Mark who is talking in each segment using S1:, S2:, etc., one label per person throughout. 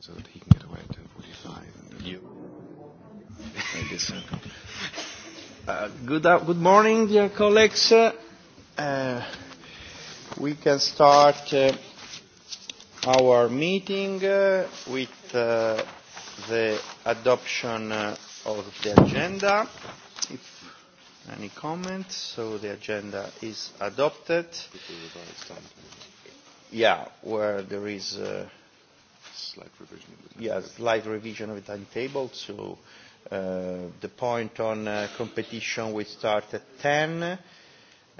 S1: so that he can get away at 10.45. you. Maybe so. Uh, good, uh, good morning, dear colleagues. Uh, we can start uh, our meeting uh, with uh, the adoption uh, of the agenda. If any comments, so the agenda is adopted. Yeah, where there is uh, slight revision of the timetable. Yes, slight revision of the timetable. So uh, the point on uh, competition will start at 10,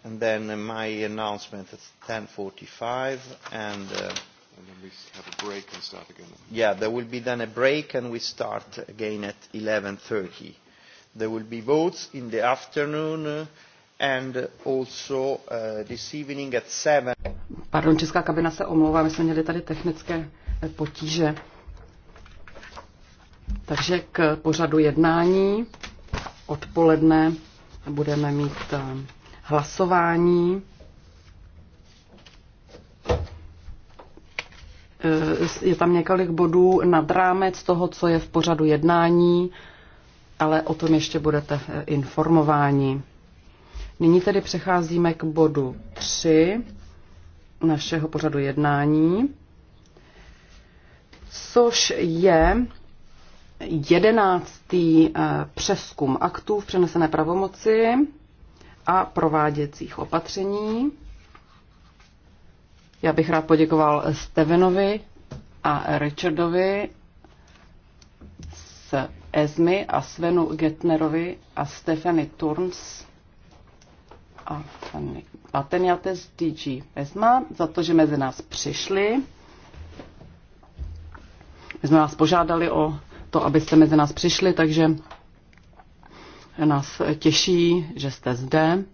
S1: and then uh, my announcement at 10.45, and... Uh, and then we have a break and start again. Yeah, there will be then a break, and we start again at 11.30. There will be votes in the afternoon, uh, and also uh, this evening at 7.
S2: Pardon, Česká kabina se omlouvá, my jsme měli tady technické potíže. Takže k pořadu jednání odpoledne budeme mít eh, hlasování. Eh, je tam několik bodů nad rámec toho, co je v pořadu jednání, ale o tom ještě budete eh, informováni. Nyní tedy přecházíme k bodu 3 našeho pořadu jednání což je jedenáctý eh, přeskum aktů v přenesené pravomoci a prováděcích opatření. Já bych rád poděkoval Stevenovi a Richardovi s Esmy a Svenu Getnerovi a Stefany Turns a Patenjates DG Esma za to, že mezi nás přišli. My jsme vás požádali o to, abyste mezi nás přišli, takže nás těší, že jste zde.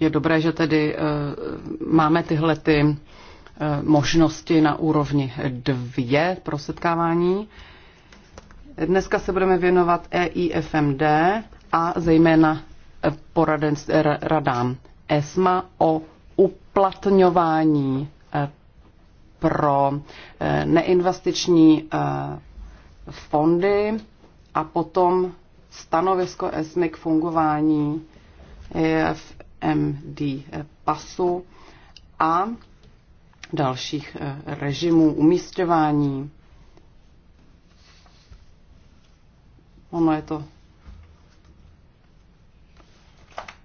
S2: Je dobré, že tedy eh, máme tyhle ty eh, možnosti na úrovni dvě pro setkávání. Dneska se budeme věnovat EIFMD a zejména poradenství eh, radám. ESMA o uplatňování eh, pro eh, neinvestiční eh, fondy a potom stanovisko ESMA k fungování v MD pasu a dalších režimů umístěvání. Ono je to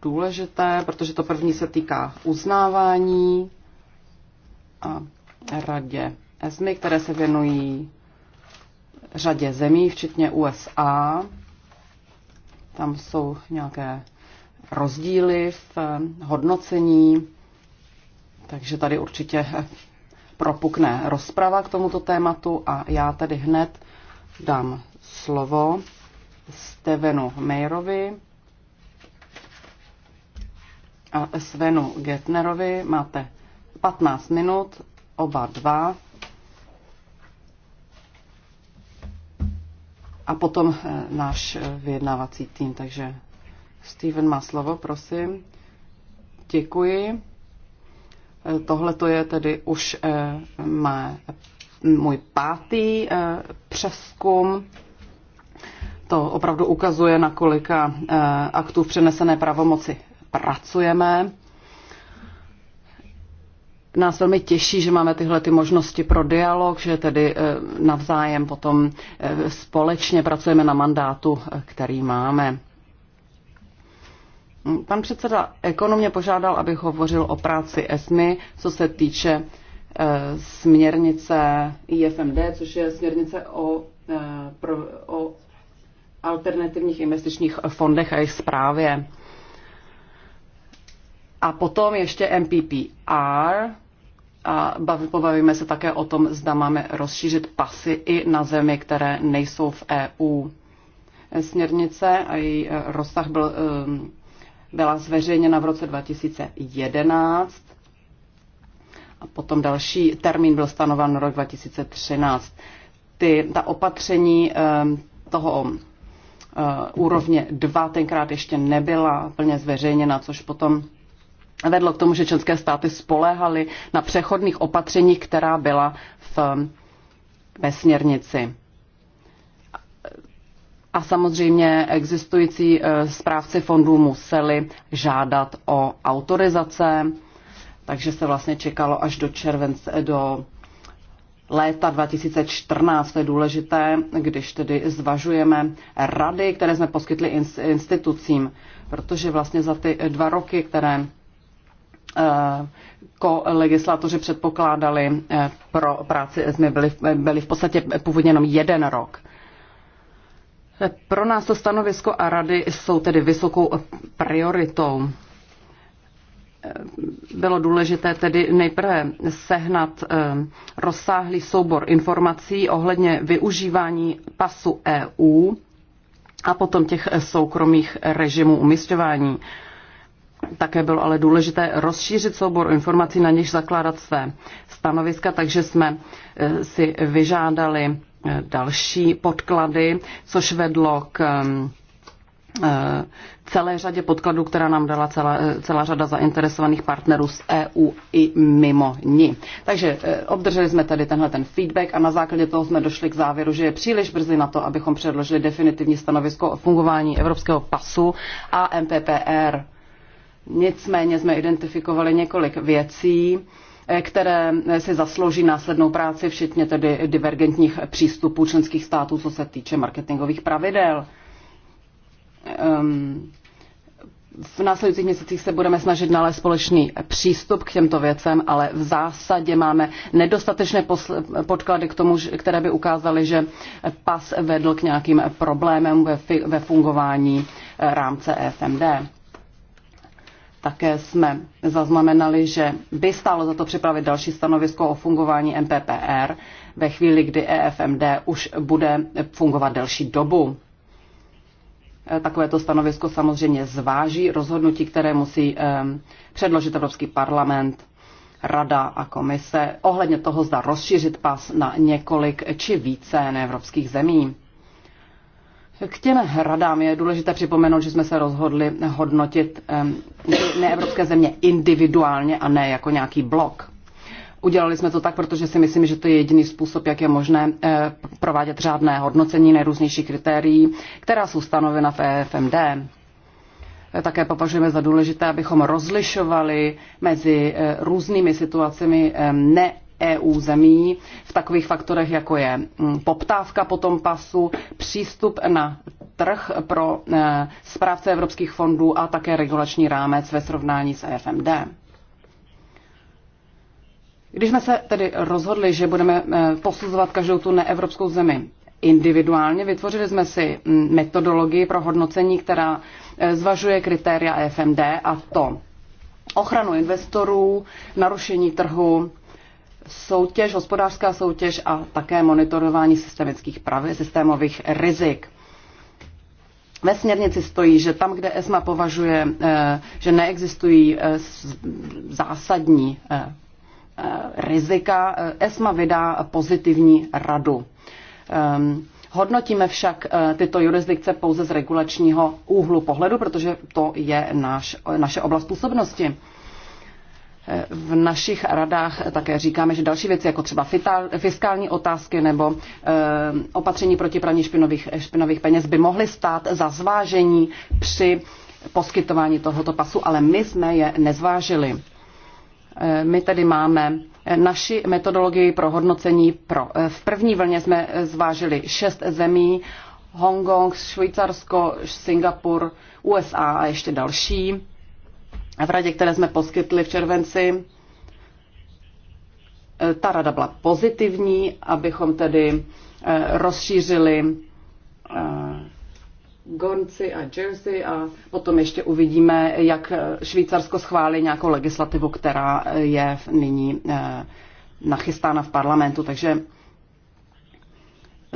S2: důležité, protože to první se týká uznávání a radě ESMY, které se věnují řadě zemí, včetně USA. Tam jsou nějaké rozdíly v hodnocení, takže tady určitě propukne rozprava k tomuto tématu a já tady hned dám slovo Stevenu Mayerovi, a Svenu Getnerovi. Máte 15 minut, oba dva. A potom eh, náš eh, vyjednávací tým, takže Steven má slovo, prosím. Děkuji. Eh, tohle to je tedy už má můj pátý přeskum. To opravdu ukazuje, na kolika aktů v přenesené pravomoci pracujeme. Nás velmi těší, že máme tyhle ty možnosti pro dialog, že tedy eh, navzájem potom eh, společně pracujeme na mandátu, eh, který máme. Pan předseda Ekonom mě požádal, abych hovořil o práci ESMI, co se týče směrnice IFMD, což je směrnice o, o alternativních investičních fondech a jejich zprávě. A potom ještě MPPR, a pobavíme se také o tom, zda máme rozšířit pasy i na zemi, které nejsou v EU. Směrnice a její e, rozsah byl, e, byla zveřejněna v roce 2011 a potom další termín byl stanoven rok 2013. Ty, ta opatření e, toho úrovně 2 tenkrát ještě nebyla plně zveřejněna, což potom vedlo k tomu, že členské státy spoléhaly na přechodných opatřeních, která byla v, mm, ve směrnici. A samozřejmě existující e, správci fondů museli žádat o autorizace, takže se vlastně čekalo až do července, do léta 2014. To je důležité, když tedy zvažujeme rady, které jsme poskytli institucím, protože vlastně za ty dva roky, které Eh, legislatoři předpokládali eh, pro práci ESMI, byli, byli v podstatě původně jenom jeden rok. Pro nás to stanovisko a rady jsou tedy vysokou prioritou. Eh, bylo důležité tedy nejprve sehnat rozsáhlý soubor informací ohledně využívání pasu EU a potom těch soukromých režimů umistování. Také bylo ale důležité rozšířit soubor informací, na něž zakládat své stanoviska, takže jsme eh, si vyžádali eh, další podklady, což vedlo k mm, eh, celé řadě podkladů, která nám dala celá, celá řada zainteresovaných partnerů z EU i mimo ní. Takže obdrželi jsme tady tenhle ten feedback a na základě toho jsme došli k závěru, že je příliš brzy na to, abychom předložili definitivní stanovisko o fungování evropského pasu a MPPR. Nicméně jsme identifikovali několik věcí, eh, které si zaslouží následnou práci, včetně tedy divergentních přístupů členských států, co se týče marketingových pravidel. Ehm, v následujících měsících se budeme snažit nalézt společný přístup k těmto věcem, ale v zásadě máme nedostatečné podklady k tomu, které by ukázaly, že pas vedl k nějakým problémům ve fungování eh, rámce e FMD. Také jsme zaznamenali, že by stálo za to připravit další stanovisko o fungování MPPR ve chvíli, kdy EFMD už bude fungovat delší dobu. E, takovéto stanovisko samozřejmě zváží rozhodnutí, které musí e, předložit Evropský parlament, Rada a komise ohledně toho, zda rozšířit pas na několik či více neevropských zemí. K těm hradám je důležité připomenout, že jsme se rozhodli hodnotit neevropské země individuálně a ne jako nějaký blok. Udělali jsme to tak, protože si myslím, že to je jediný způsob, jak je možné eh, provádět řádné hodnocení nejrůznějších kritérií, která jsou stanovena v EFMD. Eh, také považujeme za důležité, abychom rozlišovali mezi eh, různými situacemi ne EU zemí v takových faktorech, jako je mm, poptávka po tom pasu, přístup na trh pro eh, správce evropských fondů a také regulační rámec ve srovnání s EFMD. Když jsme se tedy rozhodli, že budeme eh, posuzovat každou tu neevropskou zemi individuálně, vytvořili jsme si mm, metodologii pro hodnocení, která eh, zvažuje kritéria EFMD a to ochranu investorů, narušení trhu, soutěž, hospodářská soutěž a také monitorování systemických prav, systémových rizik. Ve směrnici stojí, že tam, kde ESMA považuje, eh, že neexistují eh, zásadní eh, rizika, ESMA vydá pozitivní radu. Ehm, hodnotíme však tyto jurisdikce pouze z regulačního úhlu pohledu, protože to je naše oblast působnosti v našich radách také říkáme, že další věci, jako třeba fiskální otázky nebo eh, opatření proti praní špinových, špinových peněz, by mohly stát za zvážení při poskytování tohoto pasu, ale my jsme je nezvážili. Eh, my tedy máme naši metodologii pro hodnocení. Pro. Eh, v první vlně jsme zvážili šest zemí, Hongkong, Švýcarsko, Singapur, USA a ještě další v radě, které jsme poskytli v červenci, e, ta rada byla pozitivní, abychom tedy e, rozšířili e, Gonci a Jersey a potom ještě uvidíme, jak Švýcarsko schválí nějakou legislativu, která je nyní nachystána v parlamentu. Takže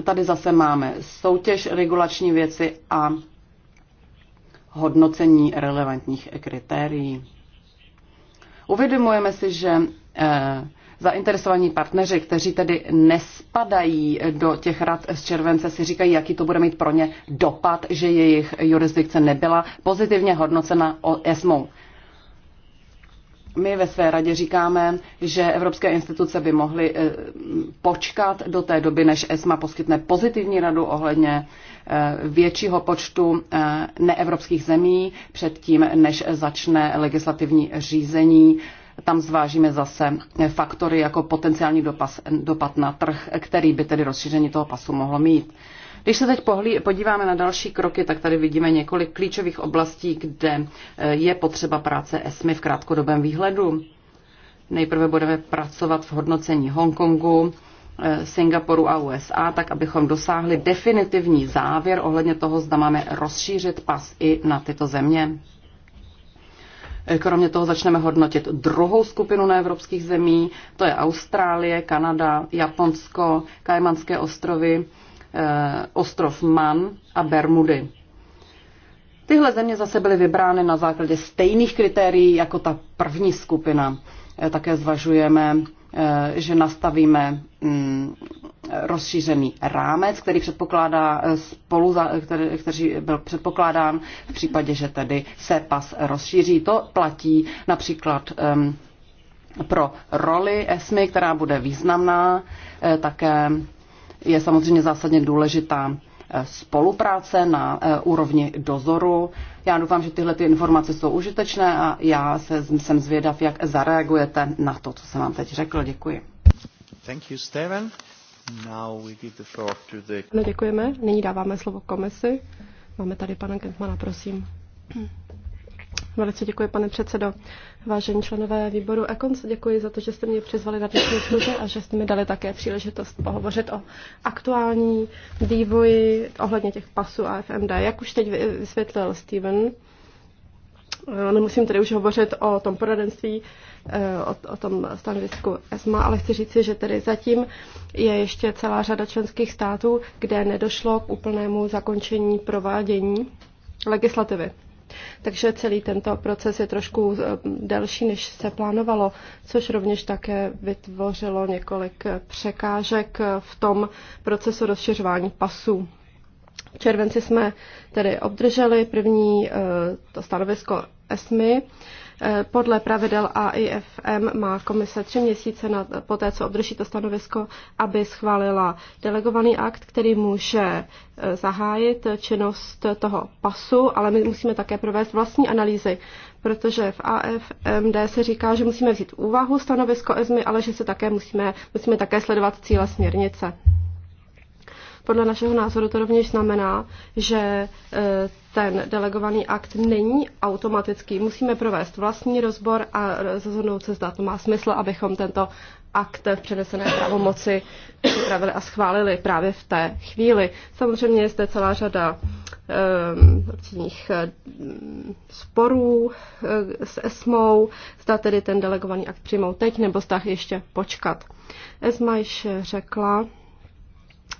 S2: tady zase máme soutěž, regulační věci a hodnocení relevantních kritérií. Uvědomujeme si, že eh, zainteresovaní partneři, kteří tedy nespadají do těch rad z července, si říkají, jaký to bude mít pro ně dopad, že jejich jurisdikce nebyla pozitivně hodnocena ESMO my ve své radě říkáme, že evropské instituce by mohly eh, počkat do té doby, než ESMA poskytne pozitivní radu ohledně eh, většího počtu eh, neevropských zemí, předtím, než začne legislativní řízení. Tam zvážíme zase faktory jako potenciální dopad na trh, který by tedy rozšíření toho pasu mohlo mít. Když se teď pohlí, podíváme na další kroky, tak tady vidíme několik klíčových oblastí, kde e, je potřeba práce ESMI v krátkodobém výhledu. Nejprve budeme pracovat v hodnocení Hongkongu, e, Singapuru a USA, tak abychom dosáhli definitivní závěr ohledně toho, zda máme rozšířit pas i na tyto země. E, kromě toho začneme hodnotit druhou skupinu evropských zemí, to je Austrálie, Kanada, Japonsko, Kajmanské ostrovy Eh, ostrov Man a Bermudy. Tyhle země zase byly vybrány na základě stejných kritérií jako ta první skupina. Eh, také zvažujeme, eh, že nastavíme mm, rozšířený rámec, který předpokládá spolu, který, který byl předpokládán v případě, že tedy se pas rozšíří. To platí například pro roli ESMY, která bude významná, také je samozřejmě zásadně důležitá eh, spolupráce na eh, úrovni dozoru. Já doufám, že tyhle ty informace jsou užitečné a já se, jsem zvědav, jak zareagujete na to, co jsem vám teď řekl. Děkuji.
S1: Thank you, Now we give the floor to the...
S3: No, děkujeme. Nyní dáváme slovo komisi. Máme tady pana Kentmana, prosím. Velice děkuji, pane předsedo. Vážení členové výboru Ekons, děkuji za to, že jste mě přizvali na dnešní schůzi a že jste mi dali také příležitost pohovořit o aktuální vývoji ohledně těch pasů a FMD. Jak už teď vysvětlil Steven, eh, nemusím tedy už hovořit o tom poradenství, eh, o, o tom stanovisku ESMA, ale chci říci, že tedy zatím je ještě celá řada členských států, kde nedošlo k úplnému zakončení provádění legislativy. Takže celý tento proces je trošku eh, delší, než se plánovalo, což rovněž také vytvořilo několik eh, překážek eh, v tom procesu rozšiřování pasů. V červenci jsme tedy obdrželi první to stanovisko ESMI. Eh, podle pravidel AIFM má komise tři měsíce na, po té, co obdrží to stanovisko, aby schválila delegovaný akt, který může eh, zahájit činnost toho pasu, ale my musíme také provést vlastní analýzy, protože v AFMD se říká, že musíme vzít úvahu stanovisko ESMI, ale že se také musíme, musíme také sledovat cíle směrnice. Podle našeho názoru to rovněž znamená, že eh, ten delegovaný akt není automatický. Musíme provést vlastní rozbor a rozhodnout se, zda to má smysl, abychom tento akt v přenesené pravomoci připravili a schválili právě v té chvíli. Samozřejmě je zde celá řada eh, různých eh, sporů s ESMou, zda tedy ten delegovaný akt přijmout teď, nebo zda ještě počkat. ESMA již řekla,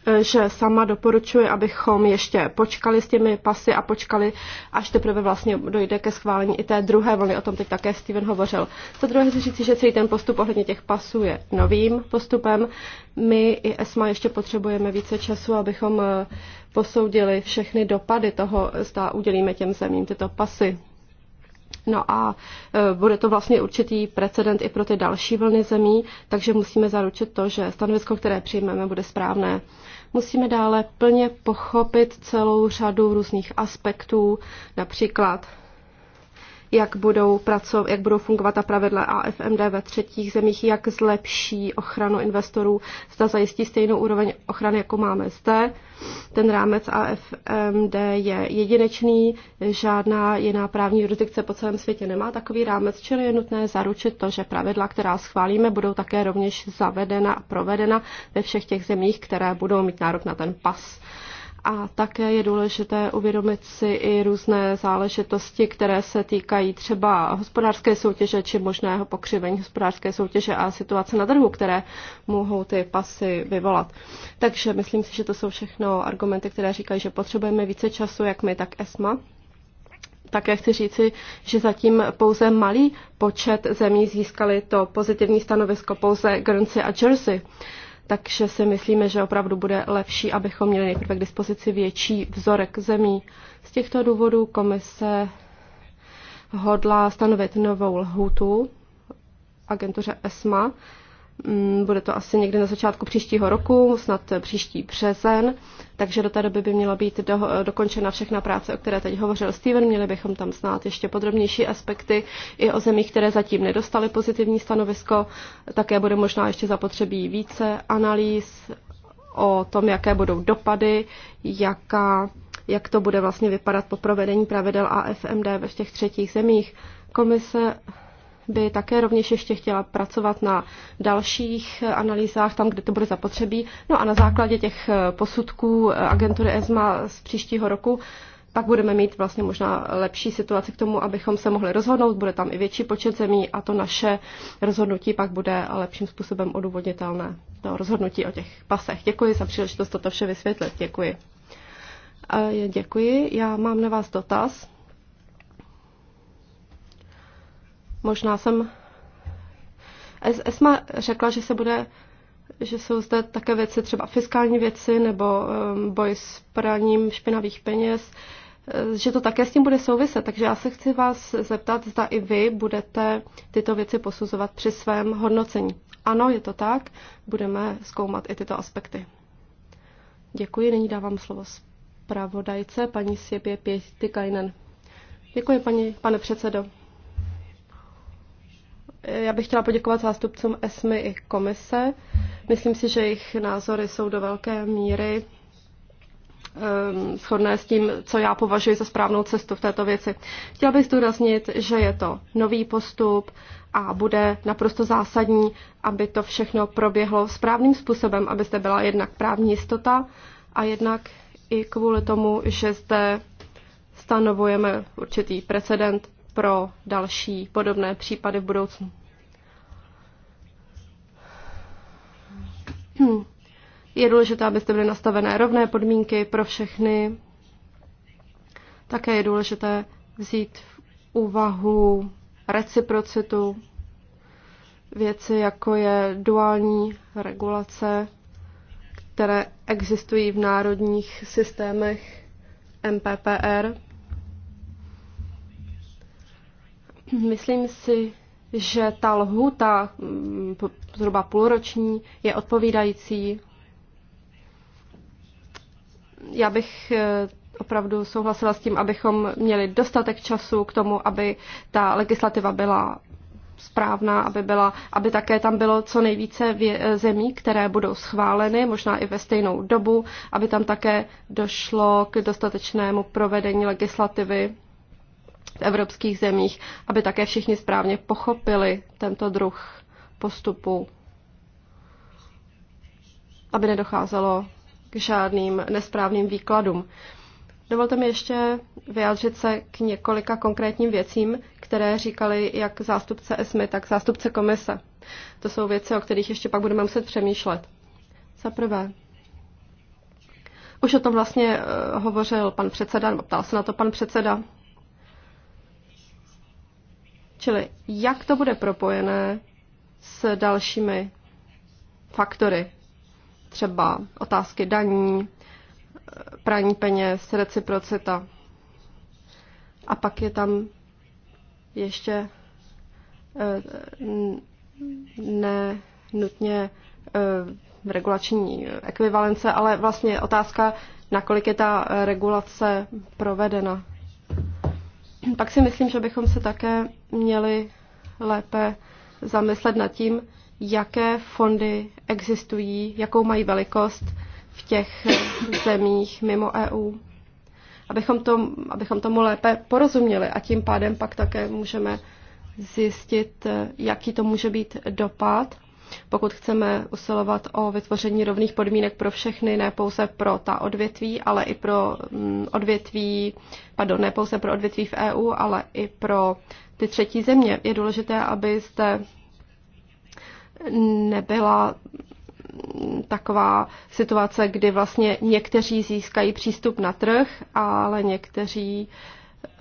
S3: Eh, že sama doporučuje, abychom ještě počkali s těmi pasy a počkali, až teprve vlastně dojde ke schválení i té druhé vlny. O tom teď také Steven hovořil. Za druhé si říci, že celý ten postup ohledně těch pasů je novým postupem. My i ESMA ještě potřebujeme více času, abychom eh, posoudili všechny dopady toho, zda udělíme těm zemím tyto pasy. No a eh, bude to vlastně určitý precedent i pro ty další vlny zemí, takže musíme zaručit to, že stanovisko, které přijmeme, bude správné. Musíme dále plně pochopit celou řadu různých aspektů, například jak budou, pracov, jak budou fungovat ta pravidla AFMD ve třetích zemích, jak zlepší ochranu investorů, zda zajistí stejnou úroveň ochrany, jako máme zde. Ten rámec AFMD je jedinečný, žádná jiná právní jurisdikce po celém světě nemá takový rámec, čili je nutné zaručit to, že pravidla, která schválíme, budou také rovněž zavedena a provedena ve všech těch zemích, které budou mít nárok na ten pas. A také je důležité uvědomit si i různé záležitosti, které se týkají třeba hospodářské soutěže či možného pokřivení hospodářské soutěže a situace na trhu, které mohou ty pasy vyvolat. Takže myslím si, že to jsou všechno argumenty, které říkají, že potřebujeme více času, jak my, tak ESMA. Také chci říci, že zatím pouze malý počet zemí získali to pozitivní stanovisko, pouze Guernsey a Jersey takže si myslíme, že opravdu bude lepší, abychom měli nejprve k dispozici větší vzorek zemí. Z těchto důvodů komise hodlá stanovit novou lhutu agentuře ESMA Mm, bude to asi někdy na začátku příštího roku, snad příští březen, takže do té doby by měla být do, dokončena všechna práce, o které teď hovořil Steven. Měli bychom tam znát ještě podrobnější aspekty i o zemích, které zatím nedostaly pozitivní stanovisko. Také bude možná ještě zapotřebí více analýz o tom, jaké budou dopady, jaká, jak to bude vlastně vypadat po provedení pravidel AFMD ve těch třetích zemích. Komise by také rovněž ještě chtěla pracovat na dalších analýzách, tam, kde to bude zapotřebí. No a na základě těch eh, posudků eh, agentury ESMA z příštího roku pak budeme mít vlastně možná lepší situaci k tomu, abychom se mohli rozhodnout. Bude tam i větší počet zemí a to naše rozhodnutí pak bude lepším způsobem odůvodnitelné. To rozhodnutí o těch pasech. Děkuji za příležitost toto vše vysvětlit. Děkuji. Eh, děkuji. Já mám na vás dotaz. Možná jsem... ESMA řekla, že se bude že jsou zde také věci, třeba fiskální věci nebo ehm, boj s praním špinavých peněz, e, že to také s tím bude souviset. Takže já se chci vás zeptat, zda i vy budete tyto věci posuzovat při svém hodnocení. Ano, je to tak, budeme zkoumat i tyto aspekty. Děkuji, nyní dávám slovo zpravodajce, paní Pěti Kajnen. Děkuji, paní, pane předsedo. Já bych chtěla poděkovat zástupcům ESMY i komise. Myslím si, že jejich názory jsou do velké míry ehm, shodné s tím, co já považuji za správnou cestu v této věci. Chtěla bych zdůraznit, že je to nový postup a bude naprosto zásadní, aby to všechno proběhlo správným způsobem, aby zde byla jednak právní jistota a jednak i kvůli tomu, že zde stanovujeme určitý precedent pro další podobné případy v budoucnu. Je důležité, abyste byly nastavené rovné podmínky pro všechny. Také je důležité vzít v úvahu reciprocitu věci, jako je duální regulace, které existují v národních systémech MPPR. Myslím si, že ta lhůta, mm, zhruba půlroční, je odpovídající. Já bych eh, opravdu souhlasila s tím, abychom měli dostatek času k tomu, aby ta legislativa byla správná, aby, byla, aby také tam bylo co nejvíce vě, eh, zemí, které budou schváleny, možná i ve stejnou dobu, aby tam také došlo k dostatečnému provedení legislativy v evropských zemích, aby také všichni správně pochopili tento druh postupu, aby nedocházelo k žádným nesprávným výkladům. Dovolte mi ještě vyjádřit se k několika konkrétním věcím, které říkali jak zástupce ESMY, tak zástupce komise. To jsou věci, o kterých ještě pak budeme muset přemýšlet. Za prvé, už o tom vlastně eh, hovořil pan předseda, ptal se na to pan předseda Čili jak to bude propojené s dalšími faktory, třeba otázky daní, praní peněz, reciprocita. A pak je tam ještě eh, ne nutně eh, regulační ekvivalence, ale vlastně otázka, nakolik je ta regulace provedena, pak si myslím, že bychom se také měli lépe zamyslet nad tím, jaké fondy existují, jakou mají velikost v těch zemích mimo EU. Abychom, tom, abychom tomu lépe porozuměli a tím pádem pak také můžeme zjistit, jaký to může být dopad pokud chceme usilovat o vytvoření rovných podmínek pro všechny, ne pouze pro ta odvětví, ale i pro mm, odvětví, pardon, ne pouze pro odvětví v EU, ale i pro ty třetí země. Je důležité, aby zde nebyla taková situace, kdy vlastně někteří získají přístup na trh, ale někteří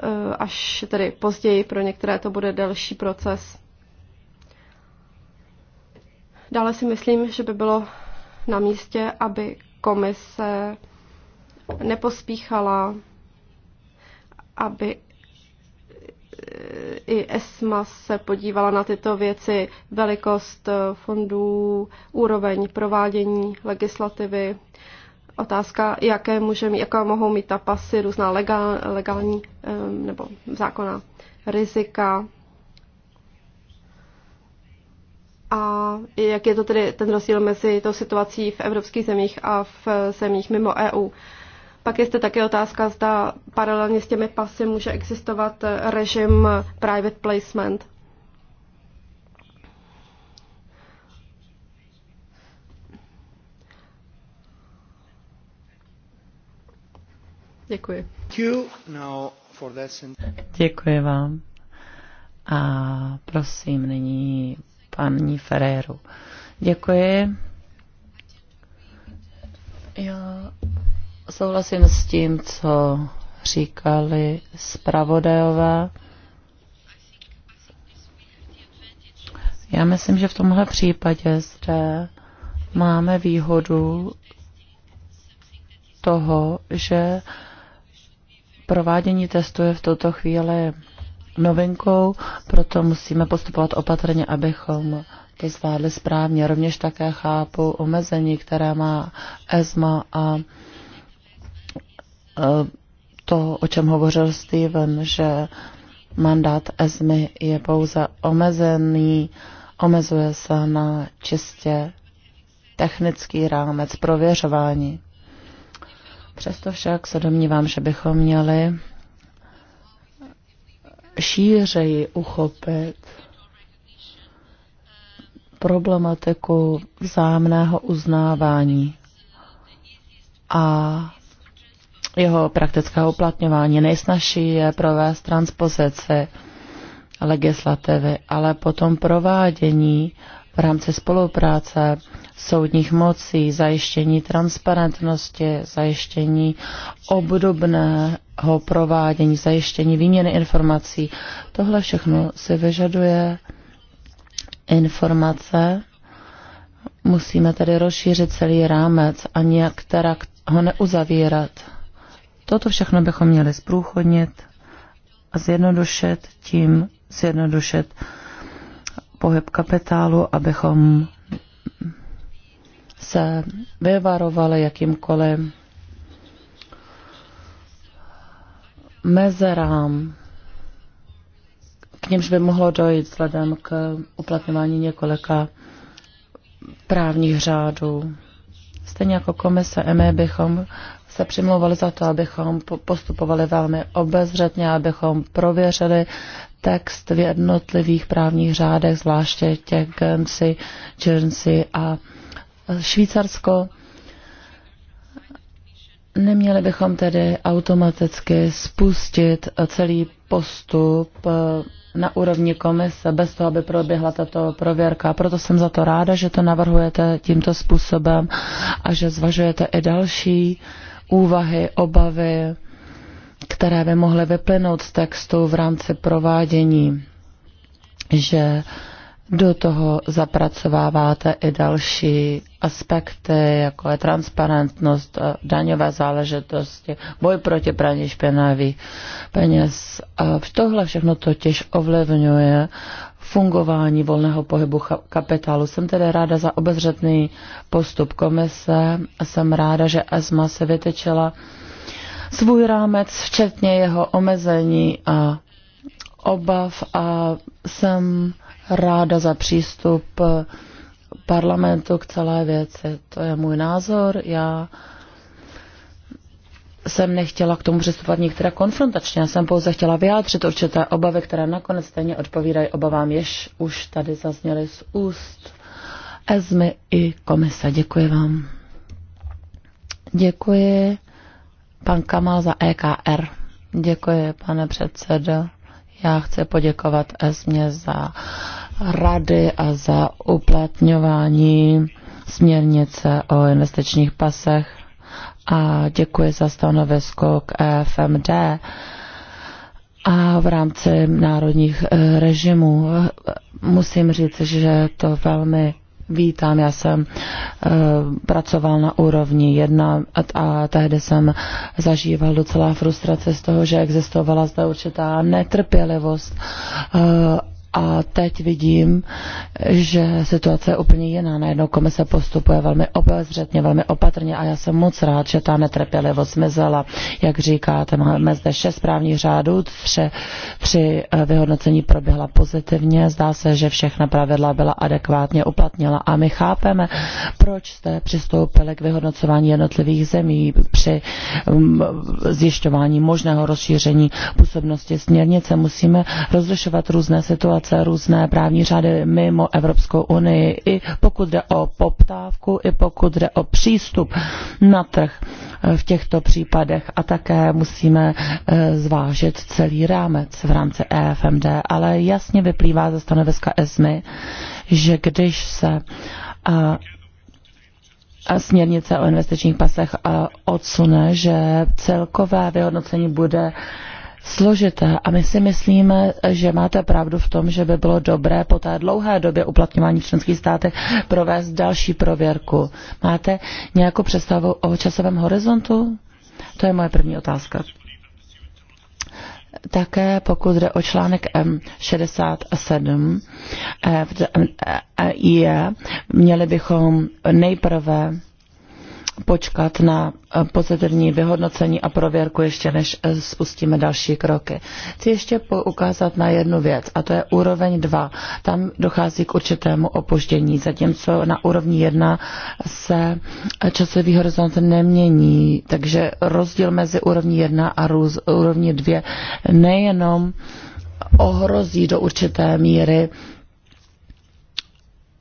S3: e, až tedy později pro některé to bude delší proces. Dále si myslím, že by bylo na místě, aby komise nepospíchala, aby eh, i ESMA se podívala na tyto věci, velikost eh, fondů, úroveň provádění legislativy, otázka, jaké, může mít, jaká mohou mít ta pasy, různá legál, legální eh, nebo zákona, rizika. A jak je to tedy ten rozdíl mezi tou situací v evropských zemích a v zemích mimo EU? Pak je zde také otázka, zda paralelně s těmi pasy může existovat režim private placement. Děkuji.
S4: Děkuji vám. A prosím, nyní paní Ferreru. Děkuji. Já souhlasím s tím, co říkali zpravodajové. Já myslím, že v tomhle případě zde máme výhodu toho, že provádění testu je v tuto chvíli novinkou, proto musíme postupovat opatrně, abychom to zvládli správně. Rovněž také chápu omezení, které má ESMA a e, to, o čem hovořil Steven, že mandát ESMY je pouze omezený, omezuje se na čistě technický rámec prověřování. Přesto však se domnívám, že bychom měli šířeji uchopit problematiku vzájemného uznávání a jeho praktického uplatňování. Nejsnažší je provést transpozici legislativy, ale potom provádění v rámci spolupráce soudních mocí, zajištění transparentnosti, zajištění obdobného provádění, zajištění výměny informací. Tohle všechno si vyžaduje informace. Musíme tedy rozšířit celý rámec a nějak teda ho neuzavírat. Toto všechno bychom měli zprůchodnit a zjednodušit tím, zjednodušit pohyb kapitálu, abychom se vyvarovali jakýmkoliv mezerám, k němž by mohlo dojít vzhledem k uplatňování několika právních řádů. Stejně jako komise EME bychom se přimlouvali za to, abychom postupovali velmi obezřetně, abychom prověřili text v jednotlivých právních řádech, zvláště těch Guernsey, Jersey a Švýcarsko. Neměli bychom tedy automaticky spustit celý postup na úrovni komise bez toho, aby proběhla tato prověrka. Proto jsem za to ráda, že to navrhujete tímto způsobem a že zvažujete i další úvahy, obavy které by mohly vyplynout z textu v rámci provádění, že do toho zapracováváte i další aspekty, jako je transparentnost, eh, daňové záležitosti, boj proti praní špinavých peněz. A tohle všechno totiž ovlivňuje fungování volného pohybu kapitálu. Jsem tedy ráda za obezřetný postup komise a jsem ráda, že ESMA se vytyčila svůj rámec, včetně jeho omezení a obav a jsem ráda za přístup parlamentu k celé věci. To je můj názor. Já jsem nechtěla k tomu přistupovat některá konfrontačně. Já jsem pouze chtěla vyjádřit určité obavy, které nakonec stejně odpovídají obavám, jež už tady zazněly z úst ESMY i komise. Děkuji vám. Děkuji. Pan Kamal za EKR. Děkuji, pane předsedo. Já chci poděkovat Esmě za rady a za uplatňování směrnice o investičních pasech a děkuji za stanovisko k EFMD a v rámci národních eh, režimů. Musím říct, že to velmi vítám. Já jsem eh, pracoval na úrovni jedna a tehdy jsem zažíval docela frustrace z toho, že existovala zde určitá netrpělivost eh, a teď vidím, že situace je úplně jiná. Najednou komise postupuje velmi obezřetně, velmi opatrně a já jsem moc rád, že ta netrpělivost zmizela. Jak říkáte, máme zde šest právních řádů, tři, tři eh, vyhodnocení proběhla pozitivně, zdá se, že všechna pravidla byla adekvátně uplatněna a my chápeme, proč jste přistoupili k vyhodnocování jednotlivých zemí při mm, zjišťování možného rozšíření působnosti směrnice. Musíme rozlišovat různé situace aplikace různé právní řády mimo Evropskou unii, i pokud jde o poptávku, i pokud jde o přístup na trh eh, v těchto případech a také musíme eh, zvážit celý rámec v rámci EFMD, ale jasně vyplývá ze stanoviska ESMY, že když se eh, směrnice o investičních pasech odsune, že celkové vyhodnocení bude složité a my si myslíme, že máte pravdu v tom, že by bylo dobré po té dlouhé době uplatňování v členských státech provést další prověrku. Máte nějakou představu o časovém horizontu? To je moje první otázka. Také pokud jde o článek M67 eh, eh, eh, je, měli bychom nejprve počkat na eh, pozitivní vyhodnocení a prověrku ještě, než eh, spustíme další kroky. Chci ještě poukázat na jednu věc, a to je úroveň 2. Tam dochází k určitému opoždění, zatímco na úrovni 1 se eh, časový horizont nemění, takže rozdíl mezi úrovní 1 a růz, úrovni 2 nejenom ohrozí do určité míry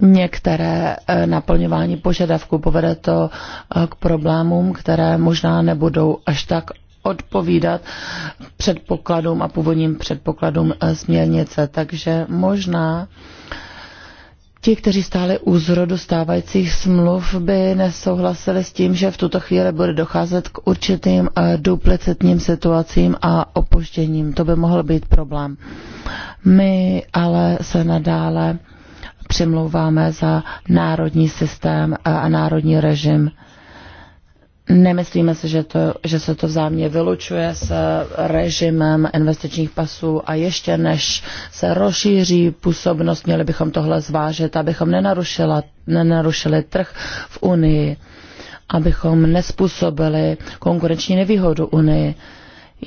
S4: některé eh, naplňování požadavků. Povede to eh, k problémům, které možná nebudou až tak odpovídat předpokladům a původním předpokladům eh, směrnice. Takže možná ti, kteří stáli u zrodu stávajících smluv, by nesouhlasili s tím, že v tuto chvíli bude docházet k určitým duplicitním situacím a opožděním. To by mohl být problém. My ale se nadále přimlouváme za národní systém a národní režim. Nemyslíme si, že, to, že se to vzájemně vylučuje s režimem investičních pasů a ještě než se rozšíří působnost, měli bychom tohle zvážit, abychom nenarušila, nenarušili trh v Unii, abychom nespůsobili konkurenční nevýhodu Unii.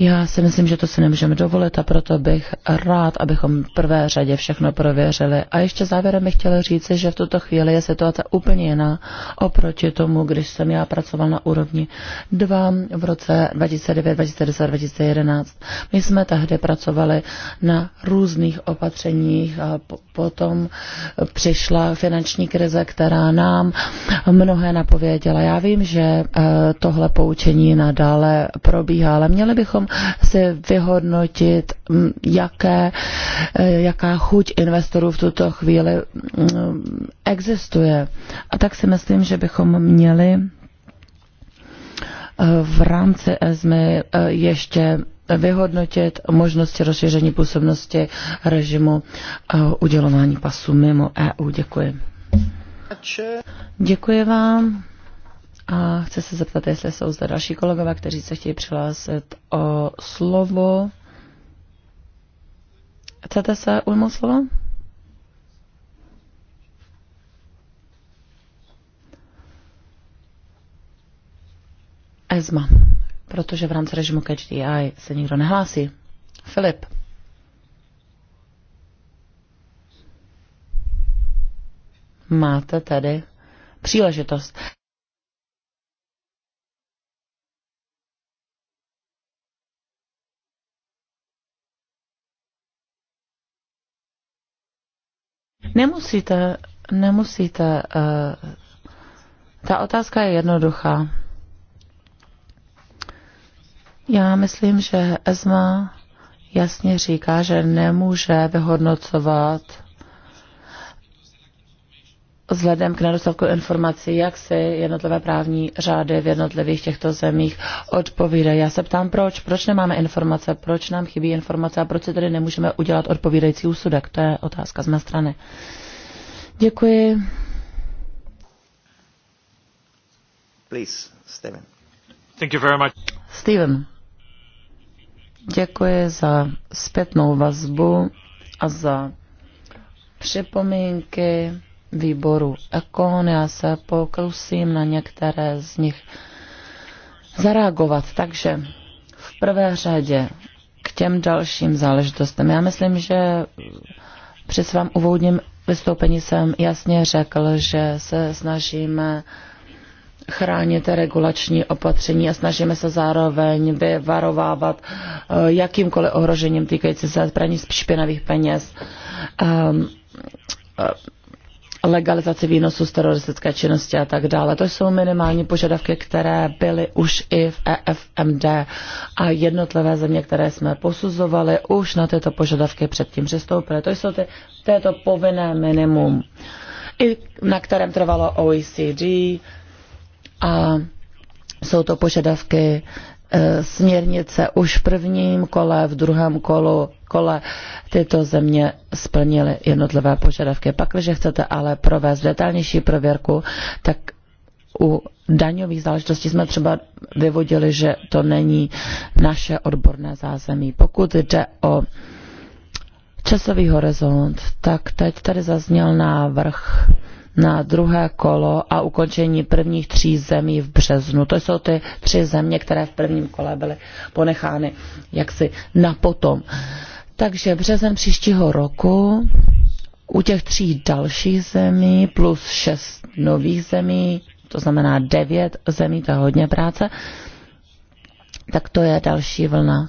S4: Já si myslím, že to si nemůžeme dovolit a proto bych rád, abychom v prvé řadě všechno prověřili. A ještě závěrem bych chtěla říci, že v tuto chvíli je situace úplně jiná oproti tomu, když jsem já pracoval na úrovni 2 v roce 2009, 2010, 2011. My jsme tehdy pracovali na různých opatřeních a potom přišla finanční krize, která nám mnohé napověděla. Já vím, že eh, tohle poučení nadále probíhá, ale měli bychom si vyhodnotit, mm, jaké, eh, jaká chuť investorů v tuto chvíli mm, existuje. A tak si myslím, že bychom měli eh, v rámci ESMY eh, ještě vyhodnotit možnosti rozšíření působnosti režimu udělování pasu mimo EU. Děkuji. Děkuji vám. A chci se zeptat, jestli jsou zde další kolegové, kteří se chtějí přihlásit o slovo. Chcete se ujmout slovo? ESMA, protože v rámci režimu Catch se nikdo nehlásí. Filip. Máte tady příležitost. Nemusíte, nemusíte. Uh, ta otázka je jednoduchá. Já myslím, že ESMA jasně říká, že nemůže vyhodnocovat vzhledem k nedostatku informací, jak si jednotlivé právní řády v jednotlivých těchto zemích odpovídají. Já se ptám, proč? Proč nemáme informace? Proč nám chybí informace? A proč si tedy nemůžeme udělat odpovídající úsudek? To je otázka z mé strany. Děkuji.
S1: Please, Steven. Thank you very much.
S4: Steven, děkuji za zpětnou vazbu a za připomínky výboru Ekon. Já se pokusím na některé z nich zareagovat. Takže v prvé řadě k těm dalším záležitostem. Já myslím, že při svém úvodním vystoupení jsem jasně řekl, že se snažíme chránit regulační opatření a snažíme se zároveň vyvarovávat eh, jakýmkoliv ohrožením týkající se praní špinavých peněz ehm, legalizaci výnosu z teroristické činnosti a tak dále. To jsou minimální požadavky, které byly už i v EFMD a jednotlivé země, které jsme posuzovali, už na tyto požadavky předtím přistoupily. To jsou ty, to povinné minimum, i na kterém trvalo OECD a jsou to požadavky, Eh, směrnice už v prvním kole, v druhém kolu, kole tyto země splnily jednotlivé požadavky. Pak, když chcete ale provést detailnější prověrku, tak u daňových záležitostí jsme třeba vyvodili, že to není naše odborné zázemí. Pokud jde o časový horizont, tak teď tady zazněl návrh na druhé kolo a ukončení prvních tří zemí v březnu. To jsou ty tři země, které v prvním kole byly ponechány jaksi na potom. Takže březen příštího roku u těch tří dalších zemí plus šest nových zemí, to znamená devět zemí, to je hodně práce, tak to je další vlna.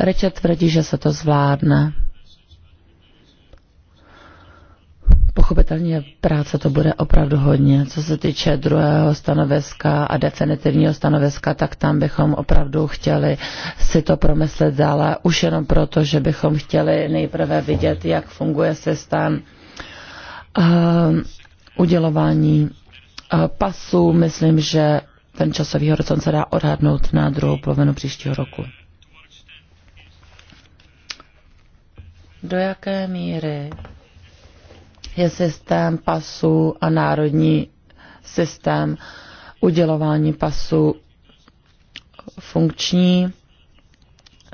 S4: Richard tvrdí, že se to zvládne. Pochopitelně práce to bude opravdu hodně. Co se týče druhého stanoviska a definitivního stanoviska, tak tam bychom opravdu chtěli si to promyslet dále, už jenom proto, že bychom chtěli nejprve vidět, jak funguje systém uh, udělování uh, pasů. Myslím, že ten časový horizont se dá odhadnout na druhou polovinu příštího roku. Do jaké míry je systém pasů a národní systém udělování pasů funkční.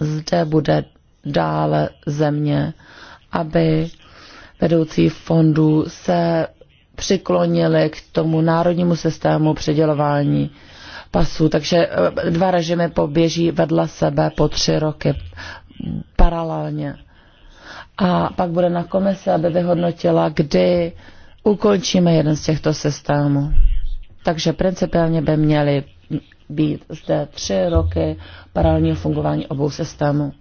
S4: Zde bude dále země, aby vedoucí fondů se přiklonili k tomu národnímu systému předělování pasů. Takže eh, dva režimy poběží vedle sebe po tři roky paralelně. A pak bude na komise, aby vyhodnotila, kdy ukončíme jeden z těchto systémů. Takže principiálně by měly být zde tři roky paralelního fungování obou systémů.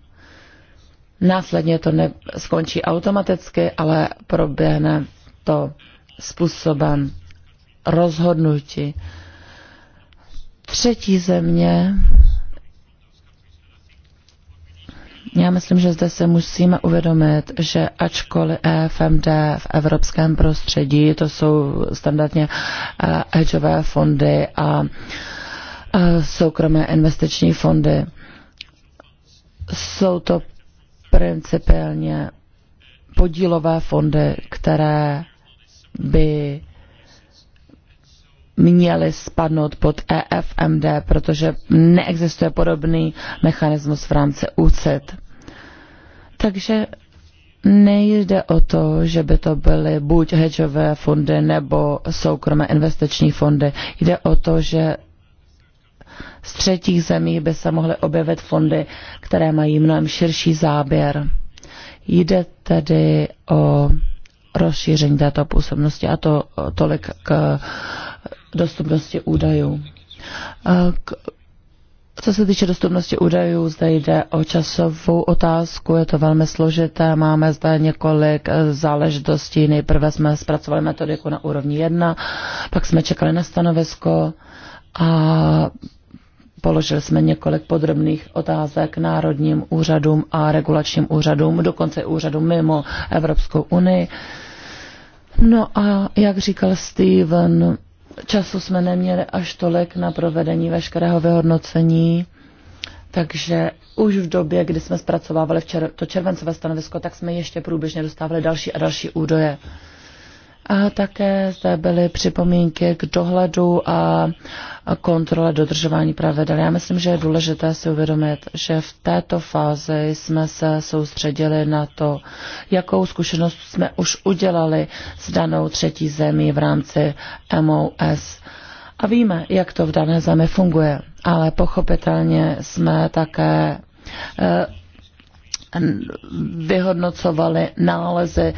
S4: Následně to ne, skončí automaticky, ale proběhne to způsobem rozhodnutí. Třetí země Já myslím, že zde se musíme uvědomit, že ačkoliv EFMD v evropském prostředí, to jsou standardně eh, hedžové fondy a eh, soukromé investiční fondy, jsou to principiálně podílové fondy, které by měly spadnout pod EFMD, protože neexistuje podobný mechanismus v rámci UCIT. Takže nejde o to, že by to byly buď hedžové fondy nebo soukromé investiční fondy. Jde o to, že z třetích zemí by se mohly objevit fondy, které mají mnohem širší záběr. Jde tedy o rozšíření této působnosti a to tolik k dostupnosti údajů. K co se týče dostupnosti údajů, zde jde o časovou otázku, je to velmi složité, máme zde několik eh, záležitostí. Nejprve jsme zpracovali metodiku na úrovni 1, pak jsme čekali na stanovisko a položili jsme několik podrobných otázek národním úřadům a regulačním úřadům, dokonce úřadům mimo Evropskou unii. No a jak říkal Steven, Času jsme neměli až tolik na provedení veškerého vyhodnocení, takže už v době, kdy jsme zpracovávali to červencové stanovisko, tak jsme ještě průběžně dostávali další a další údaje. A také zde byly připomínky k dohledu a kontrole dodržování pravidel. Já myslím, že je důležité si uvědomit, že v této fázi jsme se soustředili na to, jakou zkušenost jsme už udělali s danou třetí zemí v rámci MOS. A víme, jak to v dané zemi funguje, ale pochopitelně jsme také eh, vyhodnocovali nálezy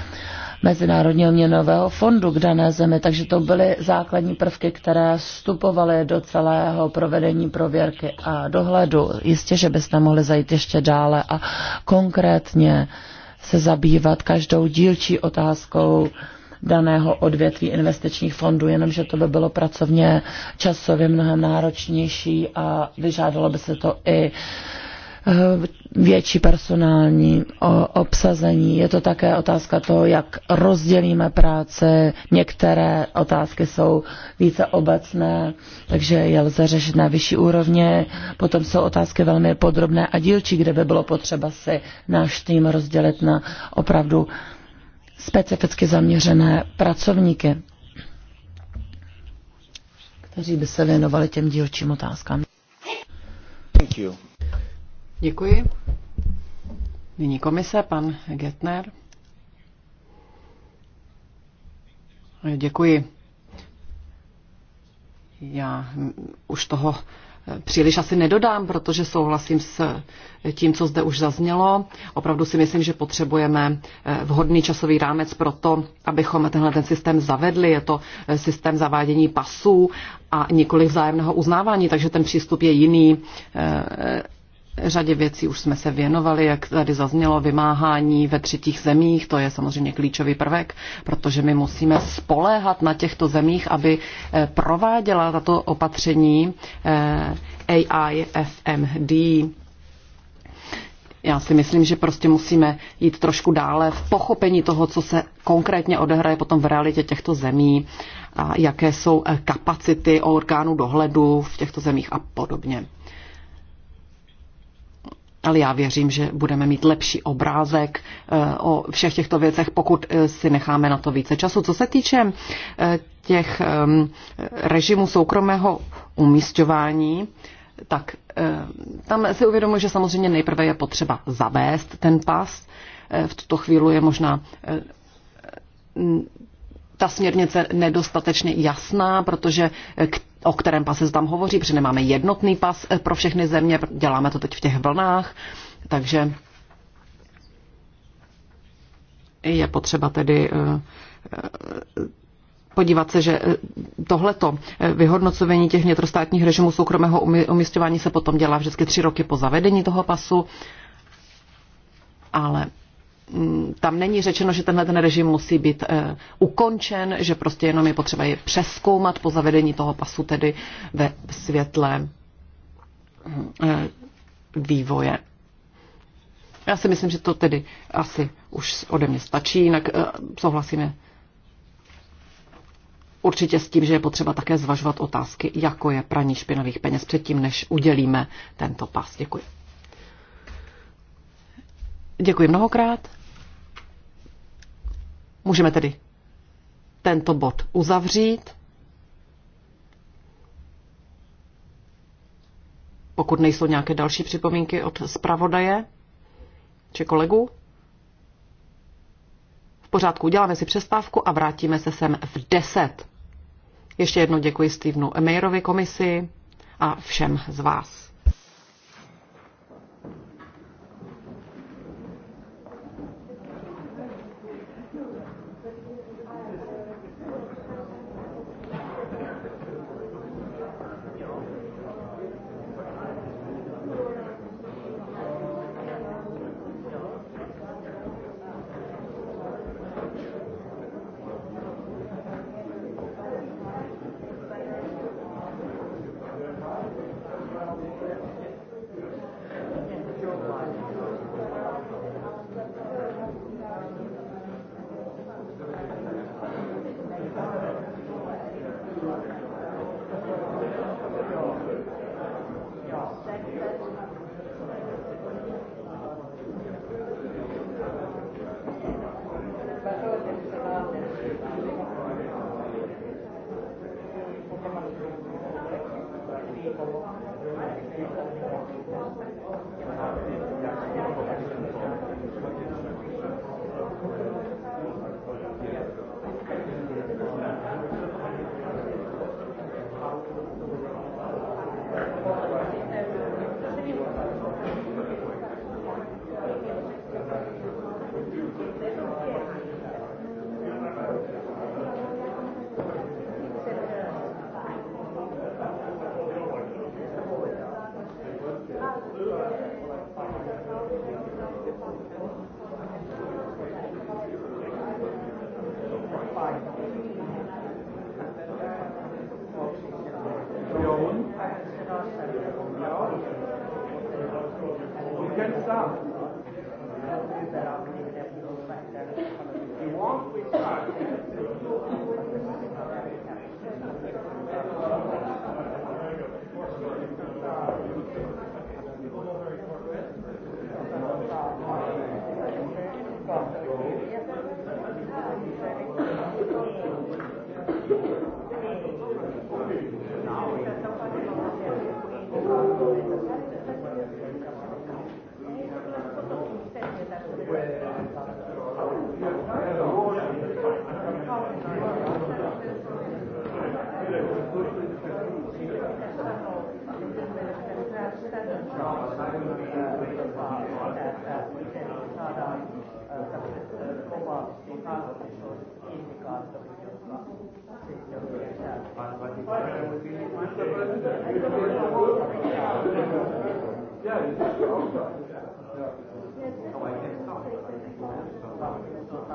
S4: Mezinárodního měnového fondu k dané zemi. Takže to byly základní prvky, které vstupovaly do celého provedení prověrky a dohledu. Jistě, že byste mohli zajít ještě dále a konkrétně se zabývat každou dílčí otázkou daného odvětví investičních fondů, jenomže to by bylo pracovně časově mnohem náročnější a vyžádalo by se to i uh, Eh, větší personální obsazení. Je to také otázka toho, jak rozdělíme práce. Některé otázky jsou více obecné, takže je lze řešit na vyšší úrovně. Potom jsou otázky velmi podrobné a dílčí, kde by bylo potřeba si náš tým rozdělit na opravdu specificky zaměřené pracovníky, kteří by se věnovali těm dílčím otázkám.
S3: Thank you. Děkuji.
S2: Nyní komise, pan Getner. Děkuji. Já už toho příliš asi nedodám, protože souhlasím s tím, co zde už zaznělo. Opravdu si myslím, že potřebujeme vhodný časový rámec pro to, abychom tenhle ten systém zavedli. Je to systém zavádění pasů a nikoli vzájemného uznávání, takže ten přístup je jiný Řadě věcí už jsme se věnovali, jak tady zaznělo, vymáhání ve třetích zemích, to je samozřejmě klíčový prvek, protože my musíme spoléhat na těchto zemích, aby eh, prováděla tato opatření eh, AIFMD. Já si myslím, že prostě musíme jít trošku dále v pochopení toho, co se konkrétně odehraje potom v realitě těchto zemí a jaké jsou eh, kapacity orgánů dohledu v těchto zemích a podobně ale já věřím, že budeme mít lepší obrázek eh, o všech těchto věcech, pokud eh, si necháme na to více času. Co se týče eh, těch ehm, režimů soukromého umístování, tak tam si uvědomuji, že samozřejmě nejprve je potřeba zavést ten pas. V tuto chvíli je možná ta směrnice nedostatečně jasná, protože k o kterém pase tam hovoří, protože nemáme jednotný pas eh, pro všechny země, děláme to teď v těch vlnách, takže je potřeba tedy eh, eh, podívat se, že tohleto vyhodnocování těch vnitrostátních režimů soukromého umistování se potom dělá vždycky tři roky po zavedení toho pasu, ale Mm, tam není řečeno, že tenhle ten režim musí být e, ukončen, že prostě jenom je potřeba je přeskoumat po zavedení toho pasu, tedy ve světle e, vývoje. Já si myslím, že to tedy asi už ode mě stačí, jinak e, souhlasíme určitě s tím, že je potřeba také zvažovat otázky, jako je praní špinavých peněz předtím, než udělíme tento pas. Děkuji. Děkuji mnohokrát. Můžeme tedy tento bod uzavřít. Pokud nejsou nějaké další připomínky od zpravodaje či kolegů. V pořádku, uděláme si přestávku a vrátíme se sem v 10. Ještě jednou děkuji Stevenu Emeirovi komisi a všem z vás.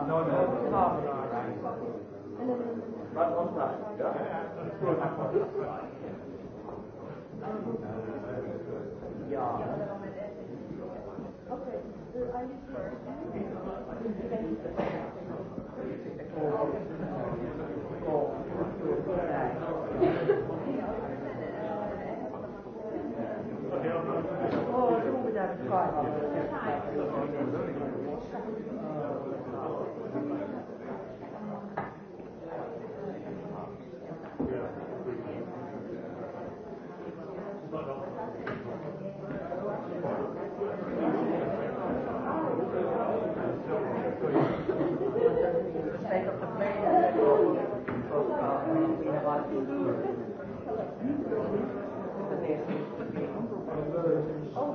S1: No, no. But on time, yeah? Yeah. Okay. I need first. Oh, don't be oh, that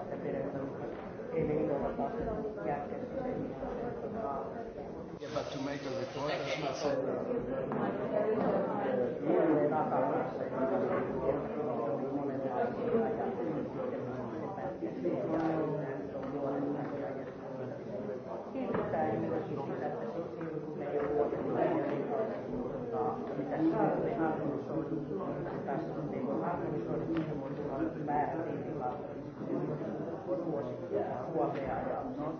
S1: Yeah, but no to make a report is not so. Thank you. vyjádřit.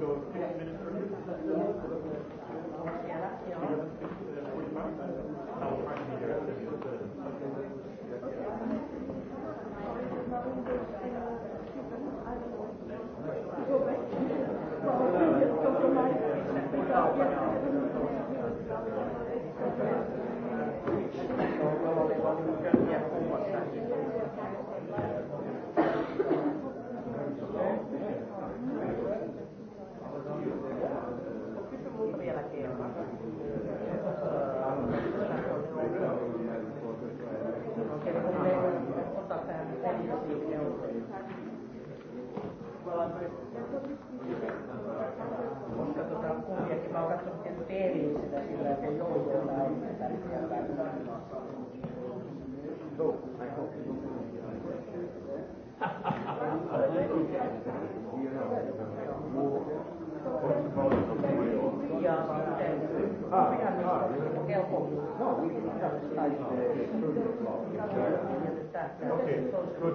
S1: to Okay, good. Good.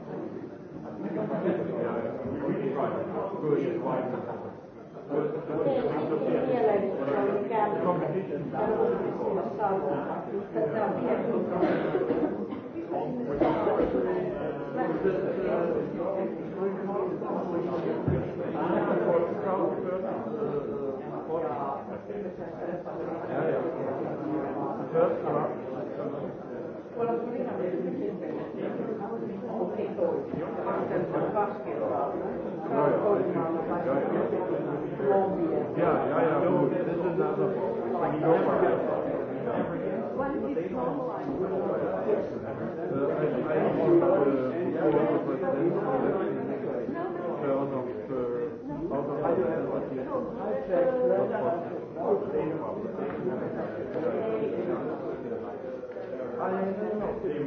S1: Well, I'm Ja, ja, ja, goed. Dit is een van die jongeren. Thank you.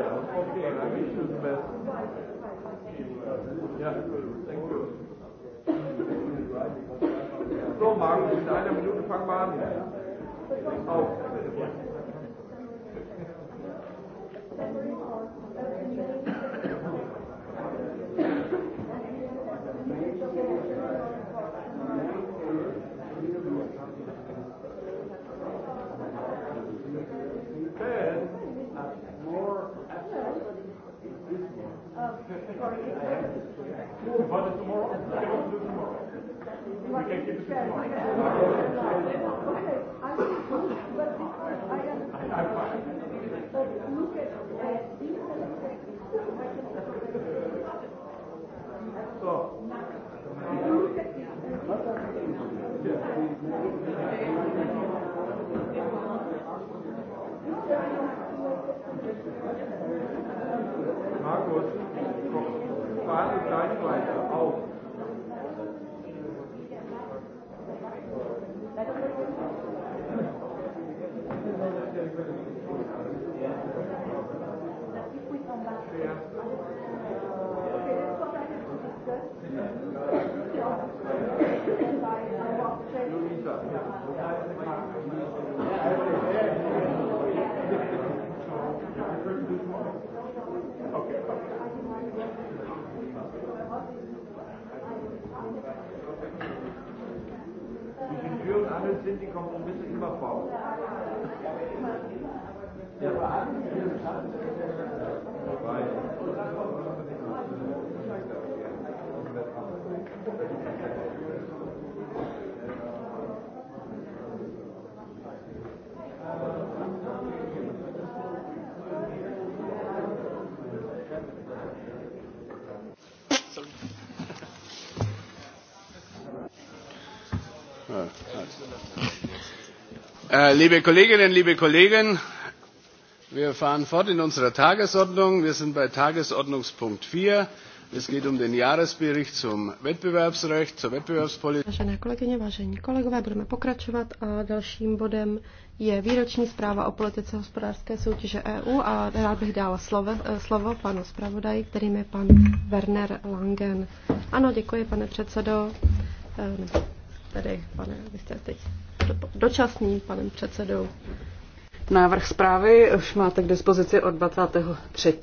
S1: So, Marc, in einer Minute fangen wir an. Auf. sind die Kompromisse immer faul. Ja, aber eigentlich
S5: Äh, liebe Kolleginnen, liebe Kollegen, wir fahren fort in unserer Tagesordnung. Wir sind bei Tagesordnungspunkt 4. Es geht um den Jahresbericht zum Wettbewerbsrecht, zur Wettbewerbspolitik. Vážené kolegyně, vážení
S3: kolegové, budeme pokračovat a dalším bodem je výroční zpráva o politice hospodářské soutěže EU a rád bych dala slovo, eh, slovo panu zpravodaji, kterým je pan Werner Langen. Ano, děkuji, pane předsedo. Eh, tedy, pane, vy jste teď dočasný panem předsedou.
S2: Návrh zprávy už máte k dispozici od 23.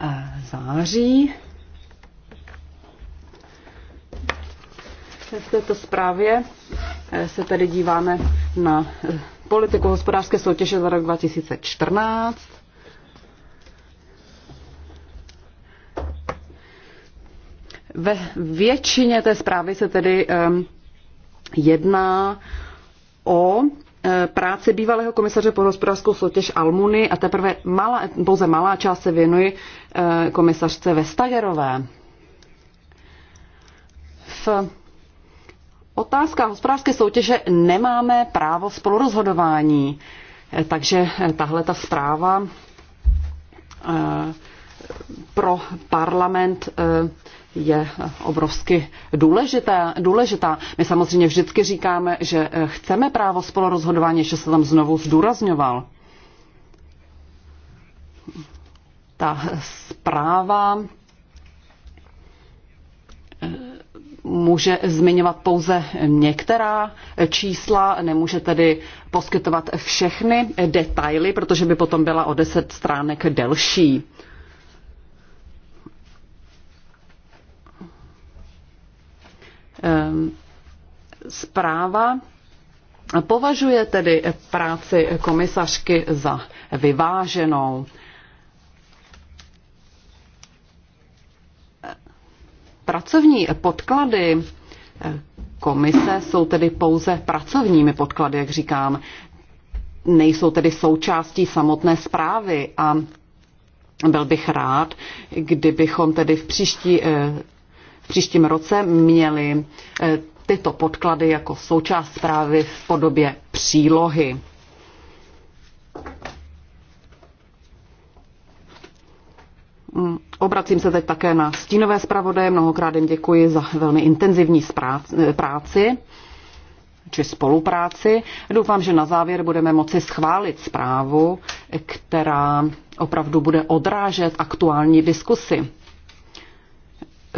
S2: Eh, září. V této zprávě eh, se tedy díváme na eh, politiku hospodářské soutěže za rok 2014. Ve většině té zprávy se tedy ehm, jedná o e, práci bývalého komisaře pro hospodářskou soutěž Almuny a teprve malá, pouze malá část se věnuje e, komisařce Vestagerové. V otázkách hospodářské soutěže nemáme právo spolurozhodování, e, takže tahle ta zpráva pro parlament eh, je obrovsky důležitá. důležitá. My samozřejmě vždycky říkáme, že eh, chceme právo spolorozhodování, že se tam znovu zdůrazňoval. Ta zpráva eh, může zmiňovat pouze některá čísla, nemůže tedy poskytovat všechny detaily, protože by potom byla o deset stránek delší. Ehm, zpráva považuje tedy práci komisařky za vyváženou. Pracovní podklady komise jsou tedy pouze pracovními podklady, jak říkám. Nejsou tedy součástí samotné zprávy a byl bych rád, kdybychom tedy v příští eh, v příštím roce měli eh, tyto podklady jako součást zprávy v podobě přílohy. Mm, obracím se teď také na stínové zpravodaje. Mnohokrát jim děkuji za velmi intenzivní eh, práci či spolupráci. Doufám, že na závěr budeme moci schválit zprávu, která opravdu bude odrážet aktuální diskusy.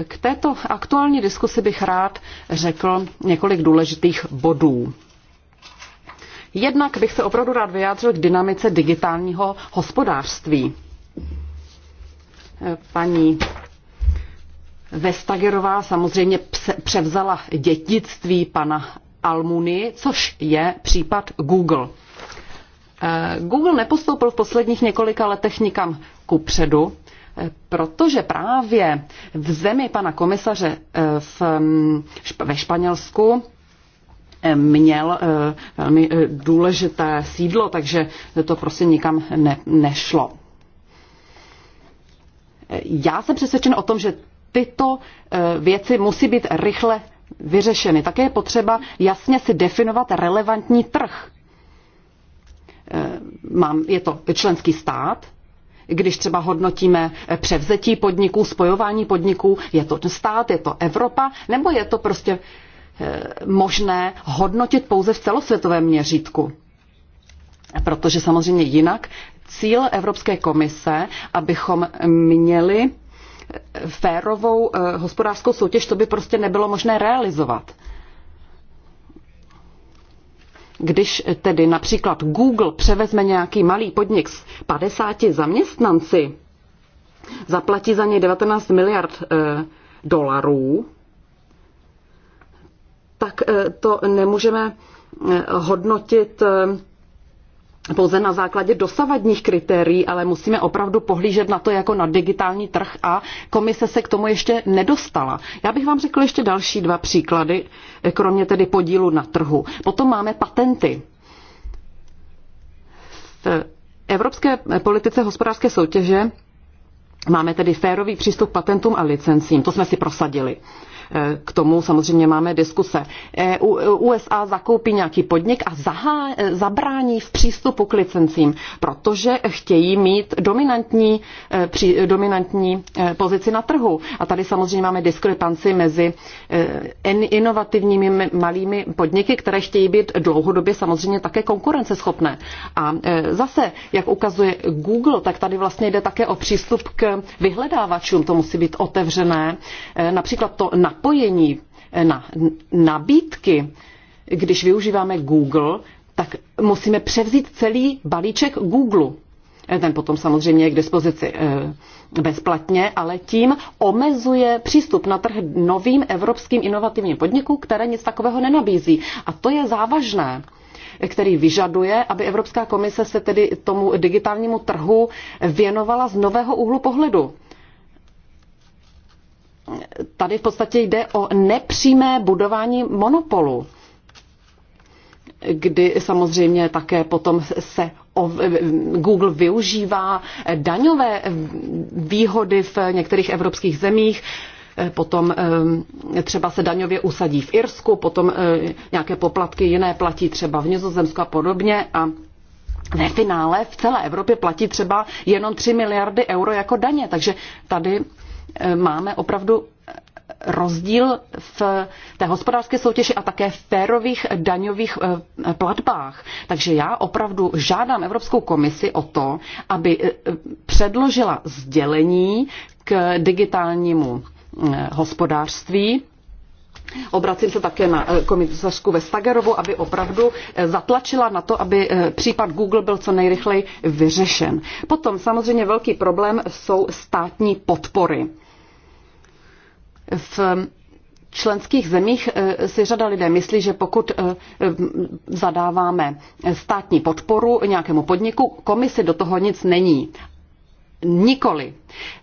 S2: K této aktuální diskusi bych rád řekl několik důležitých bodů. Jednak bych se opravdu rád vyjádřil k dynamice digitálního hospodářství. Paní Vestagerová samozřejmě převzala dětictví pana Almuny, což je případ Google. Eh, Google nepostoupil v posledních několika letech nikam předu protože právě v zemi pana komisaře eh, v, mm, ve Španělsku eh, měl eh, velmi důležité sídlo, takže to prostě nikam ne, nešlo. Já jsem přesvědčen o tom, že tyto věci musí být rychle vyřešeny. Také je potřeba jasně si definovat relevantní trh. Mám, je to členský stát, když třeba hodnotíme převzetí podniků, spojování podniků, je to stát, je to Evropa, nebo je to prostě eh, možné hodnotit pouze v celosvětovém měřítku. Protože samozřejmě jinak cíl Evropské komise, abychom měli eh, férovou eh, hospodářskou soutěž, to by prostě nebylo možné realizovat. Když tedy například Google převezme nějaký malý podnik s 50 zaměstnanci, zaplatí za něj 19 miliard e, dolarů, tak e, to nemůžeme eh, hodnotit e, pouze na základě dosavadních kritérií, ale musíme opravdu pohlížet na to jako na digitální trh a komise se k tomu ještě nedostala. Já bych vám řekl ještě další dva příklady, eh, kromě tedy podílu na trhu. Potom máme patenty. V evropské politice hospodářské soutěže máme tedy férový přístup k patentům a licencím. To jsme si prosadili. K tomu samozřejmě máme diskuse. E, USA zakoupí nějaký podnik a zahá, zabrání v přístupu k licencím, protože chtějí mít dominantní, e, při, dominantní e, pozici na trhu. A tady samozřejmě máme diskrepanci mezi inovativními malými podniky, které chtějí být dlouhodobě samozřejmě také konkurenceschopné. A zase, jak ukazuje Google, tak tady vlastně jde také o přístup k vyhledávačům. To musí být otevřené. Například to na napojení eh, na nabídky, když využíváme Google, tak musíme převzít celý balíček Google. Eh, ten potom samozřejmě je k dispozici eh, bezplatně, ale tím omezuje přístup na trh novým evropským inovativním podnikům, které nic takového nenabízí. A to je závažné který vyžaduje, aby Evropská komise se tedy tomu digitálnímu trhu věnovala z nového úhlu pohledu tady v podstatě jde o nepřímé budování monopolu kdy samozřejmě také potom se Google využívá daňové výhody v některých evropských zemích, potom eh, třeba se daňově usadí v Irsku, potom eh, nějaké poplatky jiné platí třeba v Nizozemsku a podobně a ve finále v celé Evropě platí třeba jenom 3 miliardy euro jako daně, takže tady máme opravdu rozdíl v té hospodářské soutěži a také v férových daňových eh, platbách. Takže já opravdu žádám Evropskou komisi o to, aby eh, předložila sdělení k digitálnímu eh, hospodářství Obracím se také na eh, komisařku Vestagerovu, aby opravdu eh, zatlačila na to, aby eh, případ Google byl co nejrychleji vyřešen. Potom samozřejmě velký problém jsou státní podpory. V členských zemích si řada lidé myslí, že pokud zadáváme státní podporu nějakému podniku, komisi do toho nic není. Nikoli.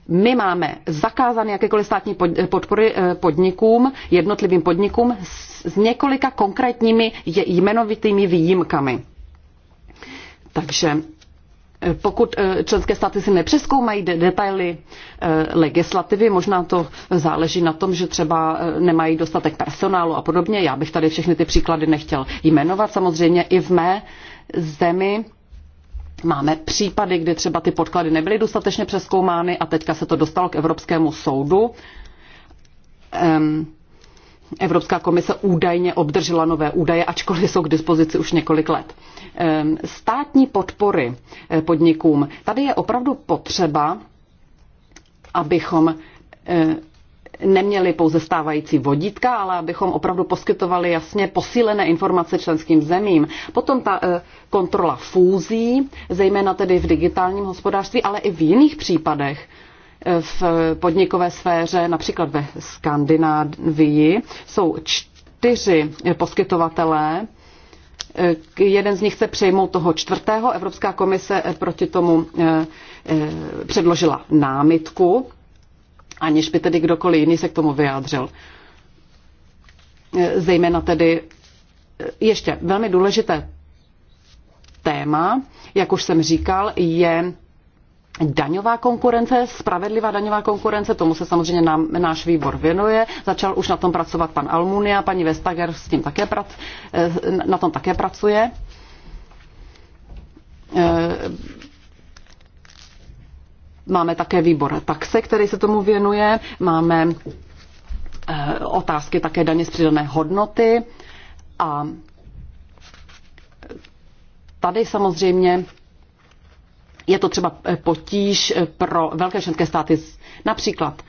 S2: My máme zakázané jakékoliv státní podpory eh, podnikům, jednotlivým podnikům s několika konkrétními jmenovitými výjimkami. Takže eh, pokud eh, členské státy si nepřeskoumají detaily legislativy, možná to záleží na tom, že třeba nemají dostatek personálu a podobně. Já bych tady všechny ty příklady nechtěl jmenovat. Samozřejmě i v mé zemi Máme případy, kdy třeba ty podklady nebyly dostatečně přeskoumány a teďka se to dostalo k Evropskému soudu. Evropská komise údajně obdržela nové údaje, ačkoliv jsou k dispozici už několik let. Státní podpory eh, podnikům. Tady je opravdu potřeba, abychom eh, neměli pouze stávající vodítka, ale abychom opravdu poskytovali jasně posílené informace členským zemím. Potom ta eh, kontrola fúzí, zejména tedy v digitálním hospodářství, ale i v jiných případech eh, v podnikové sféře, například ve Skandinávii, jsou čtyři poskytovatelé. Eh, jeden z nich se přejmout toho čtvrtého. Evropská komise proti tomu předložila námitku aniž by tedy kdokoliv jiný se k tomu vyjádřil. E, zejména tedy e, ještě velmi důležité téma, jak už jsem říkal, je daňová konkurence, spravedlivá daňová konkurence, tomu se samozřejmě nám, náš výbor věnuje. Začal už na tom pracovat pan Almunia, paní Vestager s tím také prac, e, na tom také pracuje. Máme také výbor taxe, který se tomu věnuje. Máme eh, otázky také daně z přidané hodnoty. A tady samozřejmě je to třeba eh, potíž eh, pro velké členské státy, například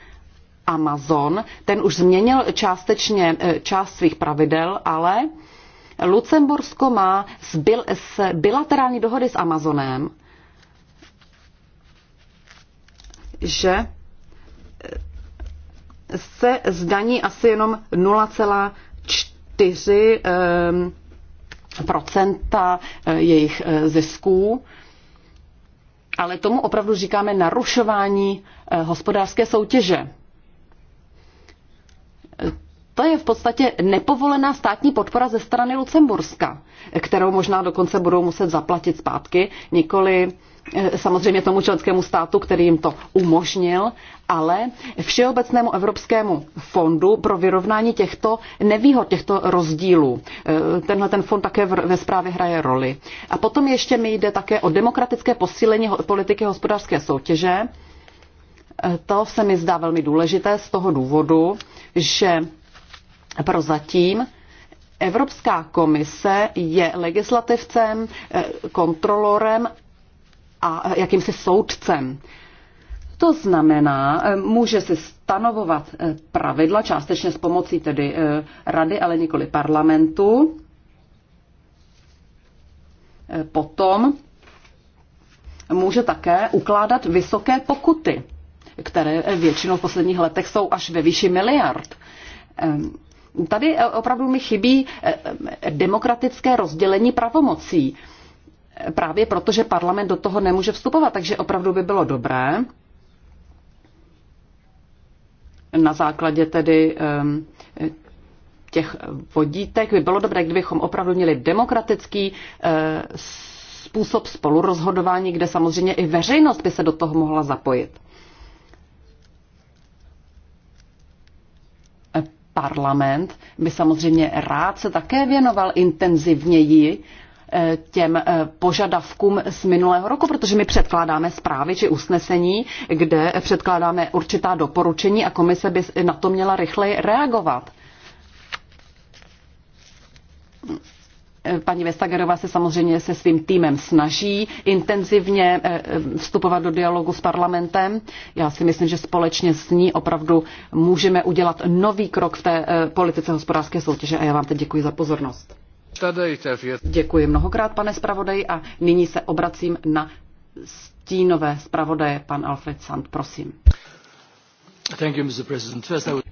S2: Amazon, ten už změnil částečně část svých pravidel, ale Lucembursko má z bilaterální dohody s Amazonem že eh, se zdaní asi jenom 0,4 ehm, procenta eh, jejich eh, zisků, ale tomu opravdu říkáme narušování hospodářské soutěže. To je v podstatě nepovolená státní podpora ze strany Lucemburska, kterou možná dokonce budou muset zaplatit zpátky, nikoli Eh, samozřejmě tomu členskému státu, který jim to umožnil, ale Všeobecnému evropskému fondu pro vyrovnání těchto nevýhod, těchto rozdílů. Eh, tenhle ten fond také ve zprávě hraje roli. A potom ještě mi jde také o demokratické posílení politiky hospodářské soutěže. Eh, to se mi zdá velmi důležité z toho důvodu, že prozatím Evropská komise je legislativcem, kontrolorem a jakýmsi soudcem. To znamená, eh, může se stanovovat eh, pravidla, částečně s pomocí tedy eh, rady, ale nikoli parlamentu. Potom může také ukládat vysoké pokuty, které většinou v posledních letech jsou až ve výši miliard. Ehm, tady opravdu mi chybí demokratické rozdělení pravomocí právě proto, že parlament do toho nemůže vstupovat. Takže opravdu by bylo dobré na základě tedy těch vodítek by bylo dobré, kdybychom opravdu měli demokratický eh, způsob spolurozhodování, kde samozřejmě i veřejnost by se do toho mohla zapojit. Parlament by samozřejmě rád se také věnoval intenzivněji Eh, těm eh, požadavkům z minulého roku, protože my předkládáme zprávy či usnesení, kde předkládáme určitá doporučení a komise by na to měla rychleji reagovat. Paní Vestagerová se samozřejmě se svým týmem snaží intenzivně eh, vstupovat do dialogu s parlamentem. Já si myslím, že společně s ní opravdu můžeme udělat nový krok v té politice hospodářské soutěže a já vám teď děkuji za pozornost. Děkuji mnohokrát, pane zpravodaji, a nyní se obracím na stínové zpravodaje, pan Alfred Sand, prosím.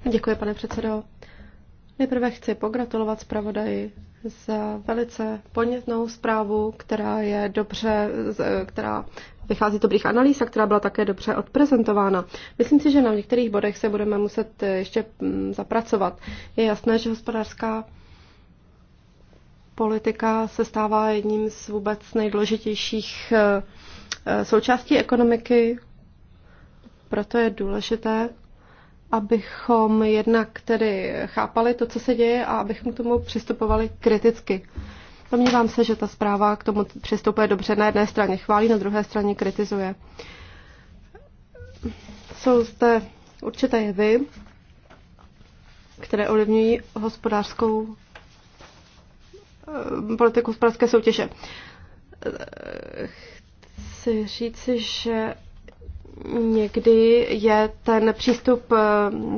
S3: Děkuji, pane předsedo. Nejprve chci pogratulovat zpravodaji za velice podnětnou zprávu, která je dobře, která vychází z dobrých analýz a která byla také dobře odprezentována. Myslím si, že na některých bodech se budeme muset ještě mm, zapracovat. Je jasné, že hospodářská politika se stává jedním z vůbec nejdůležitějších eh, eh, součástí ekonomiky. Proto je důležité, abychom jednak tedy chápali to, co se děje a abychom k tomu přistupovali kriticky. Domnívám se, že ta zpráva k tomu přistupuje dobře. Na jedné straně chválí, na druhé straně kritizuje. Jsou zde určité jevy, které ovlivňují hospodářskou Eh, politiku pražské soutěže. Chci říct, že někdy je ten přístup eh,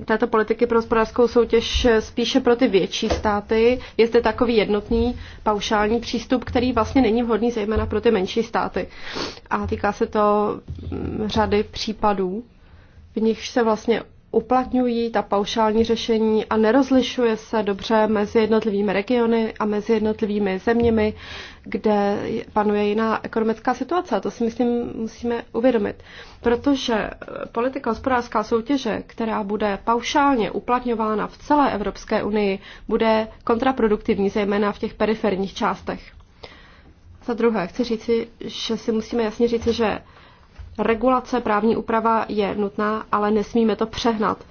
S3: této politiky pro hospodářskou soutěž spíše pro ty větší státy. Je zde takový jednotný paušální přístup, který vlastně není vhodný zejména pro ty menší státy. A týká se to mm, řady případů, v nichž se vlastně uplatňují ta paušální řešení a nerozlišuje se dobře mezi jednotlivými regiony a mezi jednotlivými zeměmi, kde panuje jiná ekonomická situace. A to si myslím musíme uvědomit. Protože eh, politika hospodářská soutěže, která bude paušálně uplatňována v celé Evropské unii, bude kontraproduktivní, zejména v těch periferních částech. Za druhé, chci říci, že si musíme jasně říci, že Regulace, právní úprava je nutná, ale nesmíme to přehnat,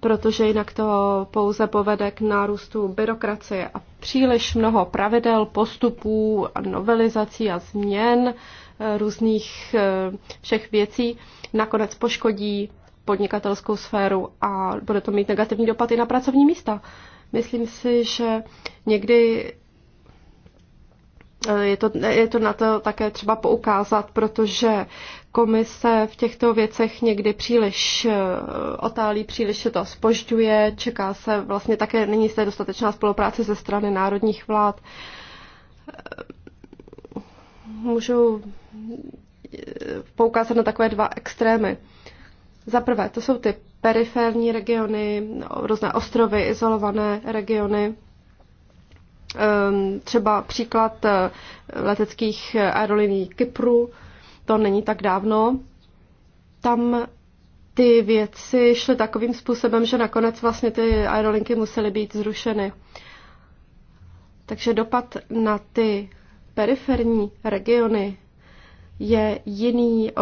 S3: protože jinak to pouze povede k nárůstu byrokracie a příliš mnoho pravidel, postupů, a novelizací a změn eh, různých eh, všech věcí nakonec poškodí podnikatelskou sféru a bude to mít negativní dopad i na pracovní místa. Myslím si, že někdy eh, je to, je to na to také třeba poukázat, protože komise v těchto věcech někdy příliš eh, otálí, příliš se to spožďuje, čeká se vlastně také, není zde dostatečná spolupráce ze strany národních vlád. Eh, Můžu eh, poukázat na takové dva extrémy. Za prvé, to jsou ty periferní regiony, různé ostrovy, izolované regiony. Ehm, třeba příklad leteckých aerolinií Kypru, to není tak dávno, tam ty věci šly takovým způsobem, že nakonec vlastně ty aerolinky musely být zrušeny. Takže dopad na ty periferní regiony je jiný.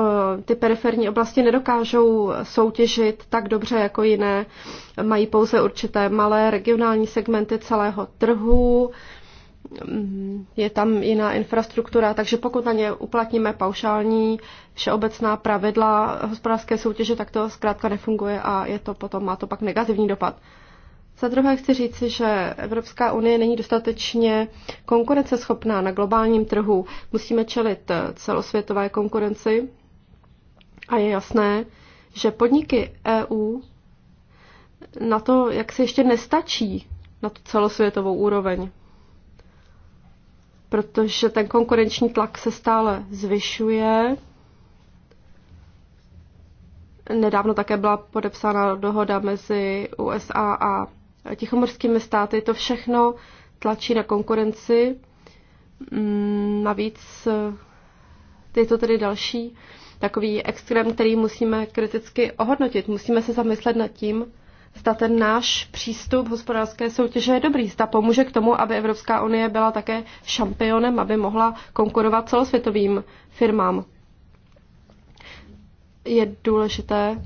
S3: Ty periferní oblasti nedokážou soutěžit tak dobře jako jiné. Mají pouze určité malé regionální segmenty celého trhu je tam jiná infrastruktura, takže pokud na ně uplatníme paušální všeobecná pravidla hospodářské soutěže, tak to zkrátka nefunguje a je to potom, má to pak negativní dopad. Za druhé chci říci, že Evropská unie není dostatečně konkurenceschopná na globálním trhu. Musíme čelit celosvětové konkurenci a je jasné, že podniky EU na to, jak se ještě nestačí na tu celosvětovou úroveň protože ten konkurenční tlak se stále zvyšuje. Nedávno také byla podepsána dohoda mezi USA a tichomorskými státy. To všechno tlačí na konkurenci. Mm, navíc eh, je to tedy další takový extrém, který musíme kriticky ohodnotit. Musíme se zamyslet nad tím, zda ten náš přístup hospodářské soutěže je dobrý, zda pomůže k tomu, aby Evropská unie byla také šampionem, aby mohla konkurovat celosvětovým firmám. Je důležité,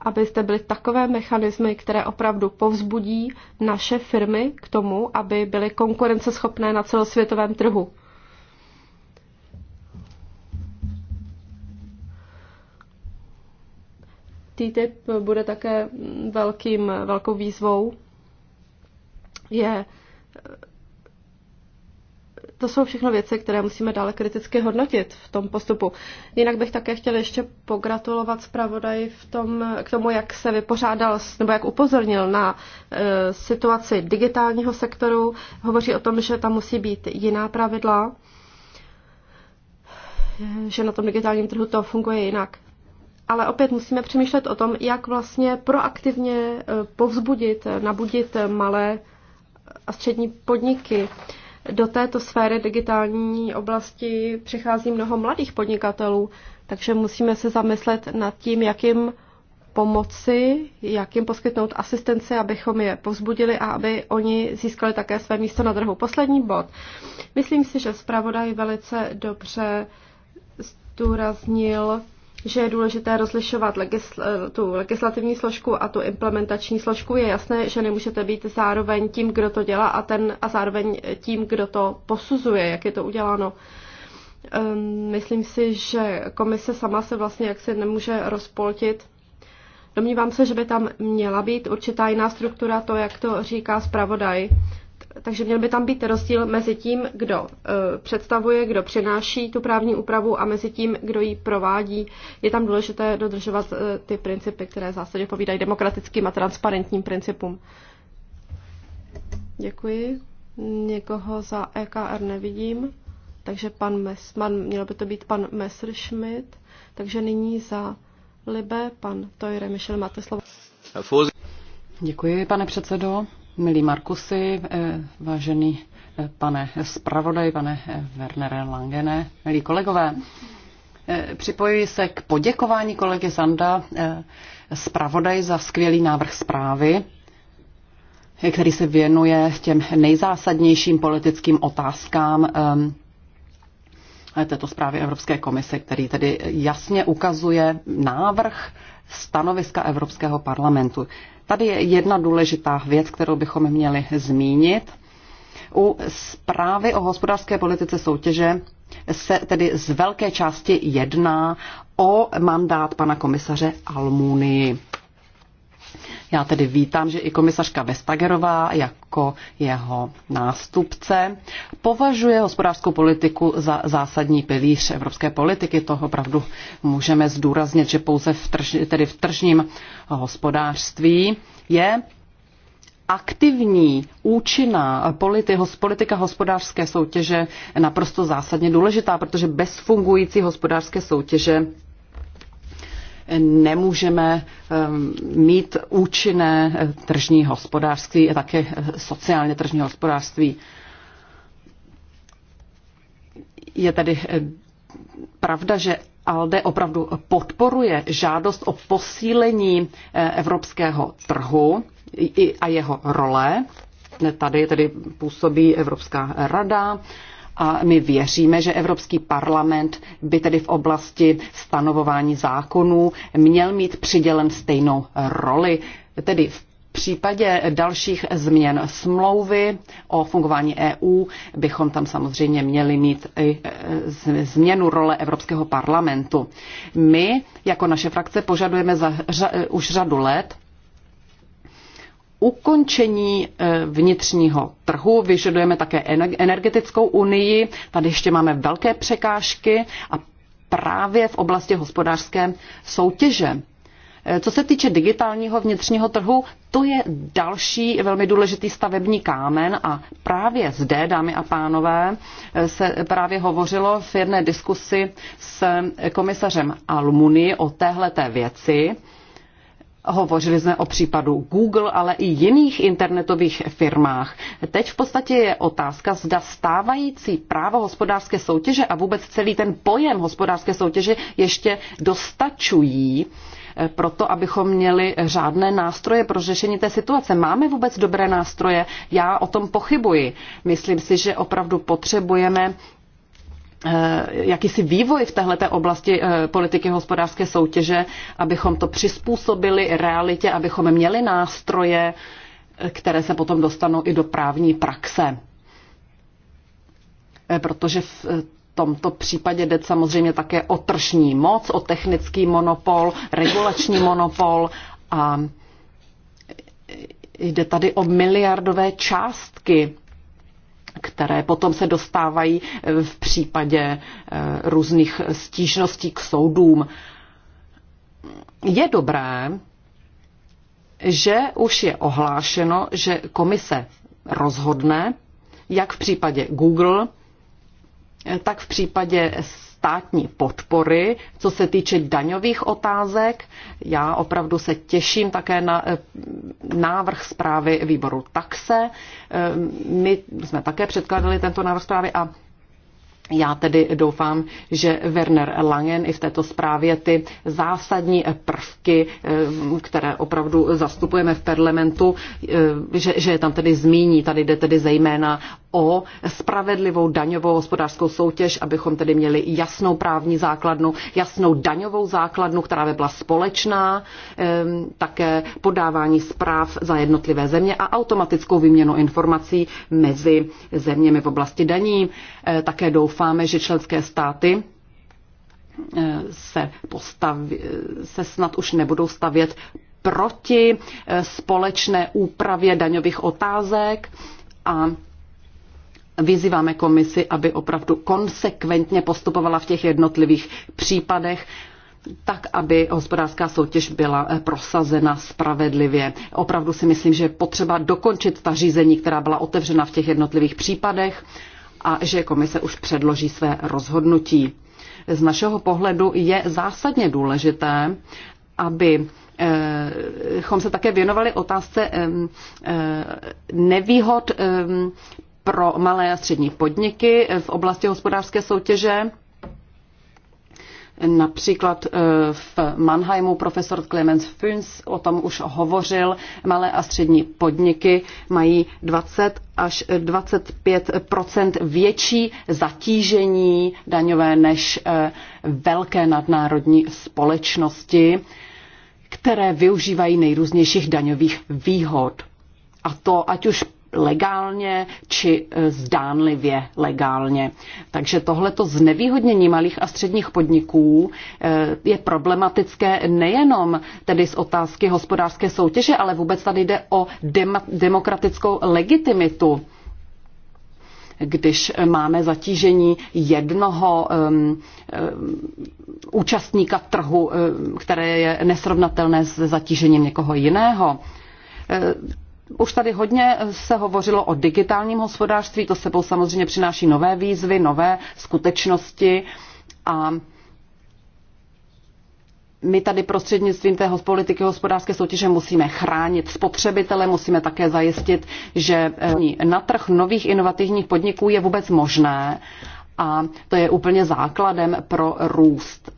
S3: abyste byli takové mechanismy, které opravdu povzbudí naše firmy k tomu, aby byly konkurenceschopné na celosvětovém trhu. TTIP bude také velkým, velkou výzvou. Je, to jsou všechno věci, které musíme dále kriticky hodnotit v tom postupu. Jinak bych také chtěl ještě pogratulovat zpravodaji v tom, k tomu, jak se vypořádal, nebo jak upozornil na e, situaci digitálního sektoru. Hovoří o tom, že tam musí být jiná pravidla, že na tom digitálním trhu to funguje jinak ale opět musíme přemýšlet o tom, jak vlastně proaktivně eh, povzbudit, eh, nabudit eh, malé a střední podniky. Do této sféry digitální oblasti přichází mnoho mladých podnikatelů, takže musíme se zamyslet nad tím, jak jim pomoci, jak jim poskytnout asistenci, abychom je povzbudili a aby oni získali také své místo na trhu. Poslední bod. Myslím si, že zpravodaj velice dobře zdůraznil že je důležité rozlišovat legisl- tu legislativní složku a tu implementační složku. Je jasné, že nemůžete být zároveň tím, kdo to dělá a, ten, a zároveň tím, kdo to posuzuje, jak je to uděláno. Ehm, myslím si, že komise sama se vlastně jaksi nemůže rozpoltit. Domnívám se, že by tam měla být určitá jiná struktura, to, jak to říká zpravodaj. Takže měl by tam být rozdíl mezi tím, kdo e, představuje, kdo přenáší tu právní úpravu a mezi tím, kdo ji provádí. Je tam důležité dodržovat e, ty principy, které v zásadě povídají demokratickým a transparentním principům. Děkuji. Někoho za EKR nevidím, takže pan Messman, měl by to být pan Messerschmidt, takže nyní za Libe, pan Tojre Michel, máte slovo.
S2: Děkuji, pane předsedo. Milí Markusy, eh, vážený eh, pane zpravodaj, pane eh, Wernere Langene, milí kolegové, připojuji se k poděkování kolegy Zanda, zpravodaj za skvělý návrh zprávy, který se věnuje těm nejzásadnějším politickým otázkám této zprávy Evropské komise, který tedy jasně ukazuje návrh stanoviska Evropského parlamentu. Tady je jedna důležitá věc, kterou bychom měli zmínit. U zprávy o hospodářské politice soutěže se tedy z velké části jedná o mandát pana komisaře Almunii. Já tedy vítám, že i komisařka Vestagerová jako jeho nástupce považuje hospodářskou politiku za zásadní pilíř evropské politiky. To opravdu můžeme zdůraznit, že pouze v, trž, tedy v tržním hospodářství je aktivní, účinná politi, politika hospodářské soutěže naprosto zásadně důležitá, protože bez fungující hospodářské soutěže nemůžeme ehm, mít účinné eh, tržní hospodářství a také eh, sociálně tržní hospodářství. Je tedy eh, pravda, že ALDE opravdu podporuje žádost o posílení evropského trhu a jeho role. Tady tedy působí Evropská rada, a my věříme, že Evropský parlament by tedy v oblasti stanovování zákonů měl mít přidělen stejnou roli, tedy v případě dalších změn smlouvy o fungování EU bychom tam samozřejmě měli mít i e, změnu role Evropského parlamentu. My jako naše frakce požadujeme za, už řadu let ukončení eh, vnitřního trhu, vyžadujeme také energetickou unii, tady ještě máme velké překážky a právě v oblasti hospodářské soutěže. Eh, co se týče digitálního vnitřního trhu, to je další velmi důležitý stavební kámen a právě zde, dámy a pánové, eh, se právě hovořilo v jedné diskusi s komisařem Almuny o téhleté věci. Hovořili jsme o případu Google, ale i jiných internetových firmách. Teď v podstatě je otázka, zda stávající právo hospodářské soutěže a vůbec celý ten pojem hospodářské soutěže ještě dostačují eh, proto, abychom měli řádné nástroje pro řešení té situace. Máme vůbec dobré nástroje? Já o tom pochybuji. Myslím si, že opravdu potřebujeme Eh, jakýsi vývoj v této oblasti eh, politiky hospodářské soutěže, abychom to přizpůsobili realitě, abychom měli nástroje, eh, které se potom dostanou i do právní praxe. Protože v tomto případě jde samozřejmě také o tržní moc, o technický monopol, regulační monopol a jde tady o miliardové částky které potom se dostávají eh, v případě eh, různých stížností k soudům. Je dobré, že už je ohlášeno, že komise rozhodne, jak v případě Google, eh, tak v případě státní podpory, co se týče daňových otázek. Já opravdu se těším také na eh, návrh zprávy výboru taxe. Eh, my jsme také předkladali tento návrh zprávy a já tedy doufám, že Werner Langen i v této zprávě ty zásadní prvky, eh, které opravdu zastupujeme v parlamentu, eh, že, že je tam tedy zmíní. Tady jde tedy zejména o spravedlivou daňovou hospodářskou soutěž, abychom tedy měli jasnou právní základnu, jasnou daňovou základnu, která by byla společná, eh, také podávání zpráv za jednotlivé země a automatickou výměnu informací mezi zeměmi v oblasti daní. Také doufám, doufáme, že členské státy eh, se, postaví, eh, se snad už nebudou stavět proti eh, společné úpravě daňových otázek a vyzýváme komisi, aby opravdu konsekventně postupovala v těch jednotlivých případech, tak, aby hospodářská soutěž byla prosazena spravedlivě. Opravdu si myslím, že je potřeba dokončit ta řízení, která byla otevřena v těch jednotlivých případech a že komise už předloží své rozhodnutí. Z našeho pohledu je zásadně důležité, aby eh, chom se také věnovali otázce eh, eh, nevýhod pro malé a střední podniky v oblasti hospodářské soutěže Například eh, v Mannheimu profesor Clemens Füns o tom už hovořil. Malé a střední podniky mají 20 až 25 větší zatížení daňové než eh, velké nadnárodní společnosti, které využívají nejrůznějších daňových výhod. A to ať už legálně či e, zdánlivě legálně. Takže tohleto znevýhodnění malých a středních podniků e, je problematické nejenom tedy z otázky hospodářské soutěže, ale vůbec tady jde o demokratickou legitimitu když máme zatížení jednoho um, um, účastníka trhu, um, které je nesrovnatelné s zatížením někoho jiného e, už tady hodně se hovořilo o digitálním hospodářství, to sebou samozřejmě přináší nové výzvy, nové skutečnosti a my tady prostřednictvím té politiky hospodářské soutěže musíme chránit spotřebitele, musíme také zajistit, že eh, na trh nových inovativních podniků je vůbec možné a to je úplně základem pro růst.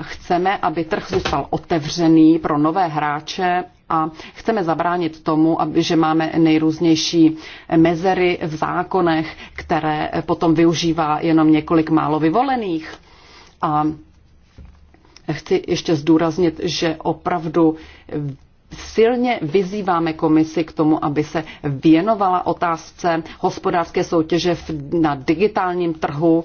S2: Chceme, aby trh zůstal otevřený pro nové hráče a chceme zabránit tomu, že máme nejrůznější mezery v zákonech, které potom využívá jenom několik málo vyvolených. A chci ještě zdůraznit, že opravdu silně vyzýváme komisi k tomu, aby se věnovala otázce hospodářské soutěže na digitálním trhu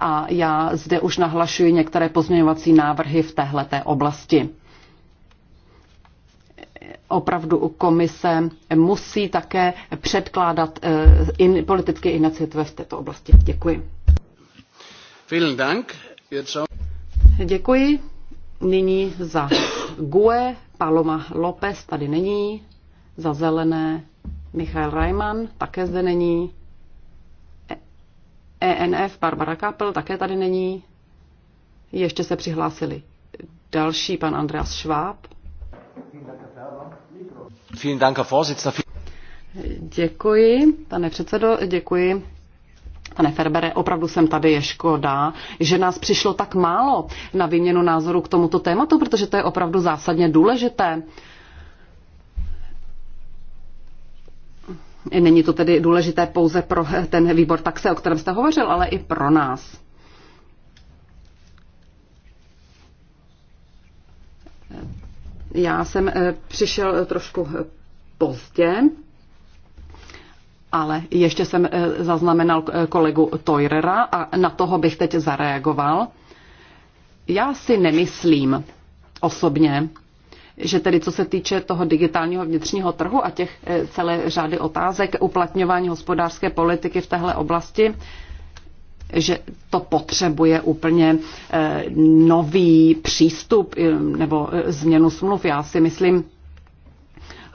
S2: a já zde už nahlašuji některé pozměňovací návrhy v téhleté oblasti opravdu komise musí také předkládat eh, in, politické iniciativy v této oblasti. Děkuji.
S5: Vielen Dank.
S2: Děkuji. Nyní za GUE Paloma López tady není, za zelené Michal Reimann také zde není, ENF Barbara Kapel také tady není, ještě se přihlásili další pan Andreas Schwab. Děkuji, pane předsedo, děkuji. Pane Ferbere, opravdu jsem tady, je škoda, že nás přišlo tak málo na výměnu názoru k tomuto tématu, protože to je opravdu zásadně důležité. Není to tedy důležité pouze pro ten výbor taxe, o kterém jste hovořil, ale i pro nás. Já jsem eh, přišel eh, trošku eh, pozdě, ale ještě jsem zaznamenal kolegu Toirera a na toho bych teď zareagoval. Já si nemyslím osobně, že tedy co se týče toho digitálního vnitřního trhu a těch celé řady otázek uplatňování hospodářské politiky v téhle oblasti, že to potřebuje úplně eh, nový přístup eh, nebo eh, změnu smluv. Já si myslím,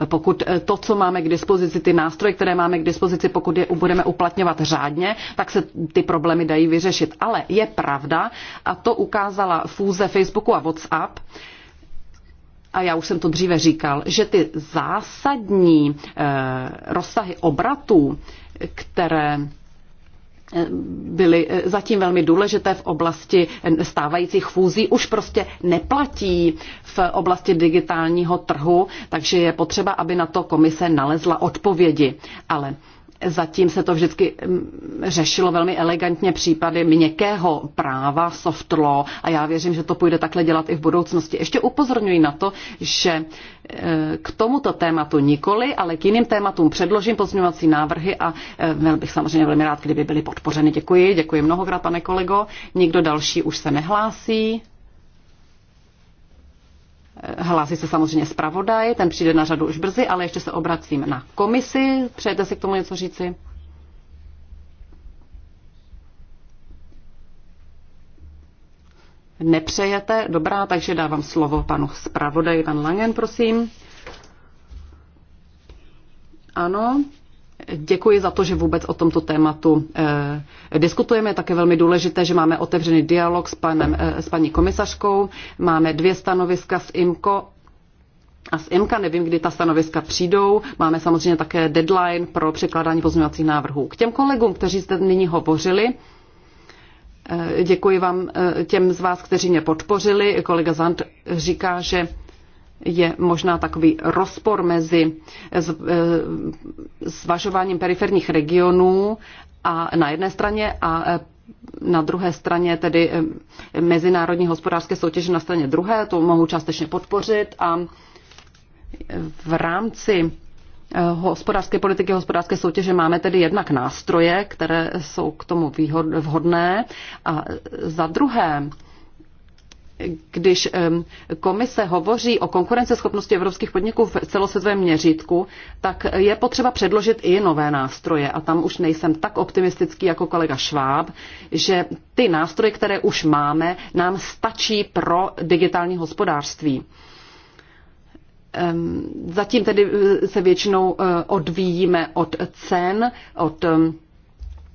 S2: pokud to, co máme k dispozici, ty nástroje, které máme k dispozici, pokud je budeme uplatňovat řádně, tak se ty problémy dají vyřešit. Ale je pravda, a to ukázala fúze Facebooku a WhatsApp, a já už jsem to dříve říkal, že ty zásadní eh, rozsahy obratů, které byly eh, zatím velmi důležité v oblasti stávajících fúzí, už prostě neplatí v oblasti digitálního trhu, takže je potřeba, aby na to komise nalezla odpovědi. Ale Zatím se to vždycky mm, řešilo velmi elegantně případy měkkého práva, soft law, a já věřím, že to půjde takhle dělat i v budoucnosti. Ještě upozorňuji na to, že e, k tomuto tématu nikoli, ale k jiným tématům předložím pozměňovací návrhy a byl e, bych samozřejmě velmi rád, kdyby byly podpořeny. Děkuji, děkuji mnohokrát, pane kolego. Nikdo další už se nehlásí. Hlásí se samozřejmě zpravodaj, ten přijde na řadu už brzy, ale ještě se obracím na komisi. Přejete si k tomu něco říci? Nepřejete? Dobrá, takže dávám slovo panu zpravodaji, pan Langen, prosím. Ano, Děkuji za to, že vůbec o tomto tématu eh, diskutujeme. Je také velmi důležité, že máme otevřený dialog s, panem, eh, s paní komisařkou. Máme dvě stanoviska s IMCO a s IMKA nevím, kdy ta stanoviska přijdou. Máme samozřejmě také deadline pro překládání pozměňovacích návrhů. K těm kolegům, kteří zde nyní hovořili, eh, děkuji vám eh, těm z vás, kteří mě podpořili. Kolega Zand říká, že je možná takový rozpor mezi eh, eh, zvažováním periferních regionů a na jedné straně a eh, na druhé straně tedy mezinárodní hospodářské soutěže na straně druhé, to mohu částečně podpořit a v rámci hospodářské politiky, hospodářské soutěže máme tedy jednak nástroje, které jsou k tomu vhodné a za druhé když komise hovoří o konkurenceschopnosti evropských podniků v celosvětovém měřítku, tak je potřeba předložit i nové nástroje. A tam už nejsem tak optimistický jako kolega Šváb, že ty nástroje, které už máme, nám stačí pro digitální hospodářství. Zatím tedy eh, se většinou eh, odvíjíme od cen, od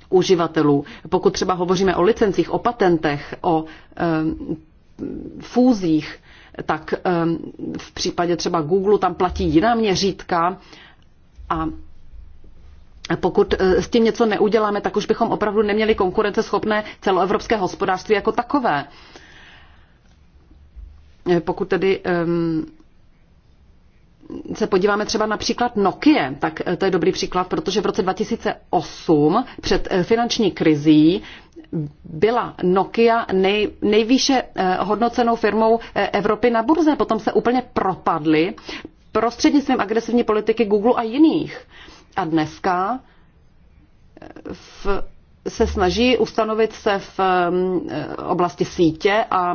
S2: uživatelů. Pokud třeba hovoříme o licencích, o patentech, o fúzích, tak v případě třeba Google tam platí jiná měřítka a pokud eh, s tím něco neuděláme, tak už bychom opravdu neměli konkurenceschopné celoevropské hospodářství jako takové. Eh, pokud tedy se podíváme třeba na příklad Nokia, tak eh, to je dobrý příklad, protože v roce 2008 před finanční krizí byla Nokia nej, nejvýše eh, hodnocenou firmou eh, Evropy na burze. Potom se úplně propadly prostřednictvím agresivní politiky Google a jiných. A dneska eh, v, se snaží ustanovit se v oblasti sítě a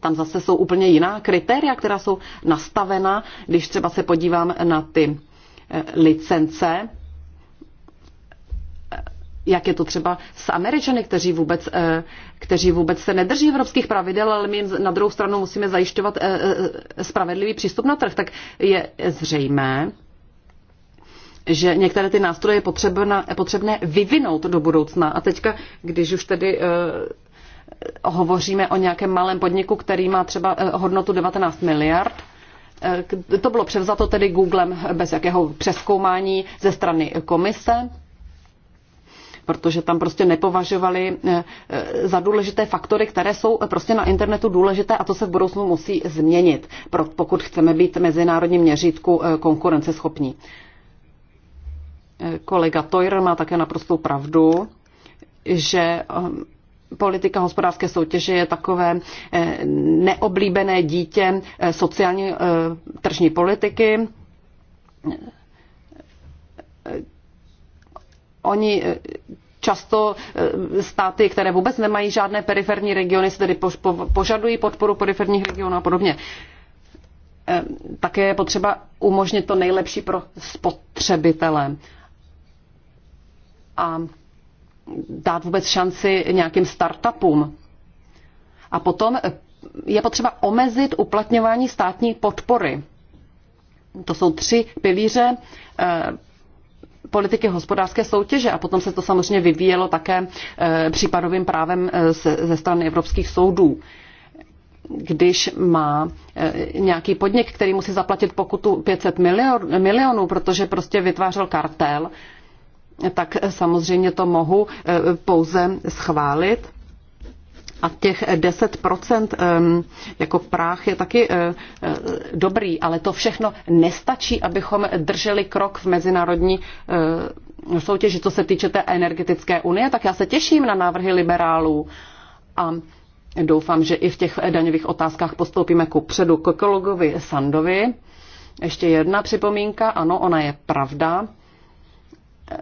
S2: tam zase jsou úplně jiná kritéria, která jsou nastavena, když třeba se podívám na ty licence, jak je to třeba s Američany, kteří vůbec, eh, kteří vůbec se nedrží evropských pravidel, ale my jim na druhou stranu musíme zajišťovat eh, eh, spravedlivý přístup na trh, tak je zřejmé, že některé ty nástroje je potřebné, potřebné vyvinout do budoucna. A teďka, když už tedy hovoříme o nějakém malém podniku, který má třeba hodnotu 19 miliard, to bylo převzato tedy Googlem bez jakého přeskoumání ze strany komise protože tam prostě nepovažovali eh, eh, za důležité faktory, které jsou prostě na internetu důležité a to se v budoucnu musí změnit, pokud chceme být mezinárodním měřítku eh, konkurenceschopní. Kolega Toyer má také naprostou pravdu, že politika hospodářské soutěže je takové neoblíbené dítě sociální tržní politiky oni eh, často eh, státy, které vůbec nemají žádné periferní regiony, se tedy požadují podporu periferních regionů a podobně. Eh, také je potřeba umožnit to nejlepší pro spotřebitele a dát vůbec šanci nějakým startupům. A potom je potřeba omezit uplatňování státní podpory. To jsou tři pilíře politiky hospodářské soutěže a potom se to samozřejmě vyvíjelo také eh, případovým právem eh, ze strany evropských soudů když má eh, nějaký podnik, který musí zaplatit pokutu 500 milionů, protože prostě vytvářel kartel, tak samozřejmě to mohu pouze schválit a těch 10% jako práh je taky eh, eh, dobrý, ale to všechno nestačí, abychom drželi krok v mezinárodní eh, soutěži, co se týče té energetické unie, tak já se těším na návrhy liberálů a doufám, že i v těch daňových otázkách postoupíme ku předu Kokologovi Sandovi. Ještě jedna připomínka, ano, ona je pravda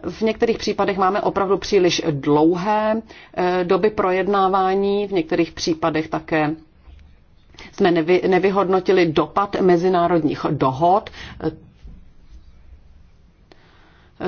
S2: v některých případech máme opravdu příliš dlouhé eh, doby projednávání, v některých případech také jsme nevy, nevyhodnotili dopad mezinárodních dohod.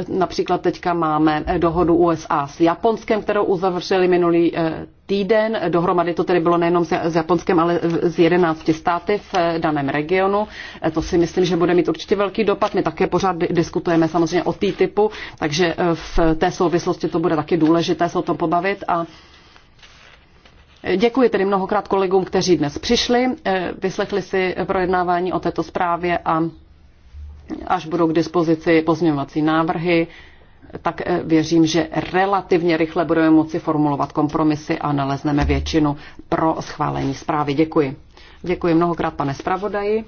S2: Například teďka máme eh, dohodu USA s Japonskem, kterou uzavřeli minulý eh, týden. Dohromady to tedy bylo nejenom s Japonskem, ale z 11 státy v eh, daném regionu. To si myslím, že bude mít určitě velký dopad. My také pořád diskutujeme samozřejmě o typu, takže v té souvislosti to bude taky důležité se o tom pobavit. A Děkuji tedy mnohokrát kolegům, kteří dnes přišli, vyslechli si projednávání o této zprávě a Až budou k dispozici pozměňovací návrhy, tak eh, věřím, že relativně rychle budeme moci formulovat kompromisy a nalezneme většinu pro schválení zprávy. Děkuji. Děkuji mnohokrát, pane zpravodaji.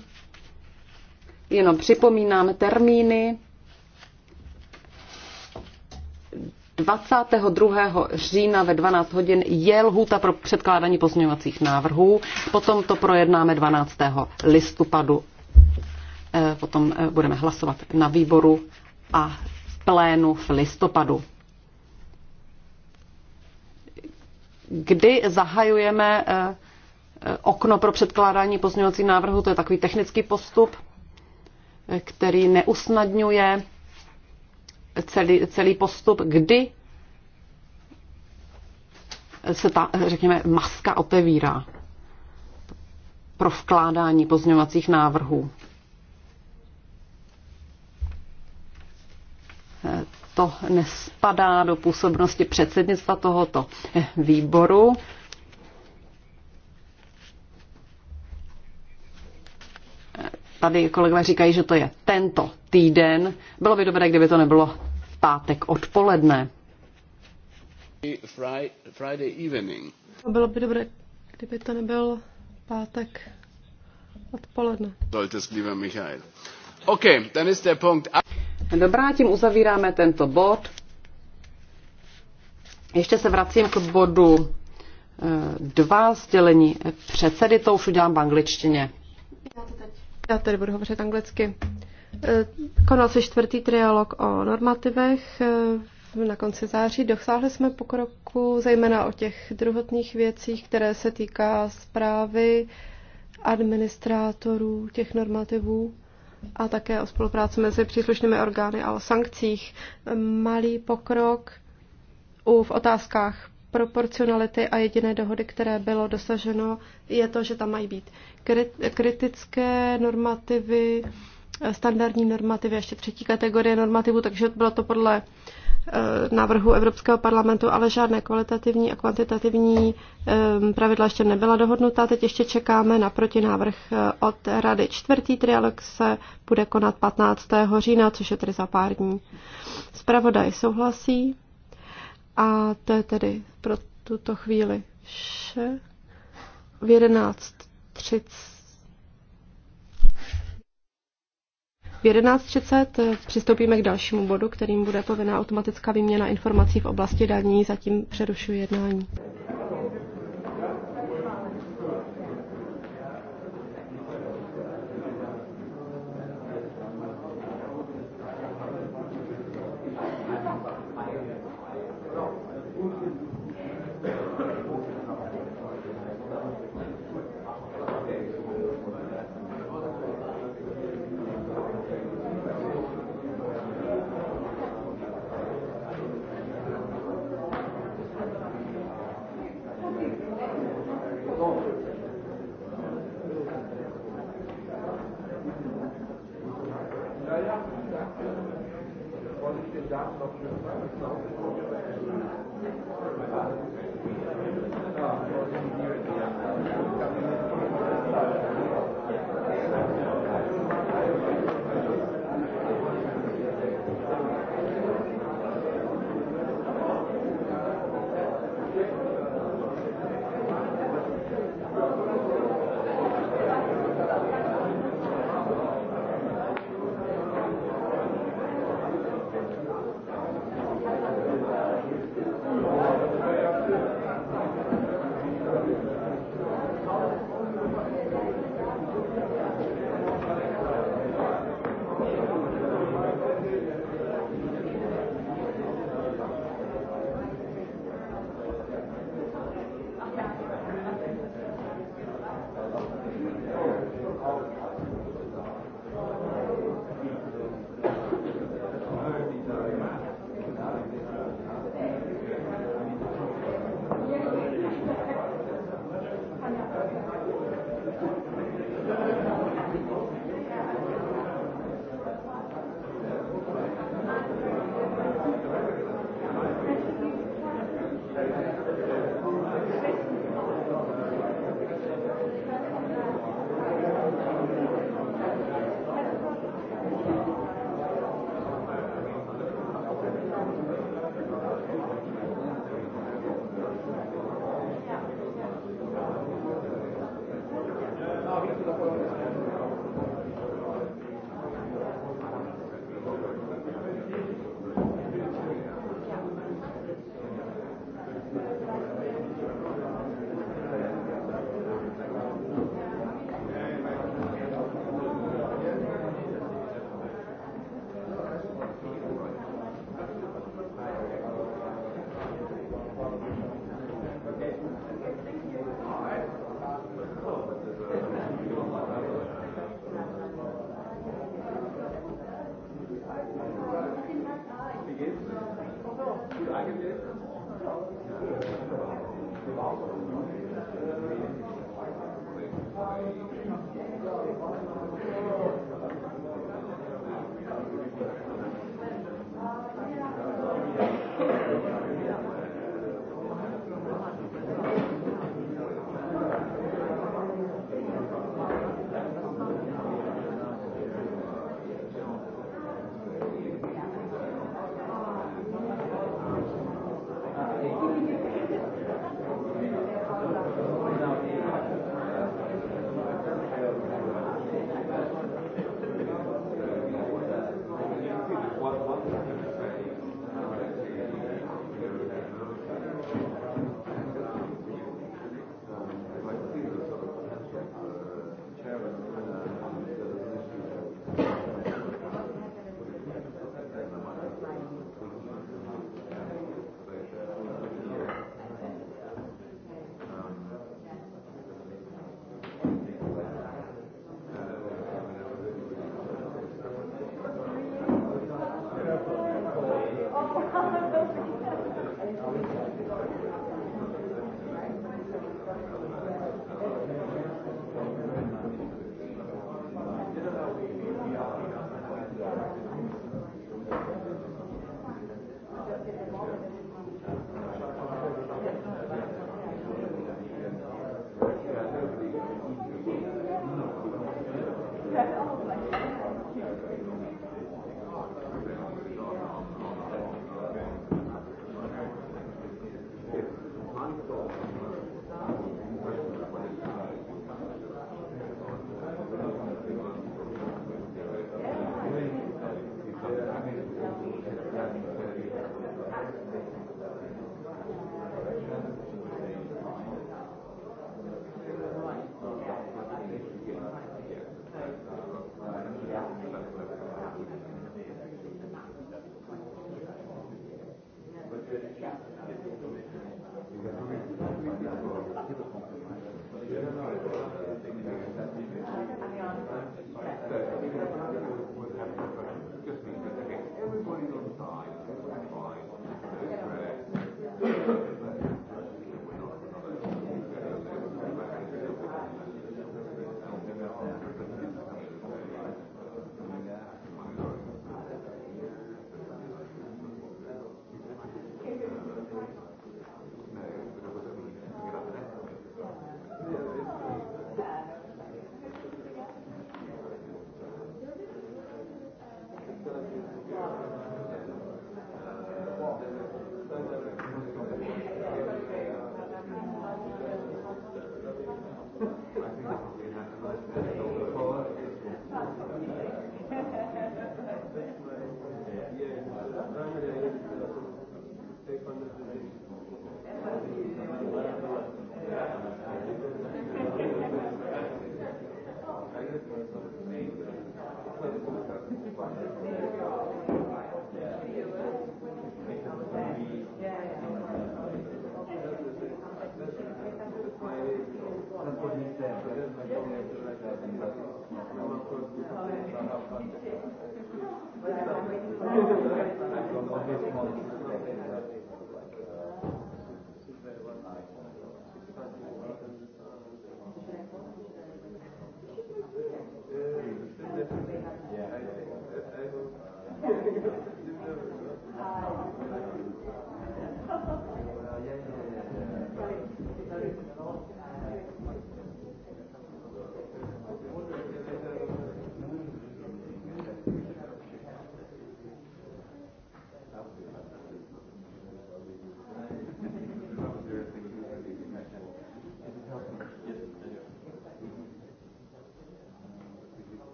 S2: Jenom připomínám termíny. 22. října ve 12 hodin je lhůta pro předkládání pozměňovacích návrhů. Potom to projednáme 12. listopadu Eh, potom eh, budeme hlasovat na výboru a v plénu v listopadu. Kdy zahajujeme eh, okno pro předkládání pozměňovací návrhů, to je takový technický postup, který neusnadňuje celý, celý postup, kdy se ta, řekněme, maska otevírá pro vkládání pozměňovacích návrhů. to nespadá do působnosti předsednictva tohoto výboru. Tady kolegové říkají, že to je tento týden. Bylo by dobré, kdyby to nebylo v pátek odpoledne.
S5: Friday evening.
S3: Bylo by dobré, kdyby to nebyl pátek odpoledne.
S5: Solltest, lieber Michael.
S3: Okay,
S2: dann ist der Punkt. Dobrá, tím uzavíráme tento bod. Ještě se vracím k bodu eh, dva sdělení předsedy, to už udělám v angličtině.
S3: Já, tady budu hovořit anglicky. Eh, konal se čtvrtý trialog o normativech eh, na konci září. Dosáhli jsme pokroku zejména o těch druhotných věcích, které se týká zprávy administrátorů těch normativů a také o spolupráci mezi příslušnými orgány a o sankcích. Malý pokrok u, v otázkách proporcionality a jediné dohody, které bylo dosaženo, je to, že tam mají být kritické normativy, standardní normativy, ještě třetí kategorie normativů, takže bylo to podle eh, návrhu Evropského parlamentu, ale žádné kvalitativní a kvantitativní eh, pravidla ještě nebyla dohodnuta. Teď ještě čekáme na protinávrh eh, od Rady. Čtvrtý trialog se bude konat 15. října, což je tedy za pár dní. Spravodaj souhlasí a to je tedy pro tuto chvíli vše. V 11.30 V 11.30 eh, přistoupíme k dalšímu bodu, kterým bude povinná automatická výměna informací v oblasti daní. Zatím přerušuji jednání.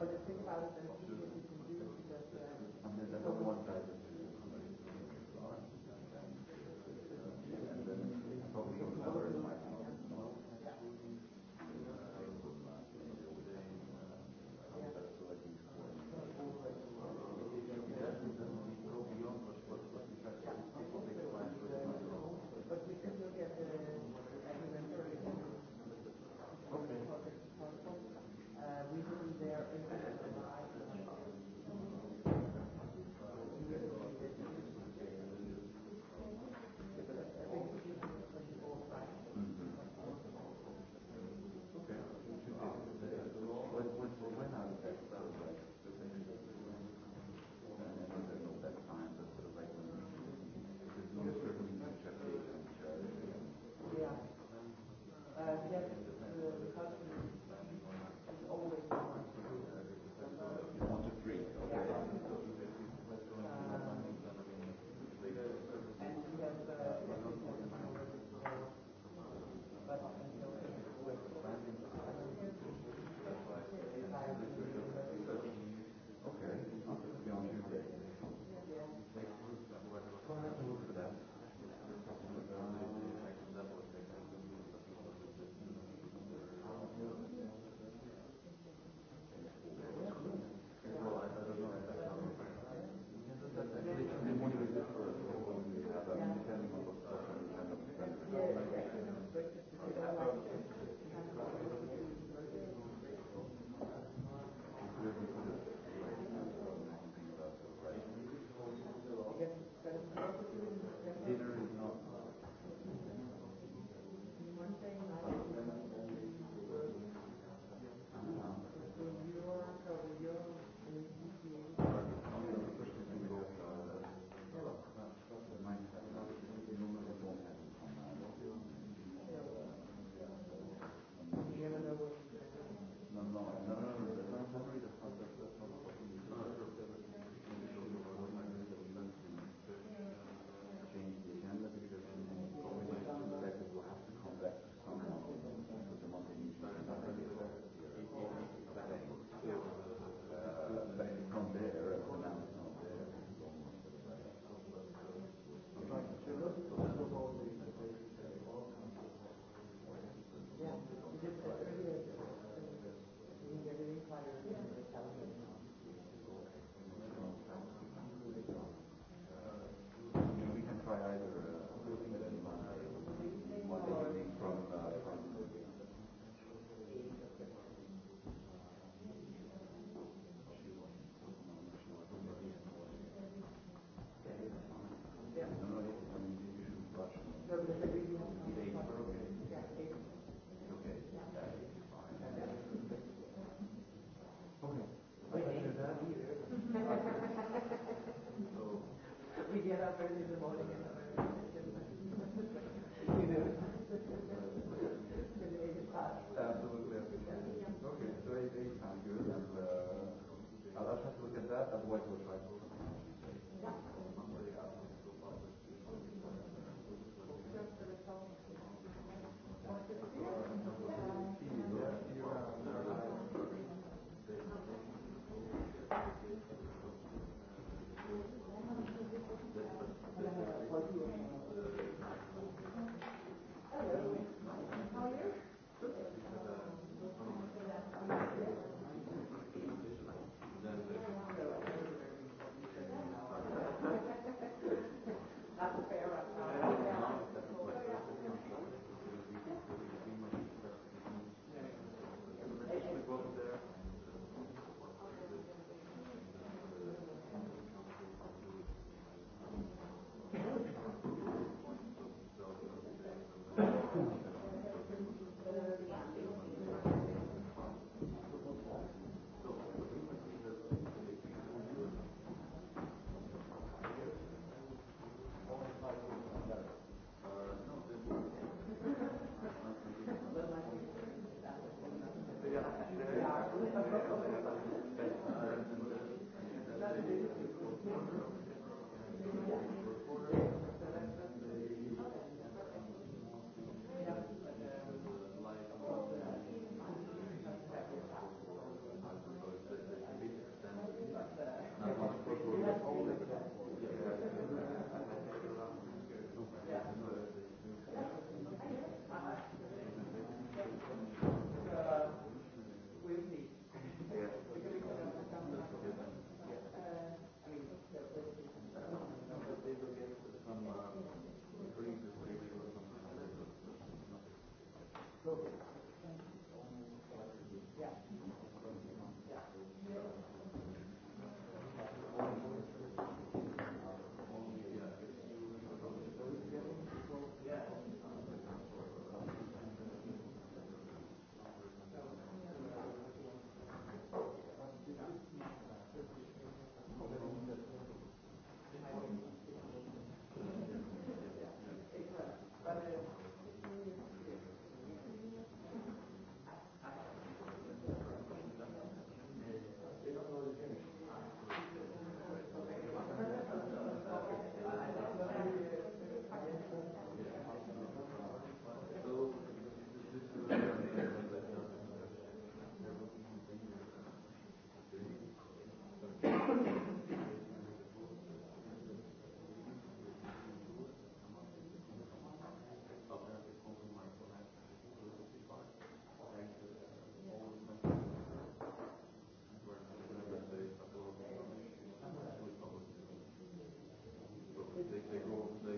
S6: nebo just think about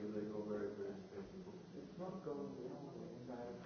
S6: they, they go very, very, very It's not going the other way.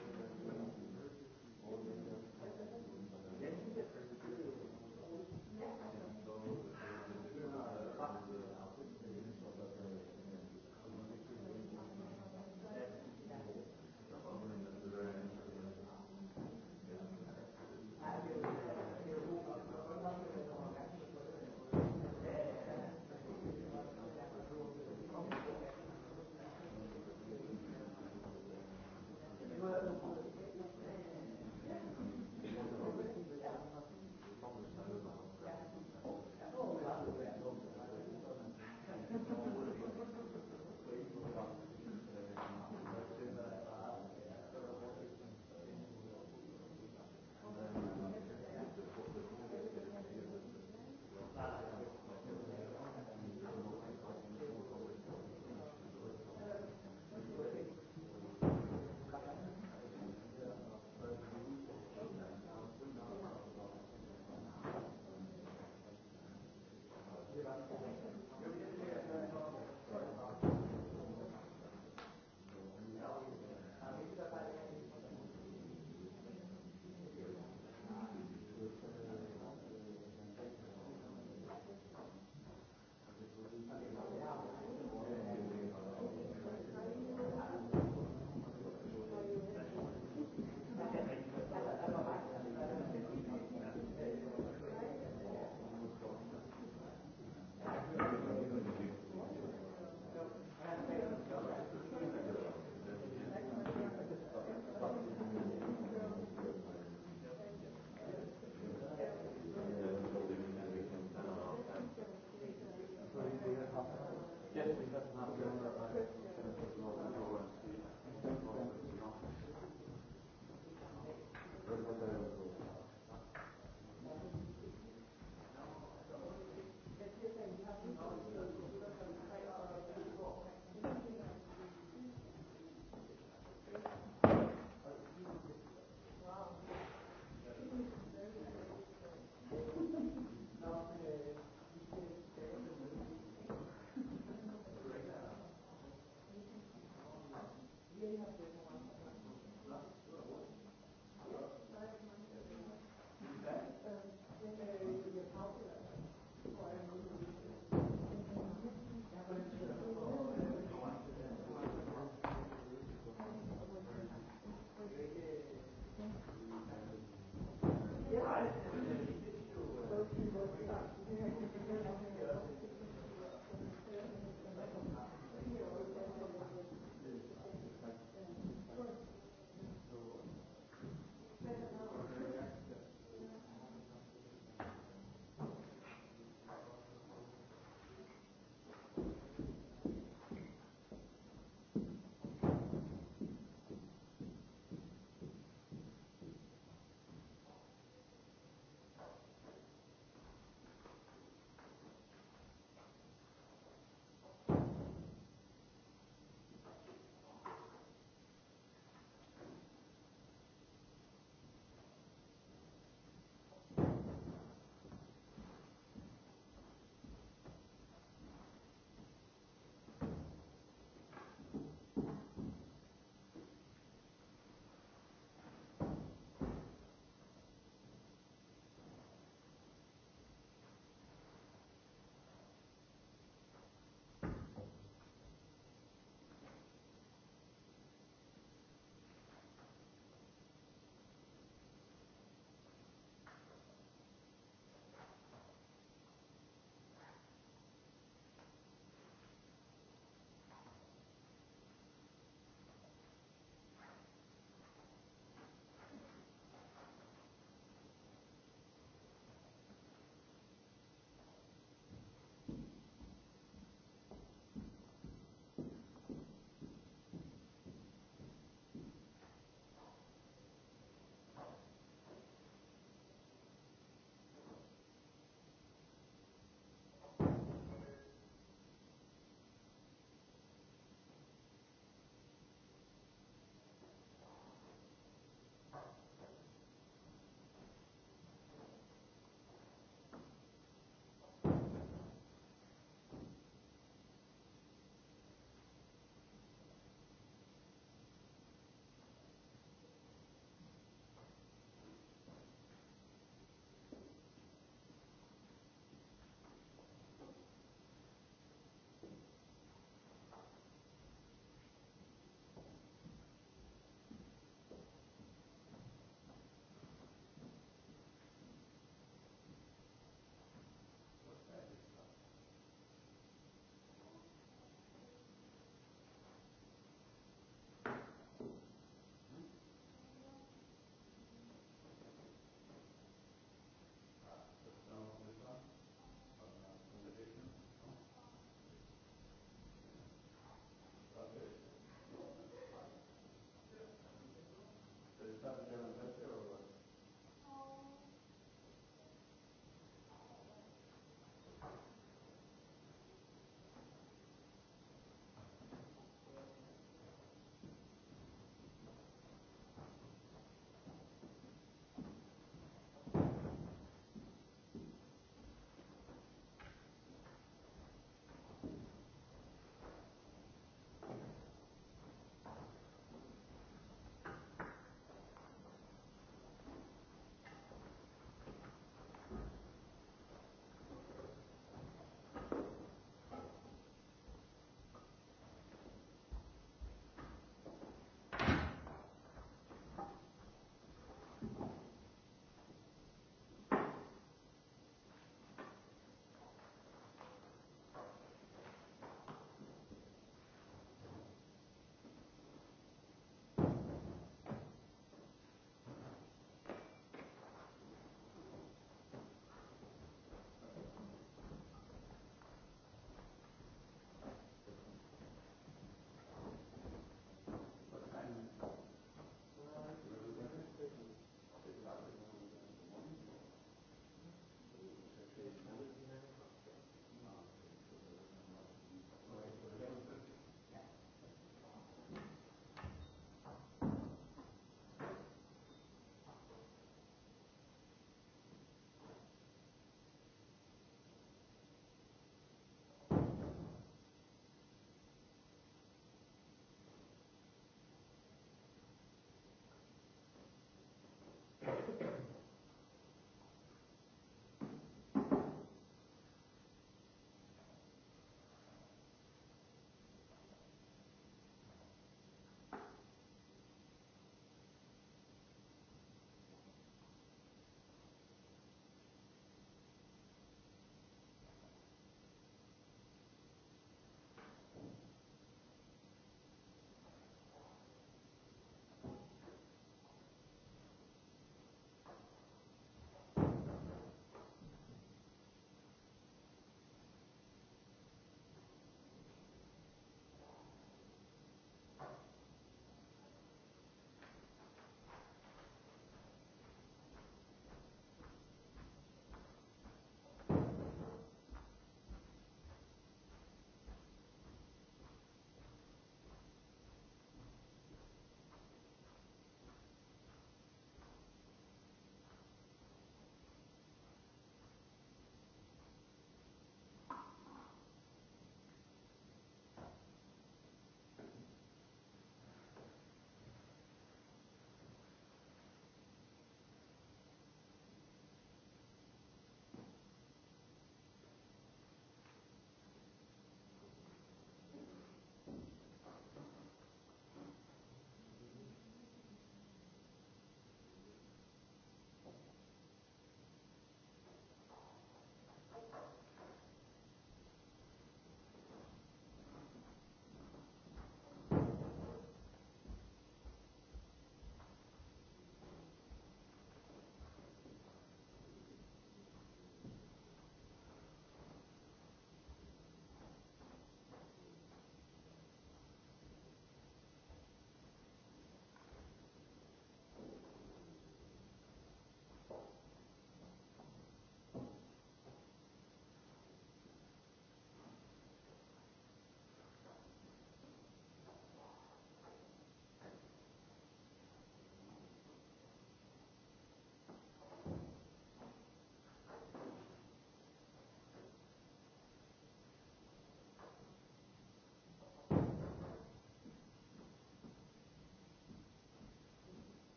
S6: představitelů.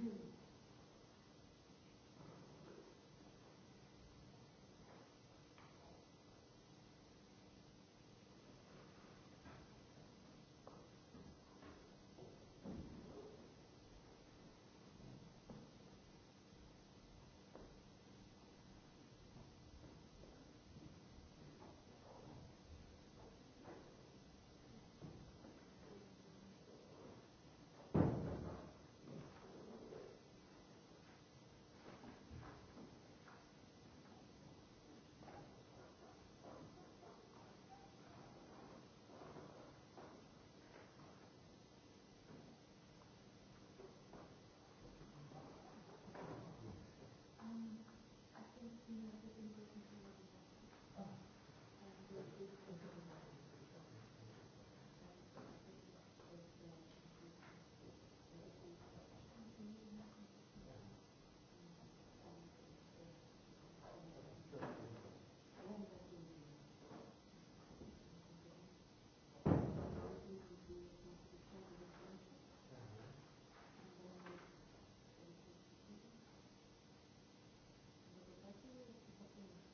S6: Mm-hmm.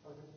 S6: Pardon?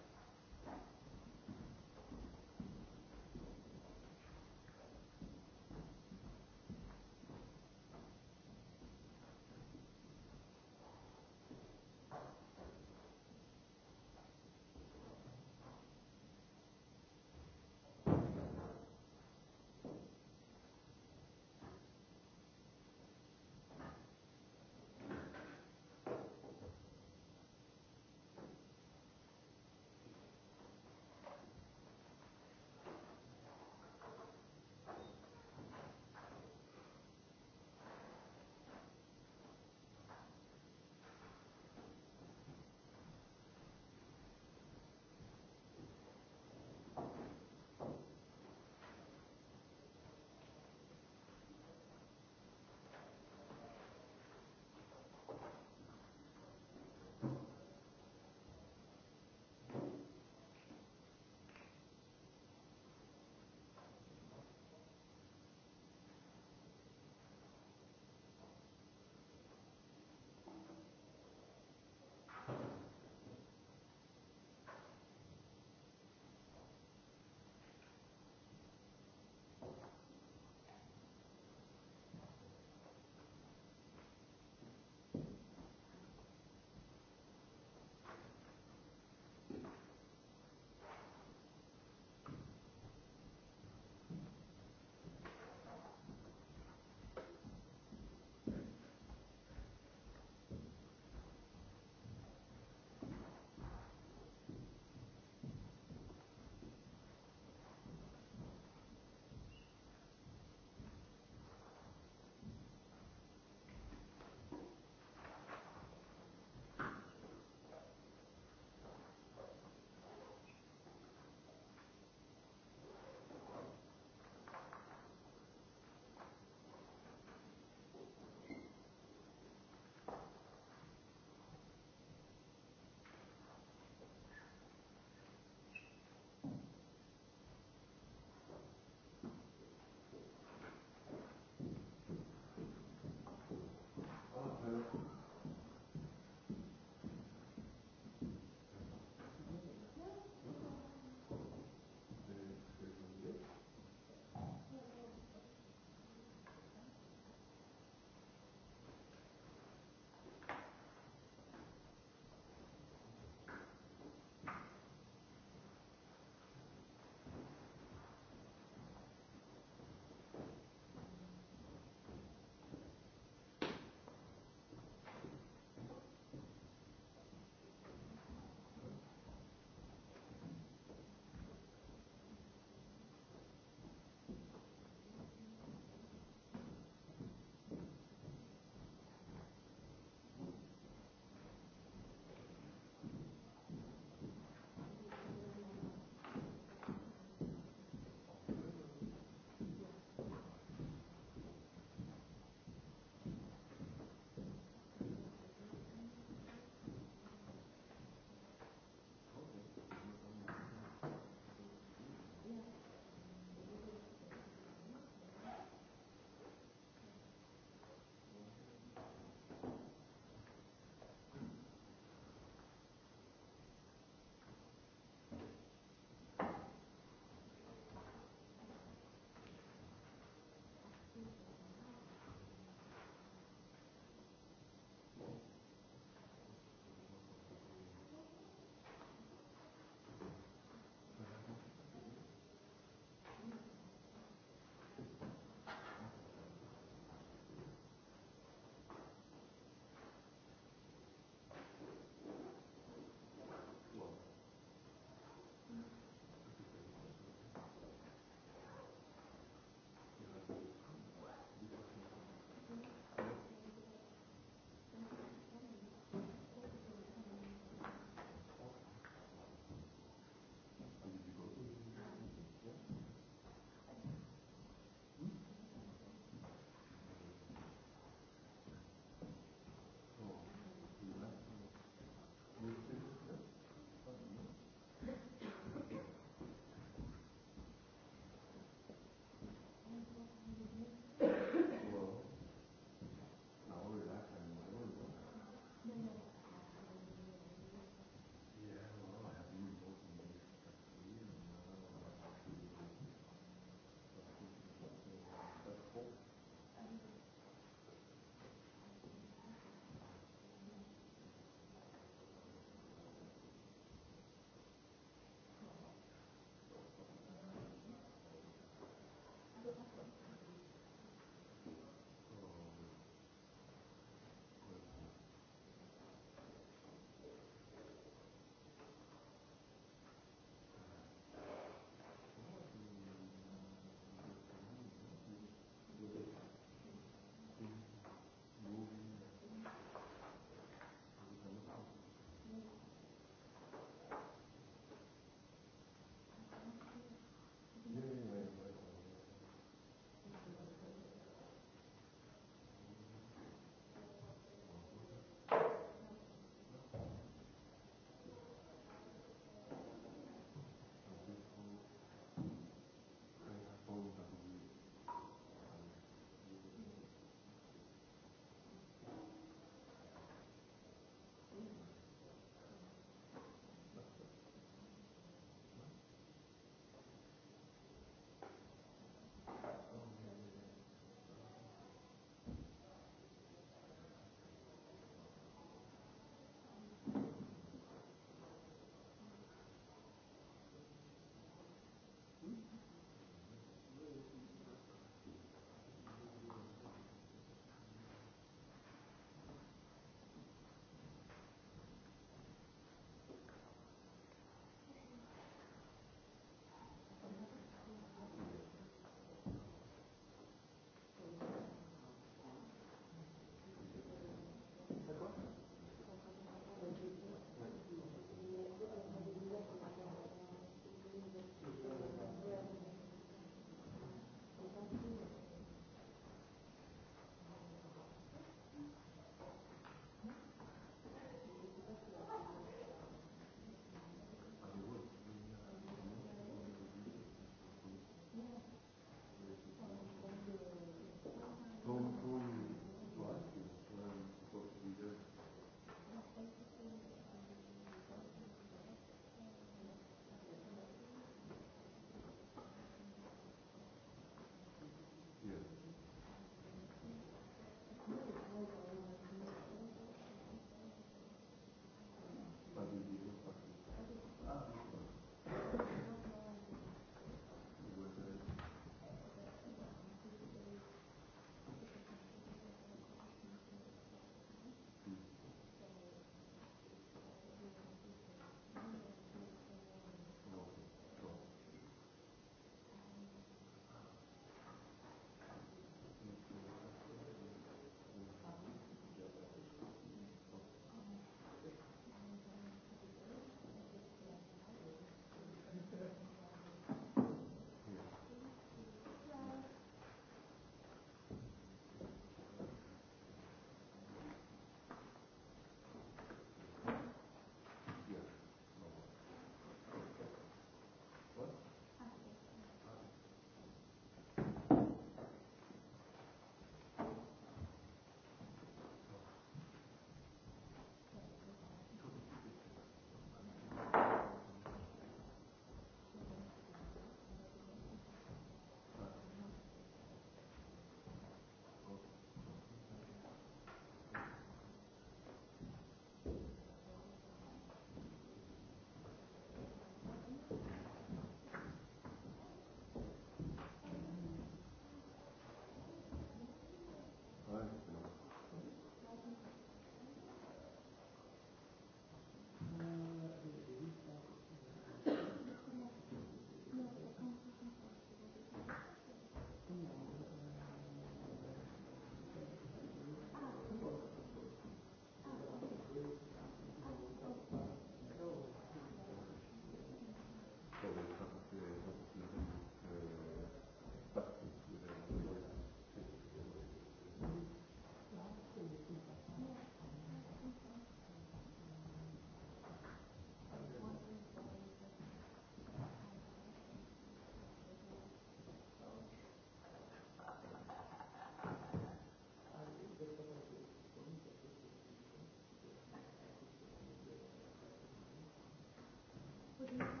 S1: Thank you.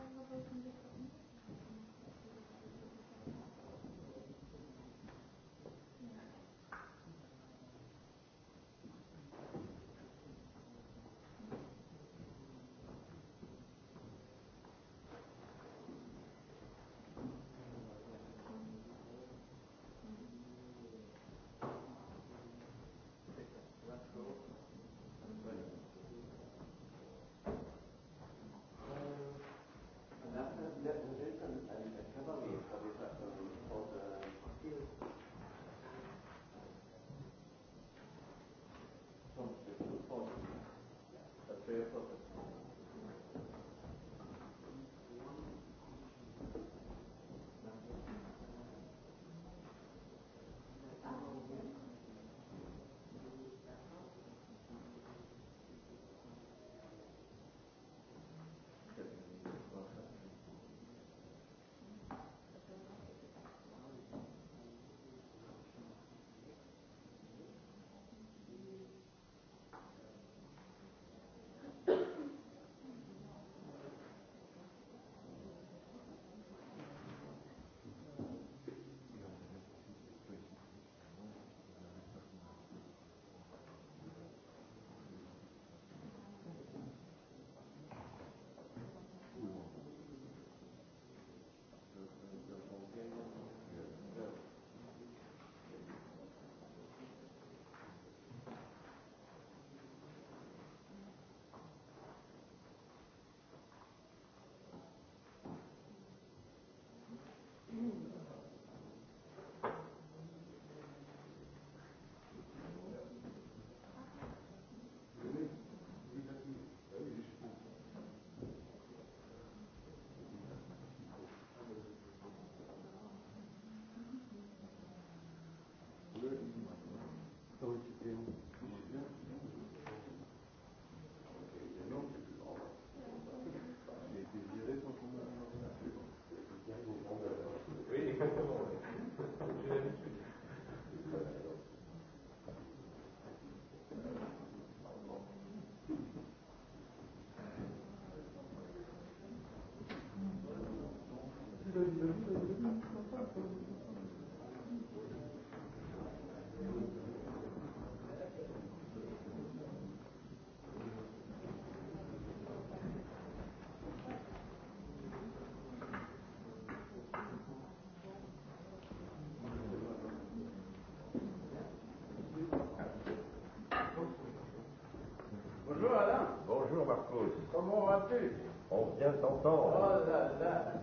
S1: Comment vas-tu On vient t'entendre. Oh là là,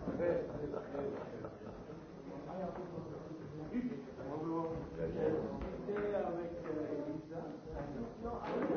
S1: avec Elisa. Non, avec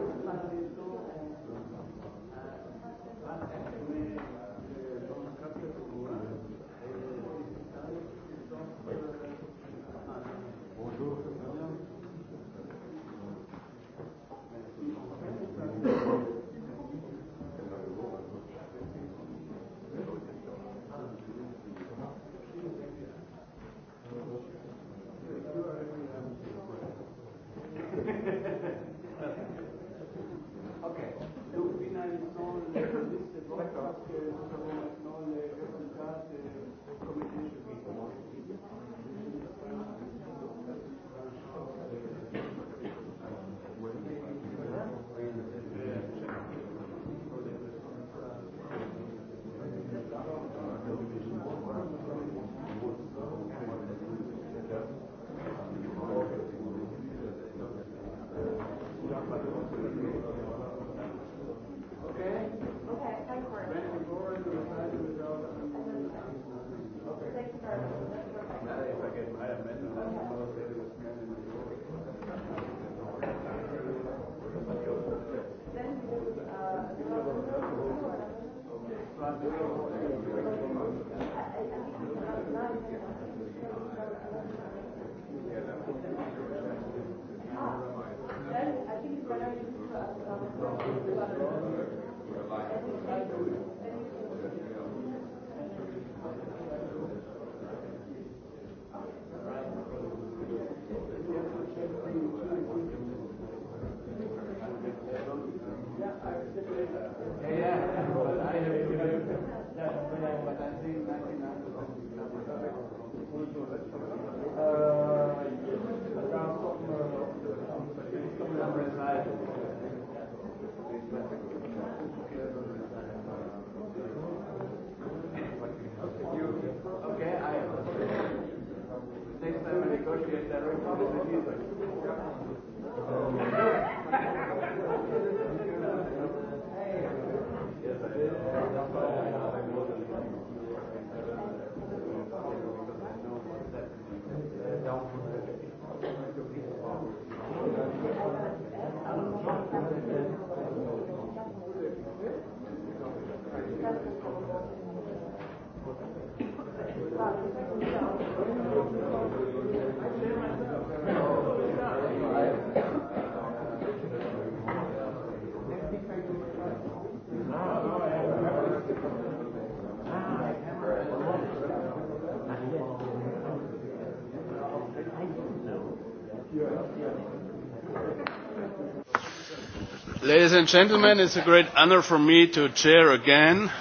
S5: Ladies and gentlemen, it's a great honor for me to chair again,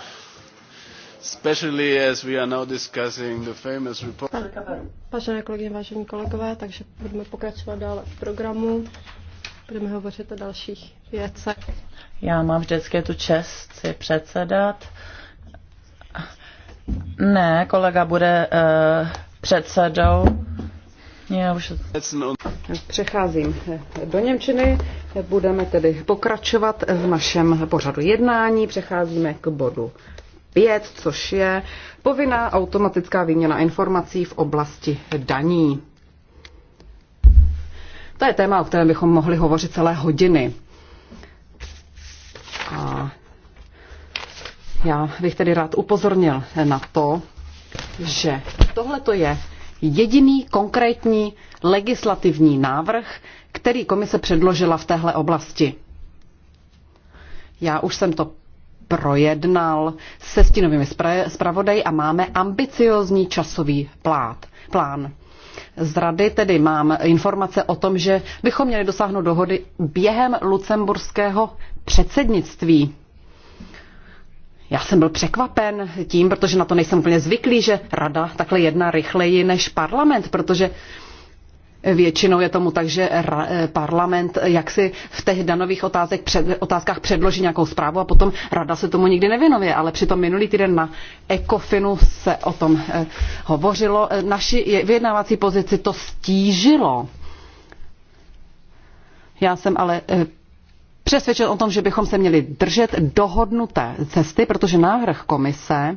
S5: especially as we are now discussing the famous report.
S3: Vážené kolegyně, vážení kolegové, takže budeme pokračovat dále v programu. Budeme hovořit o dalších
S4: věcech. Já mám vždycky tu čest si předsedat. Ne, kolega bude uh, předsedou. Já už...
S2: Přecházím eh, do Němčiny. Budeme tedy pokračovat v našem pořadu jednání. Přecházíme k bodu 5, což je povinná automatická výměna informací v oblasti daní. To je téma, o kterém bychom mohli hovořit celé hodiny. A já bych tedy rád upozornil na to, že tohle to je jediný konkrétní legislativní návrh, který komise předložila v téhle oblasti. Já už jsem to projednal se stínovými zpravodaji a máme ambiciozní časový plát, plán. Z rady tedy mám informace o tom, že bychom měli dosáhnout dohody během lucemburského předsednictví. Já jsem byl překvapen tím, protože na to nejsem úplně zvyklý, že rada takhle jedná rychleji než parlament, protože Většinou je tomu tak, že eh, parlament jaksi v těch danových otázek před, otázkách předloží nějakou zprávu a potom rada se tomu nikdy nevěnuje, ale přitom minulý týden na ECOFINu se o tom eh, hovořilo. Eh, naši vyjednávací pozici to stížilo. Já jsem ale přesvědčit o tom, že bychom se měli držet dohodnuté cesty, protože návrh komise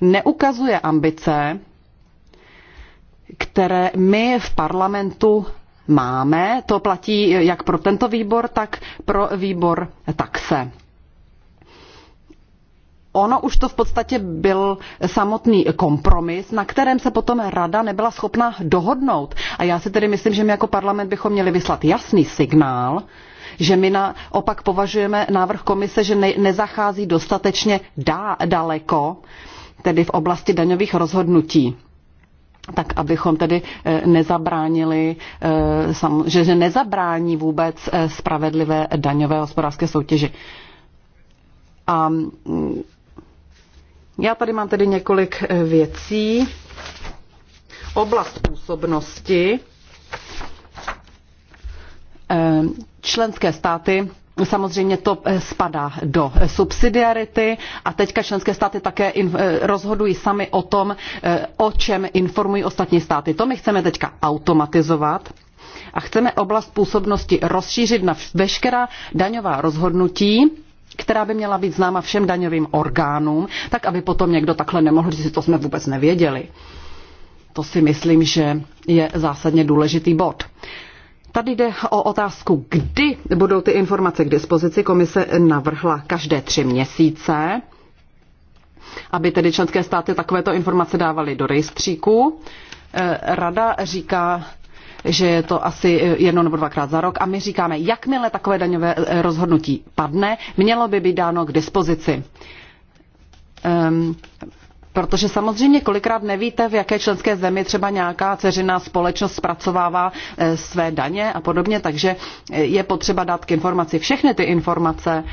S2: neukazuje ambice, které my v parlamentu máme. To platí jak pro tento výbor, tak pro výbor taxe ono už to v podstatě byl samotný kompromis, na kterém se potom rada nebyla schopna dohodnout. A já si tedy myslím, že my jako parlament bychom měli vyslat jasný signál, že my naopak považujeme návrh komise, že ne, nezachází dostatečně dá, daleko, tedy v oblasti daňových rozhodnutí tak abychom tedy eh, nezabránili, eh, že nezabrání vůbec eh, spravedlivé daňové hospodářské soutěži. A mm, já tady mám tedy několik eh, věcí. Oblast působnosti. Eh, členské státy Samozřejmě to eh, spadá do subsidiarity a teďka členské státy také rozhodují sami o tom, o čem informují ostatní státy. To my chceme teďka automatizovat a chceme oblast působnosti rozšířit na veškerá daňová rozhodnutí, která by měla být známa všem daňovým orgánům, tak aby potom někdo takhle nemohl říct, to jsme vůbec nevěděli. To si myslím, že je zásadně důležitý bod. Tady jde o otázku, kdy budou ty informace k dispozici. Komise navrhla každé tři měsíce, aby tedy členské státy takovéto informace dávaly do rejstříku. Eh, Rada říká že je to asi eh, jedno nebo dvakrát za rok. A my říkáme, jakmile takové daňové eh, rozhodnutí padne, mělo by být dáno k dispozici. Um, Protože samozřejmě kolikrát nevíte, v jaké členské zemi třeba nějaká ceřiná společnost zpracovává eh, své daně a podobně, takže je potřeba dát k informaci všechny ty informace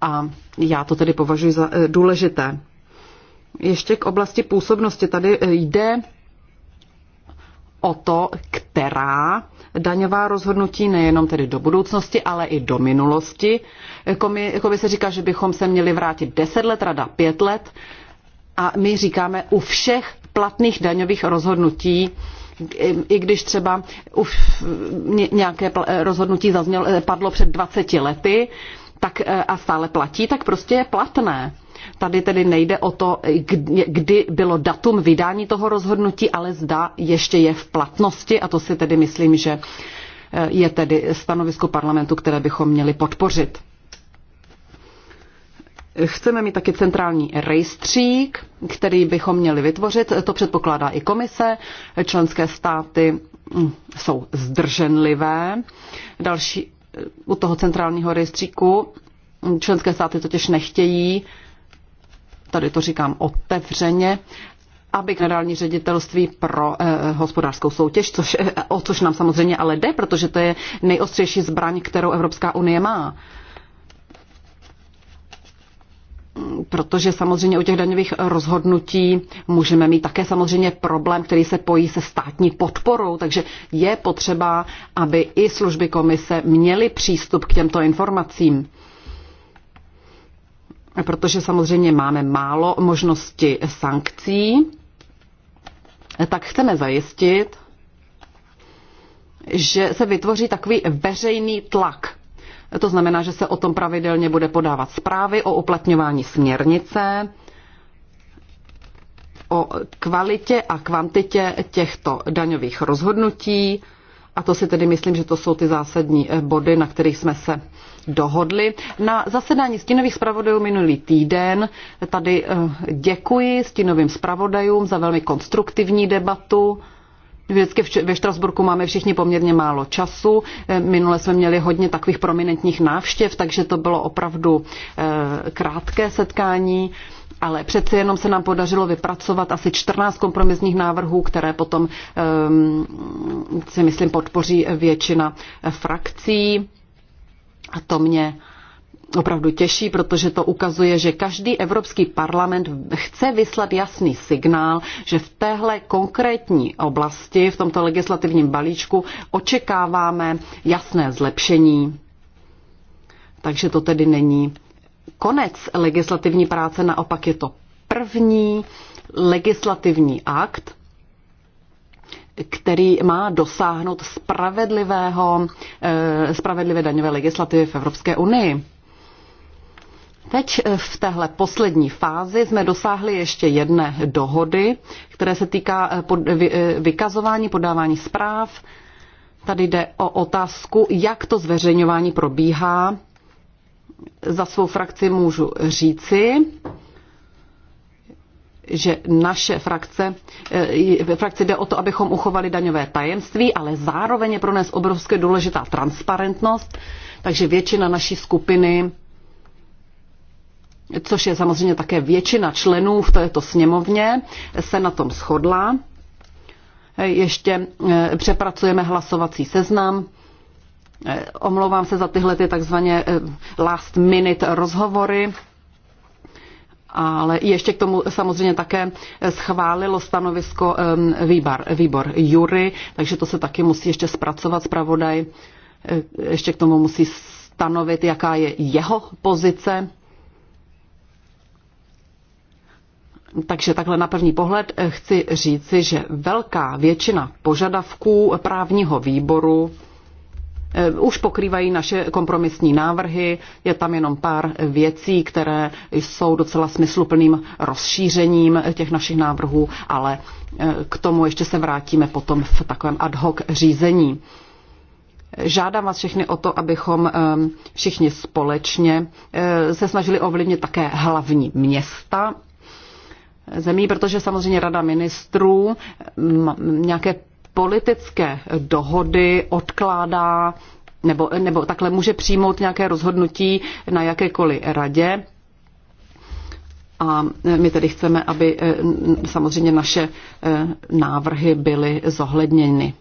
S2: a já to tedy považuji za důležité. Ještě k oblasti působnosti. Tady jde o to, která daňová rozhodnutí, nejenom tedy do budoucnosti, ale i do minulosti. Komise říká, že bychom se měli vrátit 10 let, rada 5 let. A my říkáme u všech platných daňových rozhodnutí, i když třeba už nějaké rozhodnutí zaznělo, padlo před 20 lety tak, a stále platí, tak prostě je platné. Tady tedy nejde o to, kdy bylo datum vydání toho rozhodnutí, ale zda ještě je v platnosti a to si tedy myslím, že eh, je tedy stanovisko parlamentu, které bychom měli podpořit. Chceme mít taky centrální rejstřík, který bychom měli vytvořit. To předpokládá i komise. Členské státy hm, jsou zdrženlivé. Další eh, u toho centrálního rejstříku hm, členské státy totiž nechtějí tady to říkám otevřeně, aby generální ředitelství pro eh, hospodářskou soutěž, což, eh, o což nám samozřejmě ale jde, protože to je nejostřejší zbraň, kterou Evropská unie má. Protože samozřejmě u těch daňových rozhodnutí můžeme mít také samozřejmě problém, který se pojí se státní podporou, takže je potřeba, aby i služby komise měly přístup k těmto informacím protože samozřejmě máme málo možnosti sankcí, tak chceme zajistit, že se vytvoří takový veřejný tlak. To znamená, že se o tom pravidelně bude podávat zprávy o uplatňování směrnice, o kvalitě a kvantitě těchto daňových rozhodnutí, a to si tedy myslím, že to jsou ty zásadní eh, body, na kterých jsme se dohodli. Na zasedání stínových zpravodajů minulý týden eh, tady eh, děkuji stínovým zpravodajům za velmi konstruktivní debatu. Vždycky ve Štrasburku máme všichni poměrně málo času. Minule jsme měli hodně takových prominentních návštěv, takže to bylo opravdu krátké setkání ale přece jenom se nám podařilo vypracovat asi 14 kompromisních návrhů, které potom um, si myslím podpoří většina frakcí. A to mě opravdu těší, protože to ukazuje, že každý Evropský parlament chce vyslat jasný signál, že v téhle konkrétní oblasti, v tomto legislativním balíčku, očekáváme jasné zlepšení. Takže to tedy není konec legislativní práce, naopak je to první legislativní akt, který má dosáhnout spravedlivého, eh, spravedlivé daňové legislativy v Evropské unii. Teď eh, v téhle poslední fázi jsme dosáhli ještě jedné dohody, které se týká eh, vykazování, podávání zpráv. Tady jde o otázku, jak to zveřejňování probíhá za svou frakci můžu říci, že naše frakce, eh, frakce jde o to, abychom uchovali daňové tajemství, ale zároveň je pro nás obrovské důležitá transparentnost, takže většina naší skupiny, což je samozřejmě také většina členů v této sněmovně, se na tom shodla. Eh, ještě eh, přepracujeme hlasovací seznam, Eh, omlouvám se za tyhle ty takzvané eh, last minute rozhovory, ale ještě k tomu samozřejmě také eh, schválilo stanovisko ehm, výbor, výbor Jury, takže to se taky musí ještě zpracovat zpravodaj. Ještě k tomu musí stanovit, jaká je jeho pozice. Takže takhle na první pohled chci říci, že velká většina požadavků právního výboru Eh, už pokrývají naše kompromisní návrhy. Je tam jenom pár věcí, které jsou docela smysluplným rozšířením těch našich návrhů, ale eh, k tomu ještě se vrátíme potom v takovém ad hoc řízení. Žádám vás všechny o to, abychom eh, všichni společně se snažili ovlivnit také hlavní města zemí, protože samozřejmě Rada ministrů nějaké politické dohody odkládá nebo, nebo takhle může přijmout nějaké rozhodnutí na jakékoliv radě. A my tedy chceme, aby eh, samozřejmě naše eh, návrhy byly zohledněny.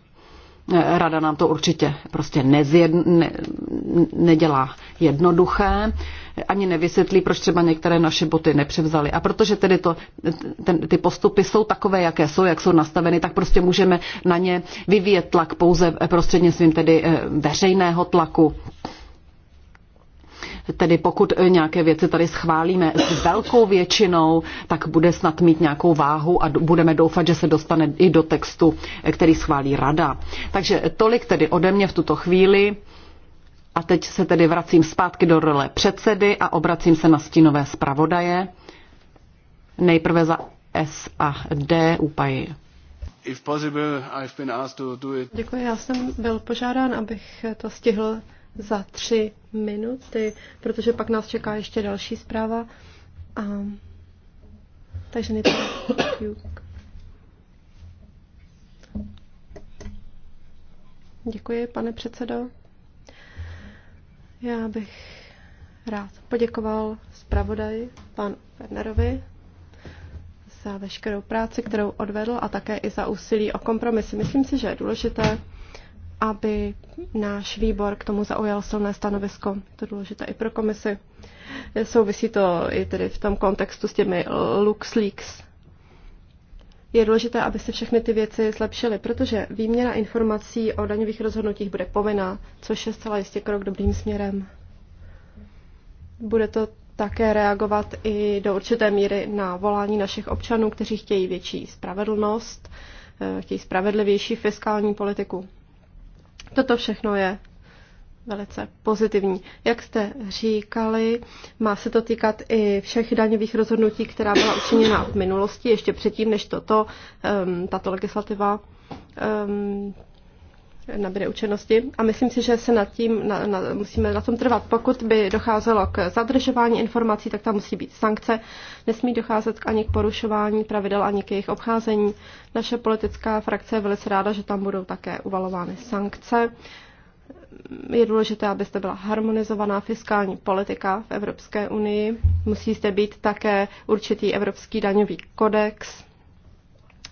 S2: Eh, rada nám to určitě prostě nezjedn, ne, nedělá jednoduché ani nevysvětlí, proč třeba některé naše boty nepřevzali. A protože tedy to, ten, ty postupy jsou takové, jaké jsou, jak jsou nastaveny, tak prostě můžeme na ně vyvíjet tlak pouze prostřednictvím tedy eh, veřejného tlaku. Tedy pokud eh, nějaké věci tady schválíme s velkou většinou, tak bude snad mít nějakou váhu a budeme doufat, že se dostane i do textu, eh, který schválí rada. Takže tolik tedy ode mě v tuto chvíli. A teď se tedy vracím zpátky do role předsedy a obracím se na stínové zpravodaje. Nejprve za S a D úpaji.
S3: Děkuji, já jsem byl požádán, abych to stihl za tři minuty, protože pak nás čeká ještě další zpráva. A... Takže nejprve Děkuji, pane předsedo. Já bych rád poděkoval zpravodaji panu Fernerovi za veškerou práci, kterou odvedl a také i za úsilí o kompromisy. Myslím si, že je důležité, aby náš výbor k tomu zaujal silné stanovisko. To je důležité i pro komisi. Souvisí to i tedy v tom kontextu s těmi LuxLeaks je důležité, aby se všechny ty věci zlepšily, protože výměna informací o daňových rozhodnutích bude povinná, což je zcela jistě krok dobrým směrem. Bude to také reagovat i do určité míry na volání našich občanů, kteří chtějí větší spravedlnost, eh, chtějí spravedlivější fiskální politiku. Toto všechno je velice pozitivní. Jak jste říkali, má se to týkat i všech daňových rozhodnutí, která byla učiněna v minulosti, ještě předtím, než toto, ehm, tato legislativa ehm, nabude účinnosti. A myslím si, že se nad tím na, na, musíme na tom trvat. Pokud by docházelo k zadržování informací, tak tam musí být sankce. Nesmí docházet ani k porušování pravidel, ani k jejich obcházení. Naše politická frakce je velice ráda, že tam budou také uvalovány sankce je důležité, aby byla harmonizovaná fiskální politika v Evropské unii. Musí zde být také určitý evropský daňový kodex.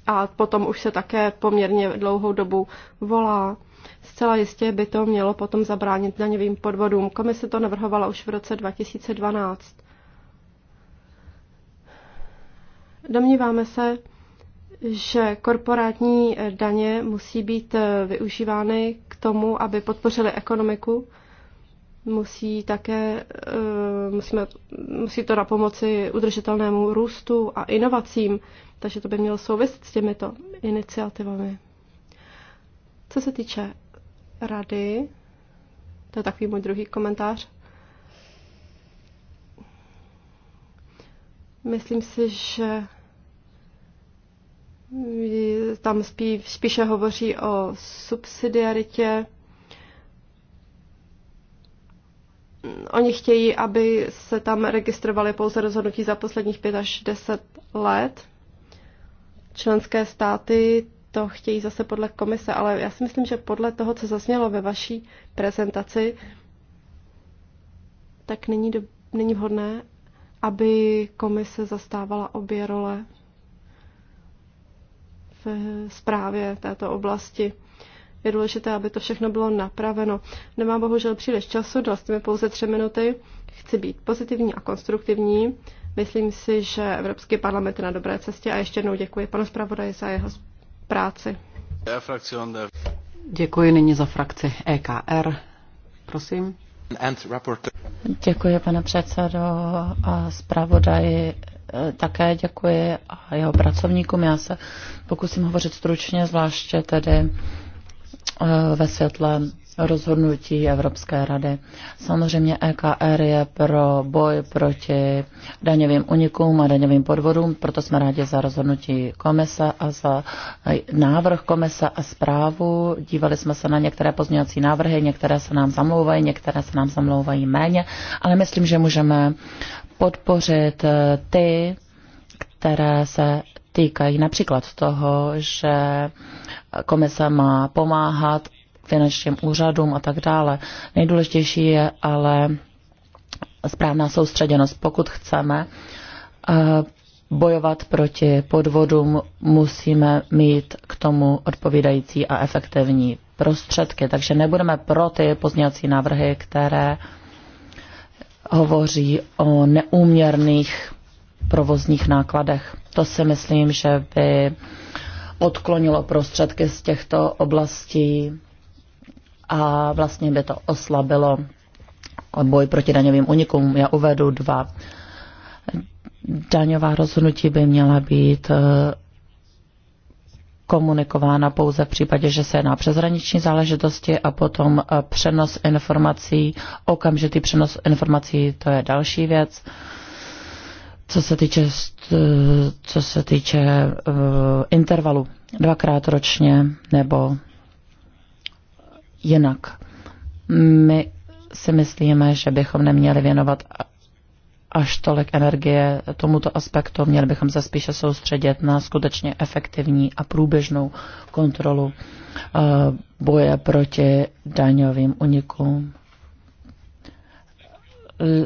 S3: A potom už se také poměrně dlouhou dobu volá. Zcela jistě by to mělo potom zabránit daňovým podvodům. Komise to navrhovala už v roce 2012. Domníváme se, že korporátní eh, daně musí být eh, využívány k tomu, aby podpořily ekonomiku. Musí také, eh, musíme, musí to na pomoci udržitelnému růstu a inovacím, takže to by mělo souviset s těmito iniciativami. Co se týče rady, to je takový můj druhý komentář, Myslím si, že tam spí, spíše hovoří o subsidiaritě. Oni chtějí, aby se tam registrovaly pouze rozhodnutí za posledních 5 až 10 let. Členské státy to chtějí zase podle komise, ale já si myslím, že podle toho, co zaznělo ve vaší prezentaci, tak není, do, není vhodné, aby komise zastávala obě role v zprávě této oblasti. Je důležité, aby to všechno bylo napraveno. Nemám bohužel příliš času, dal jste mi pouze tři minuty. Chci být pozitivní a konstruktivní. Myslím si, že Evropský parlament je na dobré cestě a ještě jednou děkuji panu zpravodaji za jeho práci.
S4: Děkuji nyní za frakci EKR. Prosím. Děkuji, pane předsedo. Zpravodaji Eh, také děkuji a jeho pracovníkům. Já se pokusím hovořit stručně, zvláště tedy eh, ve světle rozhodnutí Evropské rady. Samozřejmě EKR je pro boj proti daňovým unikům a daňovým podvodům, proto jsme rádi za rozhodnutí komise a za návrh komise a zprávu. Dívali jsme se na některé pozměňovací návrhy, některé se nám zamlouvají, některé se nám zamlouvají méně, ale myslím, že můžeme podpořit eh, ty, které se týkají například toho, že komise má pomáhat k finančním úřadům a tak dále. Nejdůležitější je ale správná soustředěnost. Pokud chceme eh, bojovat proti podvodům, musíme mít k tomu odpovídající a efektivní prostředky. Takže nebudeme pro ty pozměňovací návrhy, které hovoří o neúměrných provozních nákladech. To si myslím, že by odklonilo prostředky z těchto oblastí a vlastně by to oslabilo boj proti daňovým unikům. Já uvedu dva. Daňová rozhodnutí by měla být eh, komunikována pouze v případě, že se jedná přeshraniční záležitosti a potom eh, přenos informací, okamžitý přenos informací, to je další věc. Co se týče, eh, co se týče intervalu, dvakrát ročně nebo jinak. My si myslíme, že bychom neměli věnovat až tolik energie tomuto aspektu. Měli bychom se spíše soustředit na skutečně efektivní a průběžnou kontrolu eh, boje proti daňovým unikům.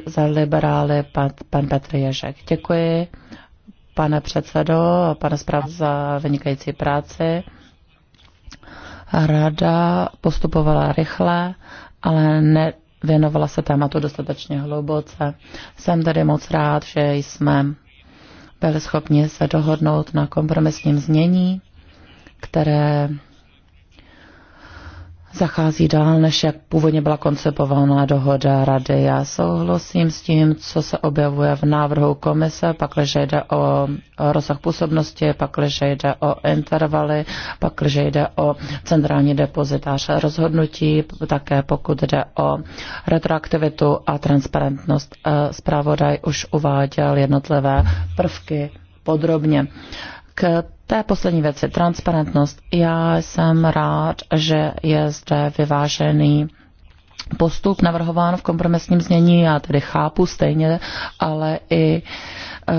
S4: Za liberály pan, pan Petr Ježek. Děkuji, pane předsedo a pane zpráv za vynikající práci. Rada postupovala rychle, ale ne, věnovala se tématu dostatečně hluboce. Jsem tady moc rád, že jsme byli schopni se dohodnout na kompromisním znění, které zachází dál, než jak původně byla koncepována dohoda rady. Já souhlasím s tím, co se objevuje v návrhu komise, pakliže jde o rozsah působnosti, pakliže jde o intervaly, pakliže jde o centrální depozitář rozhodnutí, také pokud jde o retroaktivitu a transparentnost. Eh, zpravodaj už uváděl jednotlivé prvky podrobně. K to je poslední věc, transparentnost. Já jsem rád, že je zde vyvážený postup navrhován v kompromisním znění, já tedy chápu stejně, ale i eh,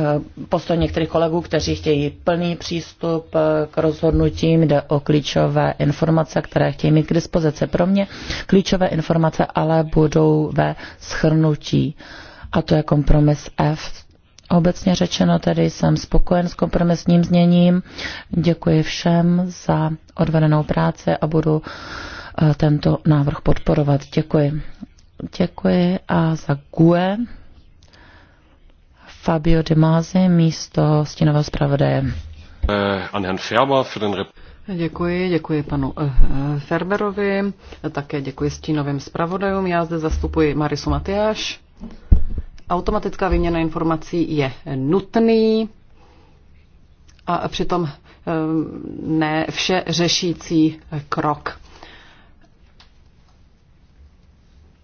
S4: postoj některých kolegů, kteří chtějí plný přístup eh, k rozhodnutím, jde o klíčové informace, které chtějí mít k dispozici. Pro mě klíčové informace ale budou ve schrnutí a to je kompromis F Obecně řečeno tedy jsem spokojen s kompromisním zněním. Děkuji všem za odvedenou práci a budu eh, tento návrh podporovat. Děkuji. Děkuji a za GUE Fabio De Masi místo stínového zpravodaje.
S2: Eh,
S4: děkuji, děkuji panu eh,
S2: Ferberovi, také děkuji stínovým zpravodajům. Já zde zastupuji Marisu Matyáš Automatická výměna informací je nutný a přitom eh, ne vše řešící krok.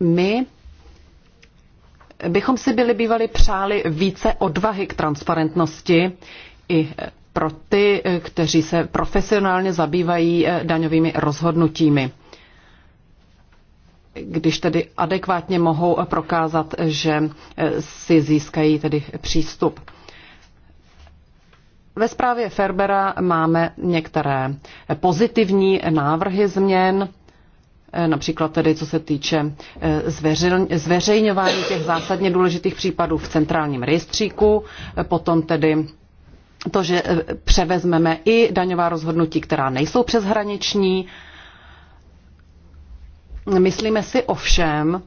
S2: My bychom si byli bývali přáli více odvahy k transparentnosti i pro ty, eh, kteří se profesionálně zabývají eh, daňovými rozhodnutími když tedy adekvátně mohou prokázat, že eh, si získají tedy přístup. Ve zprávě Ferbera máme některé pozitivní návrhy změn, eh, například tedy co se týče eh, zveřejňování těch zásadně důležitých případů v centrálním rejstříku, potom tedy to, že převezmeme i daňová rozhodnutí, která nejsou přeshraniční, Myslíme si ovšem,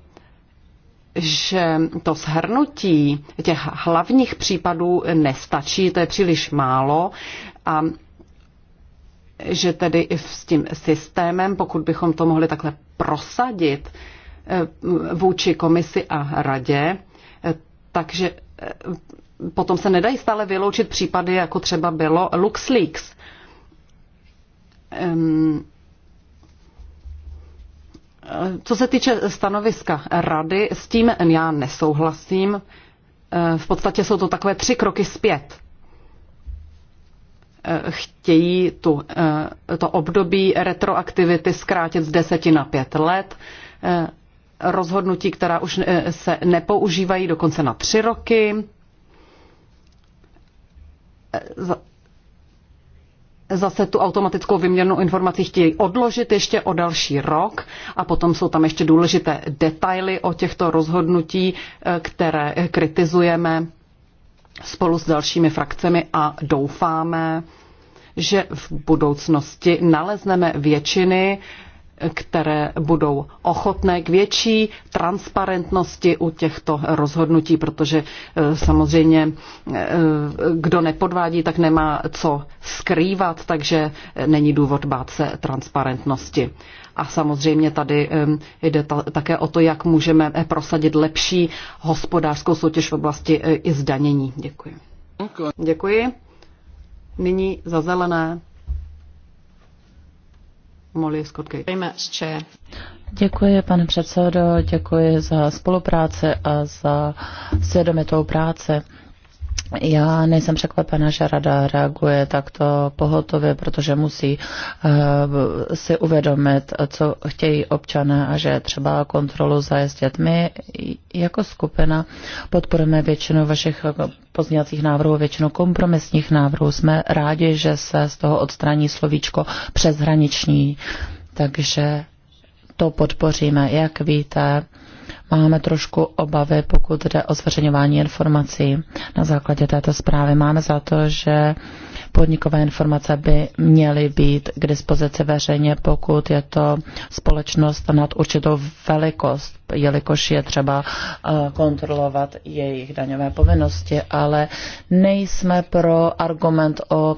S2: že to shrnutí těch hlavních případů nestačí, to je příliš málo a že tedy i s tím systémem, pokud bychom to mohli takhle prosadit eh, vůči komisi a radě, eh, takže eh, potom se nedají stále vyloučit případy, jako třeba bylo LuxLeaks. Ehm, co se týče stanoviska rady, s tím já nesouhlasím. E, v podstatě jsou to takové tři kroky zpět. E, chtějí tu, e, to období retroaktivity zkrátit z deseti na pět let. Rozhodnutí, která už se nepoužívají, dokonce na tři roky zase tu automatickou vyměnu informací chtějí odložit ještě o další rok a potom jsou tam ještě důležité detaily o těchto rozhodnutí, eh, které kritizujeme spolu s dalšími frakcemi a doufáme, že v budoucnosti nalezneme většiny, které budou ochotné k větší transparentnosti u těchto rozhodnutí, protože eh, samozřejmě eh, kdo nepodvádí, tak nemá co skrývat, takže eh, není důvod bát se transparentnosti. A samozřejmě tady jde také o to, jak můžeme prosadit lepší hospodářskou soutěž v oblasti i zdanění. Děkuji. Děkuji. Nyní za zelené Molly Scott
S4: Děkuji, pane předsedo, děkuji za spolupráci a za svědomitou práci. Já nejsem překvapena, že rada reaguje takto pohotově, protože musí uh, si uvědomit, co chtějí občané a že třeba kontrolu zajistit. My jako skupina podporujeme většinu vašich pozměňovacích návrhů, většinu kompromisních návrhů. Jsme rádi, že se z toho odstraní slovíčko přeshraniční, takže to podpoříme. Jak víte, Máme trošku obavy, pokud jde o zveřejňování informací na základě této zprávy. Máme za to, že podnikové informace by měly být k dispozici veřejně, pokud je to společnost nad určitou velikost jelikož je třeba eh, kontrolovat jejich daňové povinnosti, ale nejsme pro argument o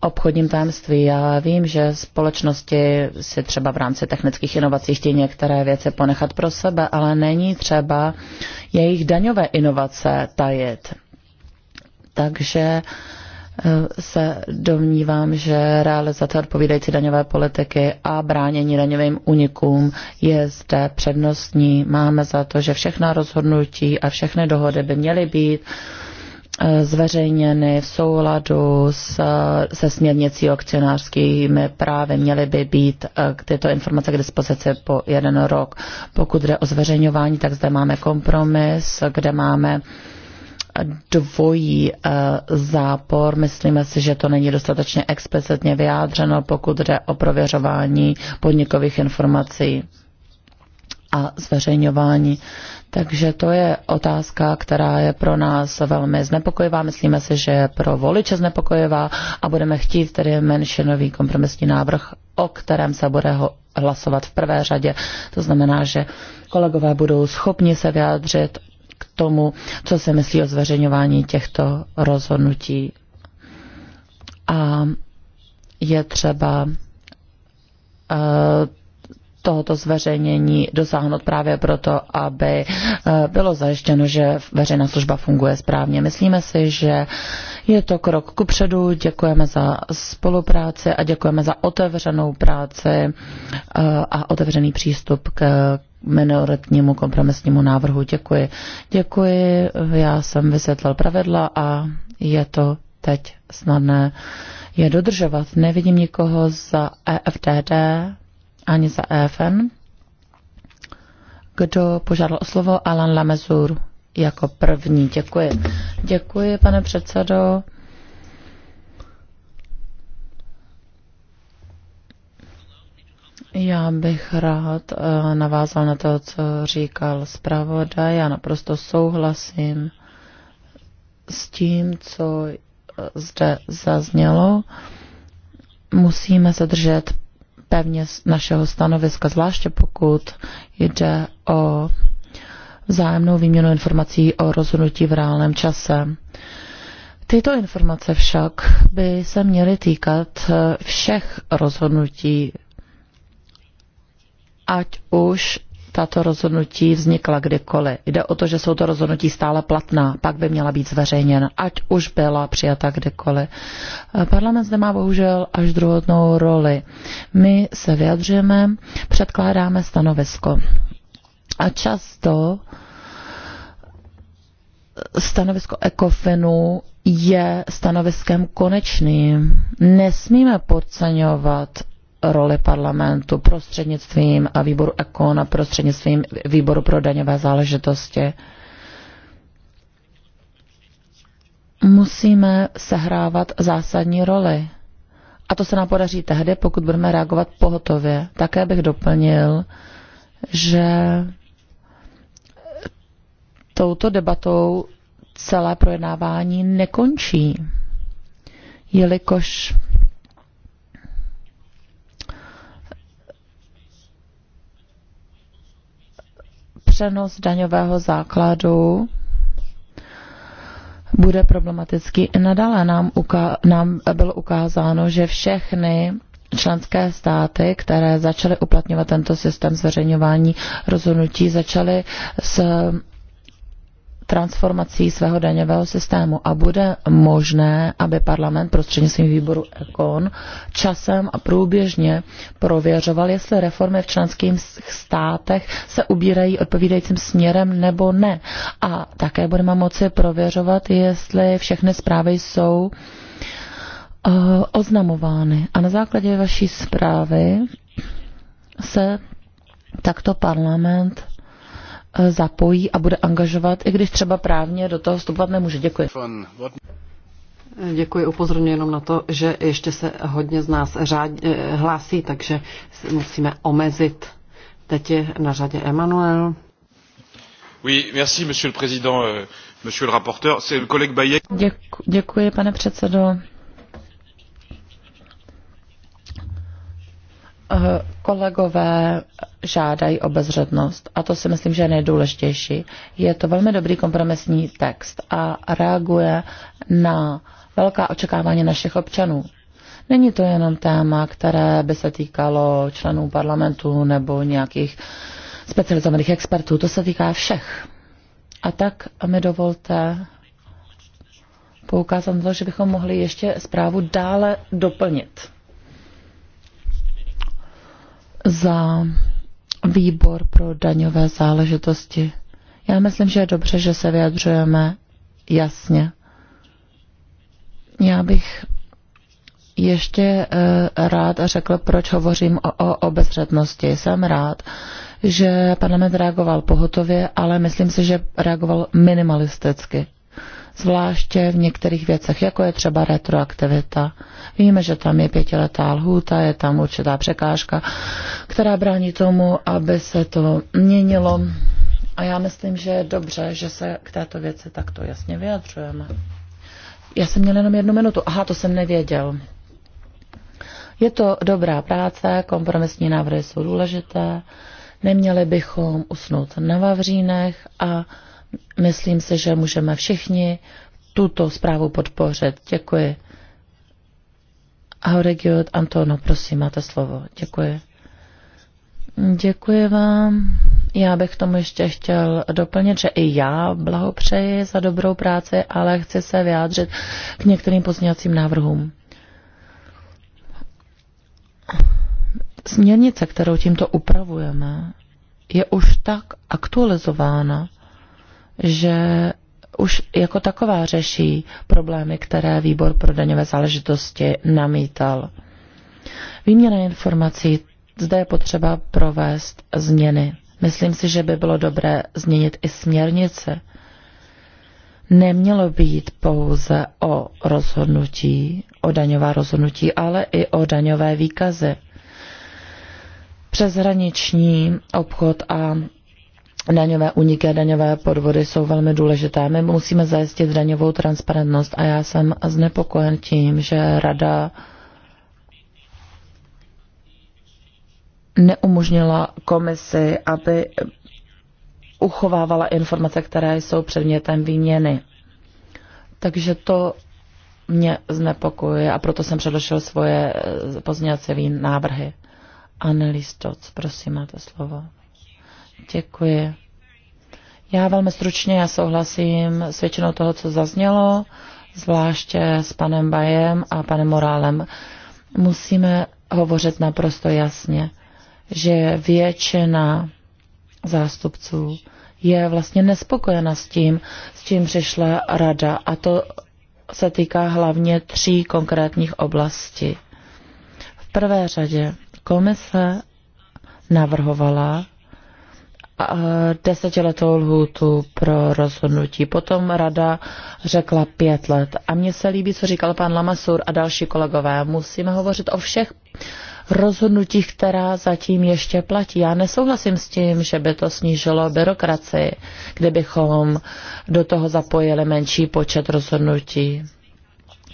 S4: obchodním tajemství. Já vím, že společnosti si třeba v rámci technických inovací chtějí některé věci ponechat pro sebe, ale není třeba jejich daňové inovace tajit. Takže uh, Eh, se domnívám, že realizace odpovídající daňové politiky a bránění daňovým unikům je zde přednostní. Máme za to, že všechna rozhodnutí a všechny dohody by měly být eh, zveřejněny v souladu s, se směrnicí akcionářskými právy. Měly by být eh, tyto informace k dispozici po jeden rok. Pokud jde o zveřejňování, tak zde máme kompromis, kde máme uh, dvojí eh, zápor. Myslíme si, že to není dostatečně explicitně vyjádřeno, pokud jde o prověřování podnikových informací a zveřejňování. Takže to je otázka, která je pro nás velmi znepokojivá. Myslíme si, že je pro voliče znepokojivá a budeme chtít tedy menšinový kompromisní návrh, o kterém se bude hlasovat v prvé řadě. To znamená, že kolegové budou schopni se vyjádřit k tomu, co se myslí o zveřejňování těchto rozhodnutí. A je třeba eh, tohoto zveřejnění dosáhnout právě proto, aby eh, bylo zajištěno, že veřejná služba funguje správně. Myslíme si, že je to krok ku předu. Děkujeme za spolupráci a děkujeme za otevřenou práci eh, a otevřený přístup k, minoritnímu kompromisnímu návrhu. Děkuji. Děkuji, já jsem vysvětlil pravidla a je to teď snadné je dodržovat. Nevidím nikoho za EFDD ani za EFN. Kdo požádal o slovo? Alan Lamezur jako první. Děkuji. Děkuji, pane předsedo. Já bych rád eh, navázal na to, co říkal zpravodaj. Já naprosto souhlasím s tím, co eh, zde zaznělo. Musíme se držet pevně našeho stanoviska, zvláště pokud jde o vzájemnou výměnu informací o rozhodnutí v reálném čase. Tyto informace však by se měly týkat eh, všech rozhodnutí ať už tato rozhodnutí vznikla kdykoliv. Jde o to, že jsou to rozhodnutí stále platná, pak by měla být zveřejněna, ať už byla přijata kdykoliv. Parlament zde má bohužel až druhotnou roli. My se vyjadřujeme, předkládáme stanovisko. A často stanovisko ECOFINu je stanoviskem konečným. Nesmíme podceňovat roli parlamentu prostřednictvím a výboru ECON a prostřednictvím výboru pro daňové záležitosti. Musíme sehrávat zásadní roli. A to se nám podaří tehdy, pokud budeme reagovat pohotově. Také bych doplnil, že touto debatou celé projednávání nekončí, jelikož přenos daňového základu bude problematický. Nadále nám, uká- nám bylo ukázáno, že všechny členské státy, které začaly uplatňovat tento systém zveřejňování rozhodnutí, začaly s transformací svého daňového systému a bude možné, aby parlament prostřednictvím výboru ECON časem a průběžně prověřoval, jestli reformy v členských státech se ubírají odpovídajícím směrem nebo ne. A také budeme moci prověřovat, jestli všechny zprávy jsou eh, oznamovány. A na základě vaší zprávy se takto parlament Eh, zapojí a bude angažovat, i když třeba právně do toho vstupovat nemůže. Děkuji.
S2: Děkuji, upozorňuji jenom na to, že ještě se hodně z nás řád, eh, hlásí, takže musíme omezit. Teď je na řadě Emanuel.
S4: Oui, merci, monsieur le président, euh, monsieur le rapporteur. C'est le collègue Bayek. Děkuji, děkuji, pane předsedo. Eh, kolegové žádají obezřetnost a to si myslím, že je nejdůležitější. Je to velmi dobrý kompromisní text a reaguje na velká očekávání našich občanů. Není to jenom téma, které by se týkalo členů parlamentu nebo nějakých specializovaných expertů, to se týká všech. A tak mi dovolte poukázat na to, že bychom mohli ještě zprávu dále doplnit za výbor pro daňové záležitosti. Já myslím, že je dobře, že se vyjadřujeme jasně. Já bych ještě eh, rád řekl, proč hovořím o, o obezřetnosti. Jsem rád, že parlament reagoval pohotově, ale myslím si, že reagoval minimalisticky zvláště v některých věcech, jako je třeba retroaktivita. Víme, že tam je pětiletá lhůta, je tam určitá překážka, která brání tomu, aby se to měnilo. A já myslím, že je dobře, že se k této věci takto jasně vyjadřujeme. Já jsem měl jenom jednu minutu. Aha, to jsem nevěděl. Je to dobrá práce, kompromisní návrhy jsou důležité, neměli bychom usnout na Vavřínech a myslím si, že můžeme všichni tuto zprávu podpořit. Děkuji. Auregiot Antono, prosím, máte slovo. Děkuji. Děkuji vám. Já bych tomu ještě chtěl doplnit, že i já blahopřeji za dobrou práci, ale chci se vyjádřit k některým pozměňovacím návrhům. Směrnice, kterou tímto upravujeme, je už tak aktualizována, že už jako taková řeší problémy, které výbor pro daňové záležitosti namítal. Výměna informací zde je potřeba provést změny. Myslím si, že by bylo dobré změnit i směrnice. Nemělo být pouze o rozhodnutí, o daňová rozhodnutí, ale i o daňové výkazy. Přeshraniční obchod a daňové uniky a daňové podvody jsou velmi důležité. My musíme zajistit daňovou transparentnost a já jsem znepokojen tím, že rada neumožnila komisi, aby uchovávala informace, které jsou předmětem výměny. Takže to mě znepokojuje a proto jsem předložil svoje eh, pozměňovací návrhy. Annelies Doc, prosím, máte slovo. Děkuji. Já velmi stručně já souhlasím s většinou toho, co zaznělo, zvláště s panem Bajem a panem Morálem. Musíme hovořit naprosto jasně, že většina zástupců je vlastně nespokojena s tím, s čím přišla rada. A to se týká hlavně tří konkrétních oblastí. V prvé řadě komise navrhovala desetiletou lhůtu pro rozhodnutí. Potom rada řekla pět let. A mně se líbí, co říkal pan Lamasur a další kolegové. Musíme hovořit o všech rozhodnutích, která zatím ještě platí. Já nesouhlasím s tím, že by to snížilo byrokracii, kdybychom do toho zapojili menší počet rozhodnutí.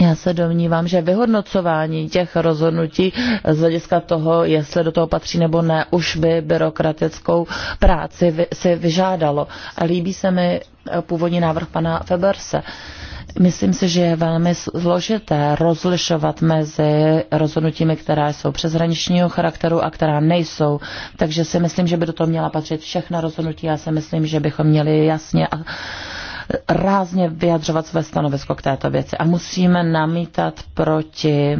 S4: Já se domnívám, že vyhodnocování těch rozhodnutí z hlediska toho, jestli do toho patří nebo ne, už by byrokratickou práci si vyžádalo. A líbí se mi eh, původní návrh pana Feberse. Myslím si, že je velmi složité rozlišovat mezi rozhodnutími, která jsou přeshraničního charakteru a která nejsou. Takže si myslím, že by do toho měla patřit všechna rozhodnutí. Já si myslím, že bychom měli jasně a rázně vyjadřovat své stanovisko k této věci a musíme namítat proti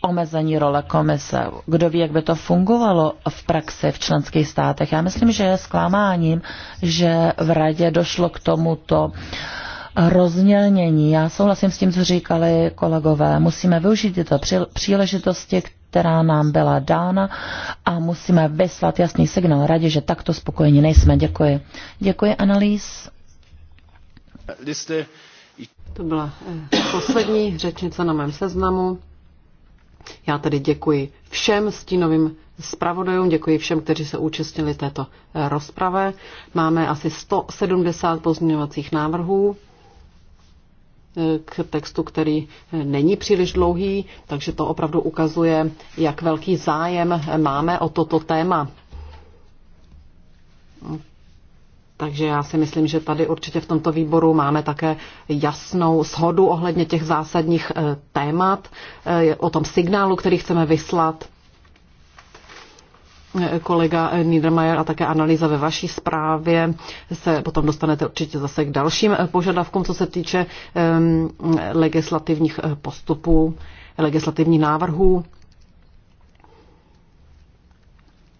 S4: omezení role komise. Kdo ví, jak by to fungovalo v praxi v členských státech. Já myslím, že je zklamáním, že v radě došlo k tomuto rozmělnění. Já souhlasím s tím, co říkali kolegové. Musíme využít tyto příležitosti k která nám byla dána a musíme vyslat jasný signál radě, že takto spokojeni nejsme. Děkuji. Děkuji, Analýz.
S2: To byla eh, poslední řečnice na mém seznamu. Já tedy děkuji všem stínovým zpravodajům, děkuji všem, kteří se účastnili této eh, rozprave. Máme asi 170 pozměňovacích návrhů k textu, který není příliš dlouhý, takže to opravdu ukazuje, jak velký zájem máme o toto téma. Takže já si myslím, že tady určitě v tomto výboru máme také jasnou shodu ohledně těch zásadních eh, témat, eh, o tom signálu, který chceme vyslat kolega Niedermayer a také analýza ve vaší zprávě se potom dostanete určitě zase k dalším požadavkům, co se týče legislativních eh, postupů, legislativních návrhů.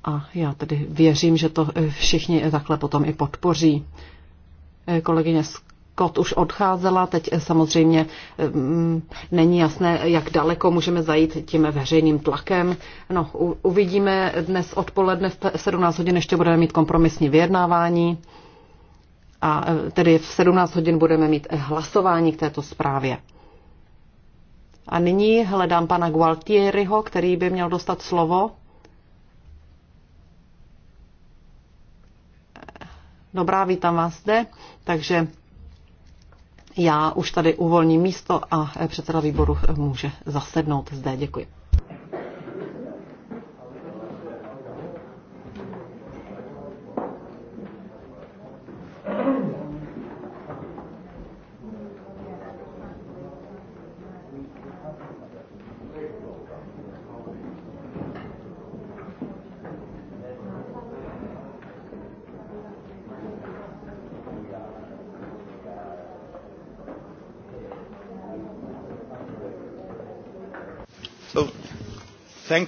S2: A já tedy věřím, že to eh, všichni takhle potom i podpoří. Eh, kolegyně z Kot už odcházela, teď eh, samozřejmě mm, není jasné, jak daleko můžeme zajít tím veřejným tlakem. No, uvidíme dnes odpoledne v 17 hodin, ještě budeme mít kompromisní vyjednávání a eh, tedy v 17 hodin budeme mít eh, hlasování k této zprávě. A nyní hledám pana Gualtieriho, který by měl dostat slovo. Dobrá, vítám vás zde. Takže já už tady uvolním místo a předseda výboru může zasednout zde. Děkuji.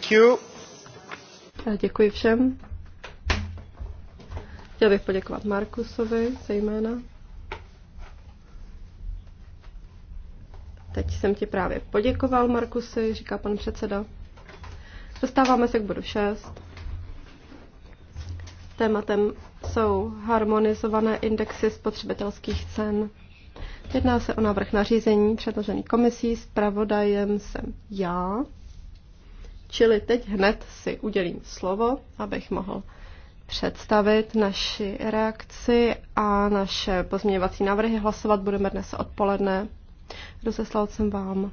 S1: Thank you.
S3: Děkuji všem. Chtěl bych poděkovat Markusovi zejména. Teď jsem ti právě poděkoval, Markusy, říká pan předseda. Dostáváme se k bodu 6. Tématem jsou harmonizované indexy spotřebitelských cen. Jedná se o návrh nařízení předložený komisí, zpravodajem jsem já. Čili teď hned si udělím slovo, abych mohl představit naši reakci a naše pozměňovací návrhy. Hlasovat budeme dnes odpoledne. Rozeslal jsem vám,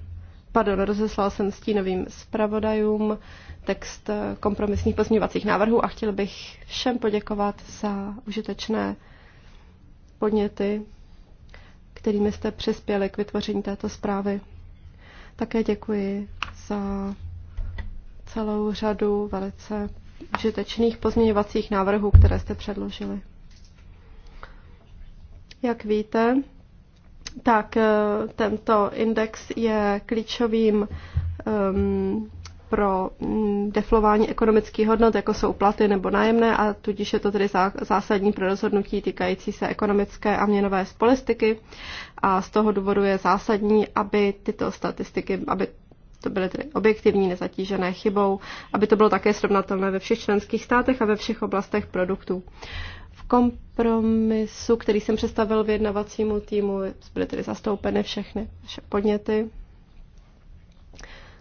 S3: pardon, rozeslal jsem stínovým zpravodajům text kompromisních pozměňovacích návrhů a chtěl bych všem poděkovat za užitečné podněty, kterými jste přispěli k vytvoření této zprávy. Také děkuji za celou řadu velice užitečných pozměňovacích návrhů, které jste předložili. Jak víte, tak eh, tento index je klíčovým um, pro mm, deflování ekonomických hodnot, jako jsou platy nebo nájemné, a tudíž je to tedy zásadní pro rozhodnutí týkající se ekonomické a měnové statistiky. A z toho důvodu je zásadní, aby tyto statistiky, aby to byly tedy objektivní, nezatížené chybou, aby to bylo také srovnatelné ve všech členských státech a ve všech oblastech produktů. V kompromisu, který jsem představil vyjednavacímu týmu, byly tedy zastoupeny všechny naše podněty.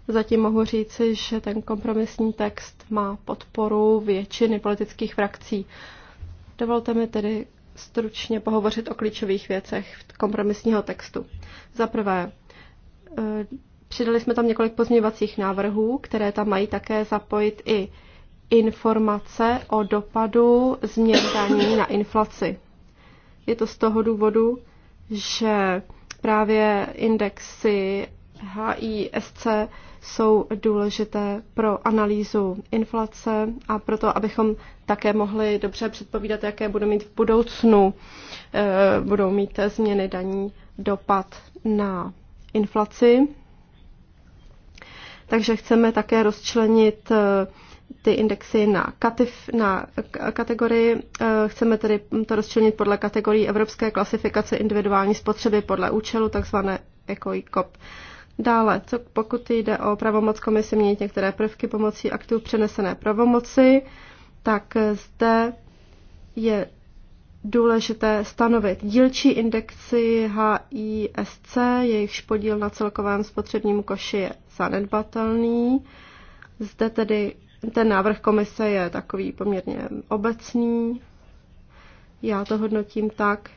S3: Zatím mohu říci, že ten kompromisní text má podporu většiny politických frakcí. Dovolte mi tedy stručně pohovořit o klíčových věcech kompromisního textu. Za prvé, Přidali jsme tam několik pozměňovacích návrhů, které tam mají také zapojit i informace o dopadu změn daní na inflaci. Je to z toho důvodu, že právě indexy HISC jsou důležité pro analýzu inflace a proto, abychom také mohli dobře předpovídat, jaké budou mít v budoucnu, eh, budou mít změny daní dopad na inflaci takže chceme také rozčlenit eh, ty indexy na, katif, na kategorii. Eh, chceme tedy to rozčlenit podle kategorii Evropské klasifikace individuální spotřeby podle účelu, takzvané ECOICOP. Jako Dále, co pokud jde o pravomoc komise měnit některé prvky pomocí aktů přenesené pravomoci, tak eh, zde je důležité stanovit dílčí indexy HISC, jejichž podíl na celkovém spotřebním koši je zanedbatelný. Zde tedy ten návrh komise je takový poměrně obecný. Já to hodnotím tak,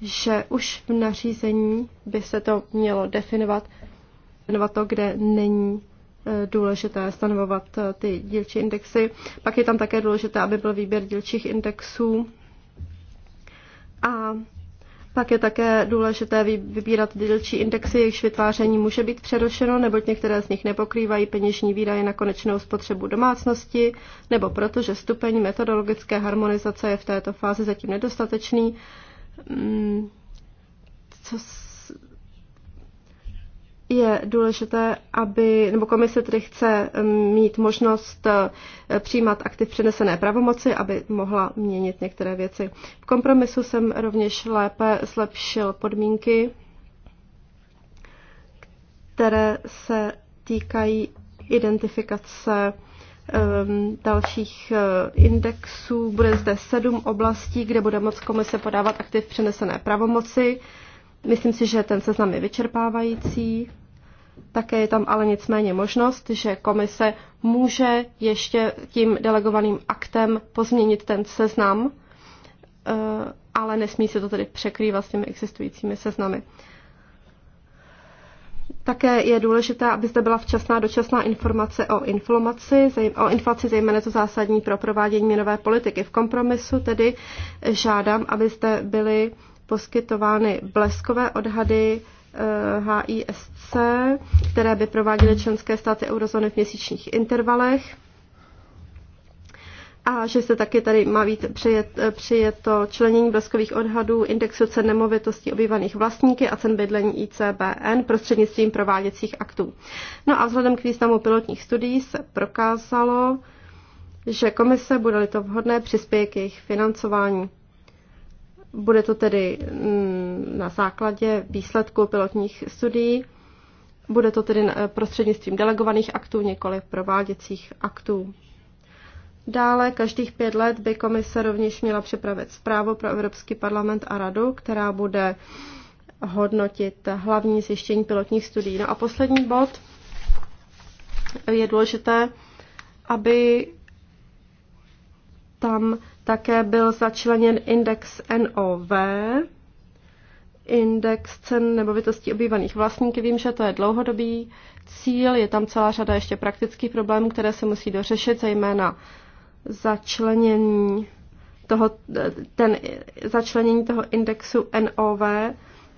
S3: že už v nařízení by se to mělo definovat, definovat to, kde není e, důležité stanovovat e, ty dílčí indexy. Pak je tam také důležité, aby byl výběr dílčích indexů a pak je také důležité vybírat dílčí indexy, jejichž vytváření může být přerušeno, neboť některé z nich nepokrývají peněžní výdaje na konečnou spotřebu domácnosti, nebo protože stupeň metodologické harmonizace je v této fázi zatím nedostatečný. Mm, co je důležité, aby, nebo komise tedy chce mít možnost eh, přijímat aktiv přenesené pravomoci, aby mohla měnit některé věci. V kompromisu jsem rovněž lépe zlepšil podmínky, které se týkají identifikace dalších eh, indexů. Bude zde sedm oblastí, kde bude moc komise podávat aktiv přenesené pravomoci. Myslím si, že ten seznam je vyčerpávající. Také je tam ale nicméně možnost, že komise může ještě tím delegovaným aktem pozměnit ten seznam, eh, ale nesmí se to tedy překrývat s těmi existujícími seznamy. Také je důležité, aby zde byla včasná dočasná informace o inflaci, o inflaci zejména to zásadní pro provádění měnové politiky. V kompromisu tedy žádám, aby zde byly poskytovány bleskové odhady HISC, které by prováděly členské státy eurozóny v měsíčních intervalech a že se taky tady má být přijet, přijeto členění bleskových odhadů indexu cen nemovitostí obývaných vlastníky a cen bydlení ICBN prostřednictvím prováděcích aktů. No a vzhledem k významu pilotních studií se prokázalo, že komise, bude-li to vhodné, přispěje k jejich financování. Bude to tedy mm, na základě výsledků pilotních studií. Bude to tedy eh, prostřednictvím delegovaných aktů, nikoli prováděcích aktů. Dále každých pět let by komise rovněž měla připravit zprávu pro Evropský parlament a radu, která bude hodnotit hlavní zjištění pilotních studií. No a poslední bod je důležité, aby tam také byl začleněn index NOV, index cen nemovitostí obývaných vlastníky. Vím, že to je dlouhodobý cíl, je tam celá řada ještě praktických problémů, které se musí dořešit, zejména začlenění toho, ten, začlenění toho indexu NOV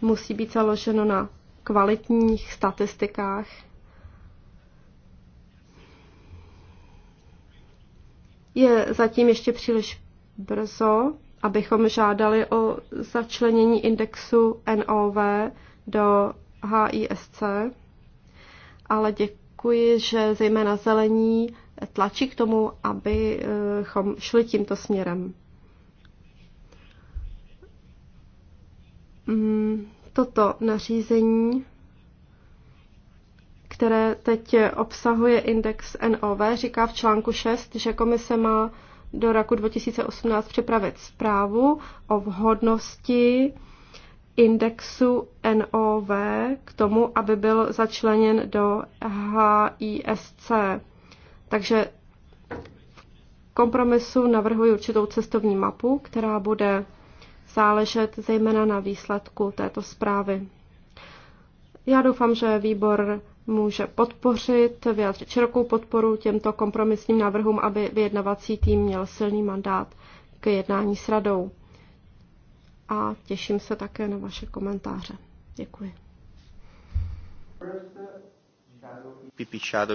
S3: musí být založeno na kvalitních statistikách. Je zatím ještě příliš brzo, abychom žádali o začlenění indexu NOV do HISC, ale děkuji, že zejména zelení tlačí k tomu, abychom šli tímto směrem. Mm, toto nařízení, které teď obsahuje index NOV, říká v článku 6, že komise má do roku 2018 připravit zprávu o vhodnosti indexu NOV k tomu, aby byl začleněn do HISC. Takže v kompromisu navrhuji určitou cestovní mapu, která bude záležet zejména na výsledku této zprávy. Já doufám, že výbor může podpořit, vyjádřit širokou podporu těmto kompromisním návrhům, aby vyjednavací tým měl silný mandát k jednání s radou. A těším se také na vaše komentáře. Děkuji.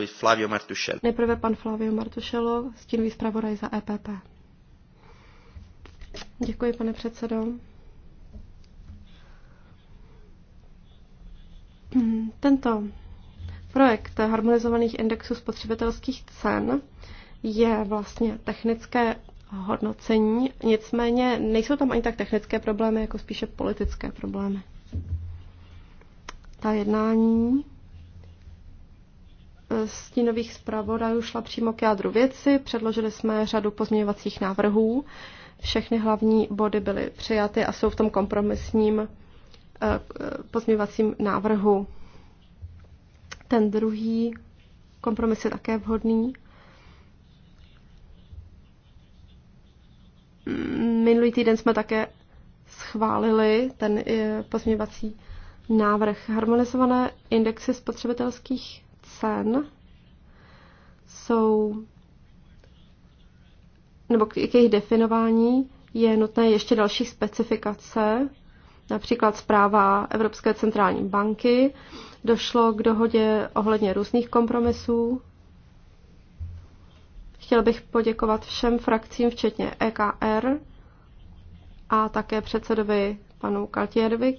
S3: Flavio Nejprve pan Flavio Martušelo, stínový zpravodaj za EPP. Děkuji, pane předsedo. Tento Projekt harmonizovaných indexů spotřebitelských cen je vlastně technické hodnocení, nicméně nejsou tam ani tak technické problémy, jako spíše politické problémy. Ta jednání eh, stínových zpravodajů šla přímo k jádru věci, předložili jsme řadu pozměňovacích návrhů, všechny hlavní body byly přijaty a jsou v tom kompromisním eh, eh, pozměňovacím návrhu ten druhý kompromis je také vhodný. Minulý týden jsme také schválili ten eh, pozměňovací návrh. Harmonizované indexy spotřebitelských cen jsou, nebo k jejich definování je nutné ještě další specifikace například zpráva Evropské centrální banky. Došlo k dohodě ohledně různých kompromisů. Chtěl bych poděkovat všem frakcím, včetně EKR a také předsedovi panu Kaltiervik,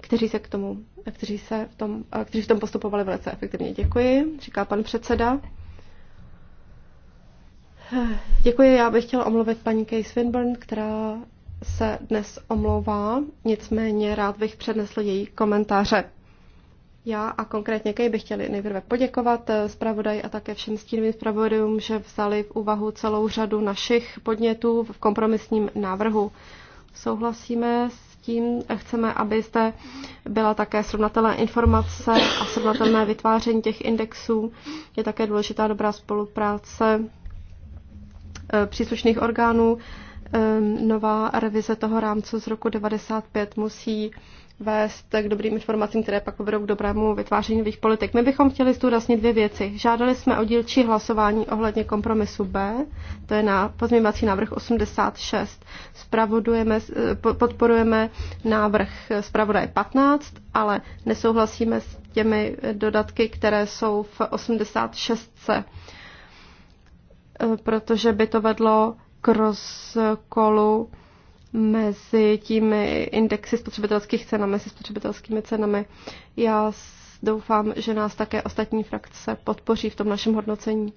S3: kteří se k tomu, kteří, se v tom, eh, kteří v tom postupovali velice efektivně. Děkuji, říká pan předseda. Eh, děkuji, já bych chtěla omluvit paní Kay Swinburne, která se dnes omlouvá, nicméně rád bych přednesl její komentáře. Já a konkrétně Kej bych chtěli nejprve poděkovat eh, zpravodaj a také všem stínovým zpravodajům, že vzali v úvahu celou řadu našich podnětů v kompromisním návrhu. Souhlasíme s tím, chceme, abyste byla také srovnatelná informace a srovnatelné vytváření těch indexů. Je také důležitá dobrá spolupráce eh, příslušných orgánů Ehm, nová revize toho rámce z roku 95 musí vést k dobrým informacím, které pak povedou k dobrému vytváření nových politik. My bychom chtěli zdůraznit dvě věci. Žádali jsme o dílčí hlasování ohledně kompromisu B, to je na pozměňovací návrh 86. Spravodujeme, eh, podporujeme návrh zpravodaje 15, ale nesouhlasíme s těmi eh, dodatky, které jsou v 86. Eh, protože by to vedlo k rozkolu mezi těmi indexy spotřebitelských cen a mezi spotřebitelskými cenami. Já doufám, že nás také ostatní frakce podpoří v tom našem hodnocení.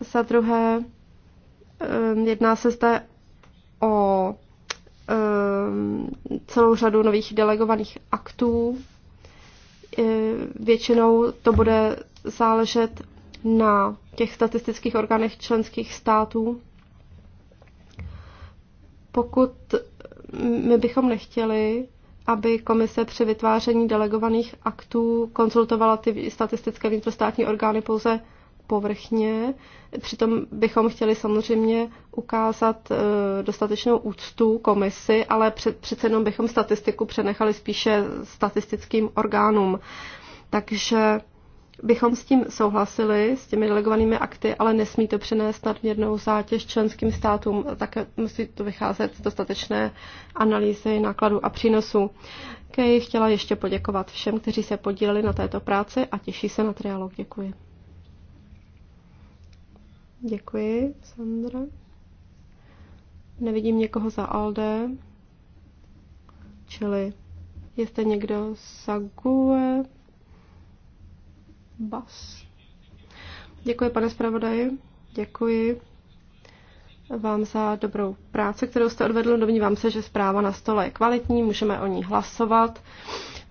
S3: Za druhé, ehm, jedná se zde o ehm, celou řadu nových delegovaných aktů. Většinou to bude záležet na těch statistických orgánech členských států. Pokud my bychom nechtěli, aby komise při vytváření delegovaných aktů konzultovala ty statistické vnitrostátní orgány pouze povrchně. Přitom bychom chtěli samozřejmě ukázat eh, dostatečnou úctu komisi, ale před, přece jenom bychom statistiku přenechali spíše statistickým orgánům. Takže bychom s tím souhlasili, s těmi delegovanými akty, ale nesmí to přenést nadměrnou zátěž členským státům. Tak musí to vycházet z dostatečné analýzy nákladů a přínosů. Kej chtěla ještě poděkovat všem, kteří se podíleli na této práci a těší se na trialog. Děkuji. Děkuji, Sandra. Nevidím někoho za Alde, čili jestli někdo za GUE, Bas. Děkuji, pane zpravodaji. Děkuji vám za dobrou práci, kterou jste odvedl. Domnívám se, že zpráva na stole je kvalitní, můžeme o ní hlasovat.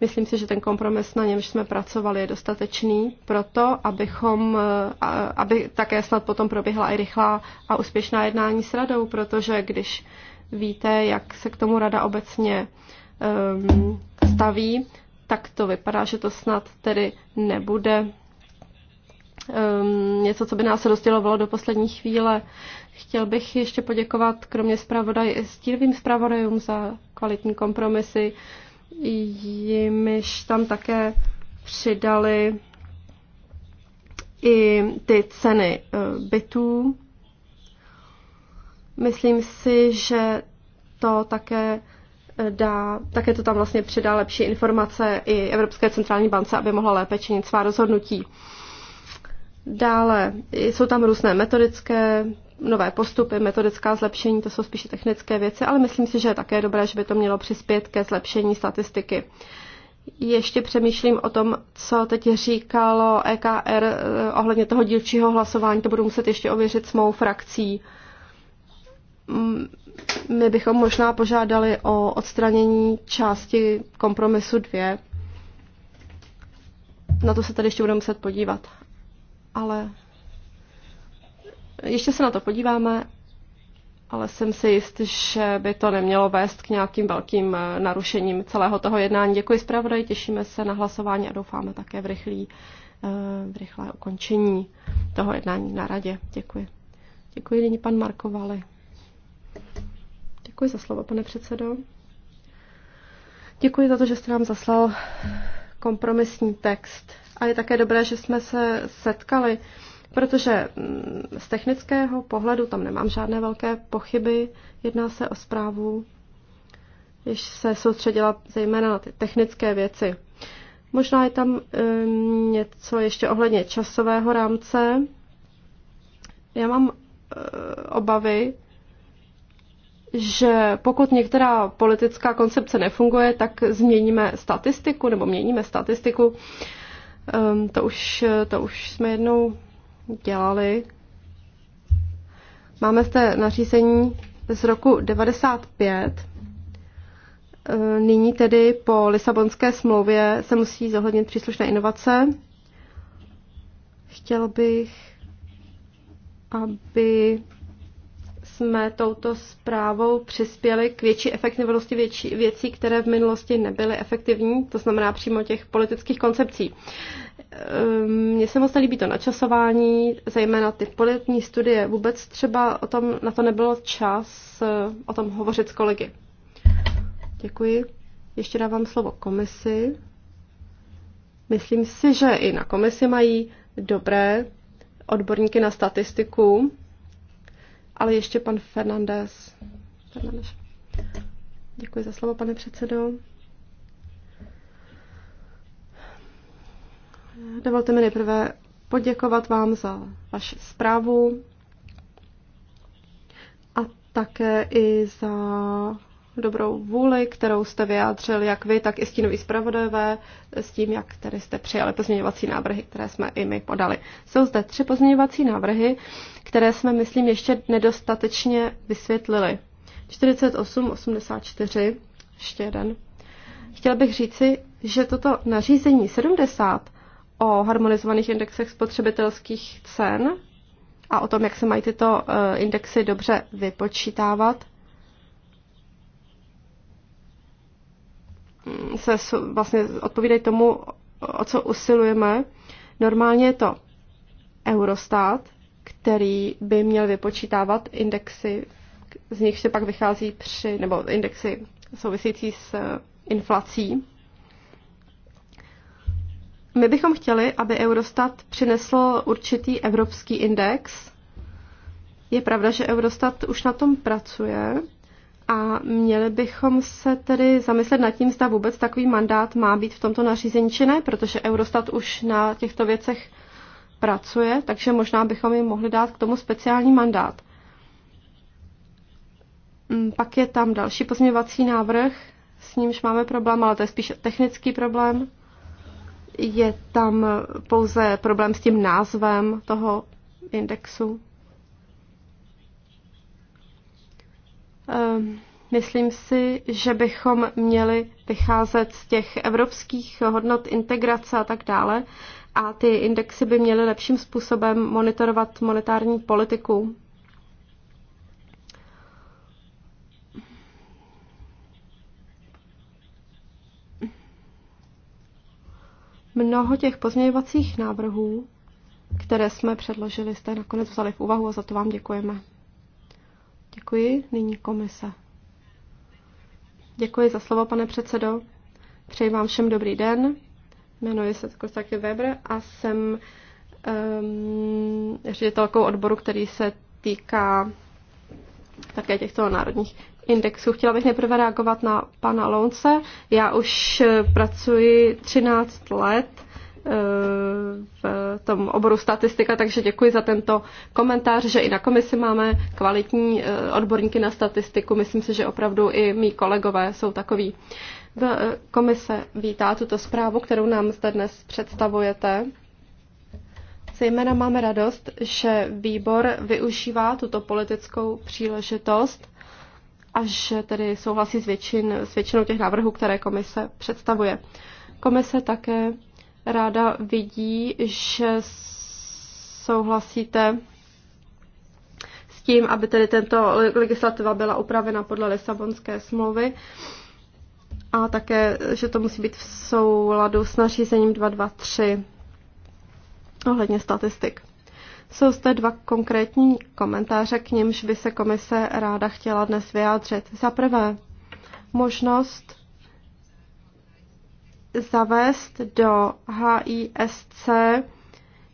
S3: Myslím si, že ten kompromis, na němž jsme pracovali, je dostatečný to, abychom, aby také snad potom proběhla i rychlá a úspěšná jednání s radou, protože když víte, jak se k tomu rada obecně um, staví, tak to vypadá, že to snad tedy nebude um, něco, co by nás rozdělovalo do poslední chvíle. Chtěl bych ještě poděkovat kromě zpravodaj stílovým zpravodajům za kvalitní kompromisy, jimiž tam také přidali i ty ceny eh, bytů. Myslím si, že to také dá, také to tam vlastně přidá lepší informace i Evropské centrální bance, aby mohla lépe činit svá rozhodnutí. Dále jsou tam různé metodické nové postupy, metodická zlepšení, to jsou spíše technické věci, ale myslím si, že je také dobré, že by to mělo přispět ke zlepšení statistiky. Ještě přemýšlím o tom, co teď říkalo EKR eh, ohledně toho dílčího hlasování, to budu muset ještě ověřit s mou frakcí mm, my bychom možná požádali o odstranění části kompromisu 2. Na to se tady ještě budeme muset podívat. Ale ještě se na to podíváme, ale jsem si jist, že by to nemělo vést k nějakým velkým eh, narušením celého toho jednání. Děkuji zpravodaj, těšíme se na hlasování a doufáme také v, rychlý, eh, v rychlé ukončení toho jednání na radě. Děkuji. Děkuji nyní pan Markovali. Děkuji za slovo, pane předsedo. Děkuji za to, že jste nám zaslal kompromisní text. A je také dobré, že jsme se setkali, protože mm, z technického pohledu tam nemám žádné velké pochyby. Jedná se o zprávu, jež se soustředila zejména na ty technické věci. Možná je tam um, něco ještě ohledně časového rámce. Já mám uh, obavy, že pokud některá politická koncepce nefunguje, tak změníme statistiku nebo měníme statistiku. Um, to, už, to už jsme jednou dělali. Máme zde nařízení z roku 95. Ehm, nyní tedy po Lisabonské smlouvě se musí zohlednit příslušné inovace. Chtěl bych, aby jsme touto zprávou přispěli k větší efektivnosti větší, věcí, které v minulosti nebyly efektivní, to znamená přímo těch politických koncepcí. Ehm, mně se moc nelíbí to načasování, zejména ty politní studie. Vůbec třeba o tom, na to nebylo čas eh, o tom hovořit s kolegy. Děkuji. Ještě dávám slovo komisi. Myslím si, že i na komisi mají dobré odborníky na statistiku, ale ještě pan Fernandez. Fernandez. Děkuji za slovo, pane předsedo. Dovolte mi nejprve poděkovat vám za vaši zprávu a také i za dobrou vůli, kterou jste vyjádřil jak vy, tak i stínoví zpravodajové s tím, jak tedy jste přijali pozměňovací návrhy, které jsme i my podali. Jsou zde tři pozměňovací návrhy, které jsme, myslím, ještě nedostatečně vysvětlili. 48, 84, ještě jeden. Chtěla bych říci, že toto nařízení 70 o harmonizovaných indexech spotřebitelských cen a o tom, jak se mají tyto eh, indexy dobře vypočítávat, se vlastně odpovídají tomu, o co usilujeme. Normálně je to Eurostat, který by měl vypočítávat indexy, z nich se pak vychází při, nebo indexy související s eh, inflací. My bychom chtěli, aby Eurostat přinesl určitý evropský index. Je pravda, že Eurostat už na tom pracuje, a měli bychom se tedy zamyslet nad tím, zda vůbec takový mandát má být v tomto nařízení či ne, protože Eurostat už na těchto věcech pracuje, takže možná bychom jim mohli dát k tomu speciální mandát. Mm, pak je tam další pozměňovací návrh, s nímž máme problém, ale to je spíš technický problém. Je tam pouze problém s tím názvem toho indexu. Ehm, myslím si, že bychom měli vycházet z těch evropských hodnot integrace a tak dále a ty indexy by měly lepším způsobem monitorovat monetární politiku. Mnoho těch pozměňovacích návrhů, které jsme předložili, jste nakonec vzali v úvahu a za to vám děkujeme. Děkuji. Nyní komisa. Děkuji za slovo, pane předsedo. Přeji vám všem dobrý den. Jmenuji se Kostaky Weber a jsem um, ředitelkou odboru, který se týká také těchto národních indexů. Chtěla bych nejprve reagovat na pana Lounce. Já už pracuji 13 let v tom oboru statistika, takže děkuji za tento komentář, že i na komisi máme kvalitní eh, odborníky na statistiku. Myslím si, že opravdu i mý kolegové jsou takoví. Eh, komise vítá tuto zprávu, kterou nám zde dnes představujete. Zejména máme radost, že výbor využívá tuto politickou příležitost a že tedy souhlasí s, většin, s většinou těch návrhů, které komise představuje. Komise také ráda vidí, že souhlasíte s tím, aby tedy tento legislativa byla upravena podle Lisabonské smlouvy a také, že to musí být v souladu s nařízením 223 ohledně statistik. Jsou zde dva konkrétní komentáře, k nimž by se komise ráda chtěla dnes vyjádřit. Za prvé, možnost zavést do HISC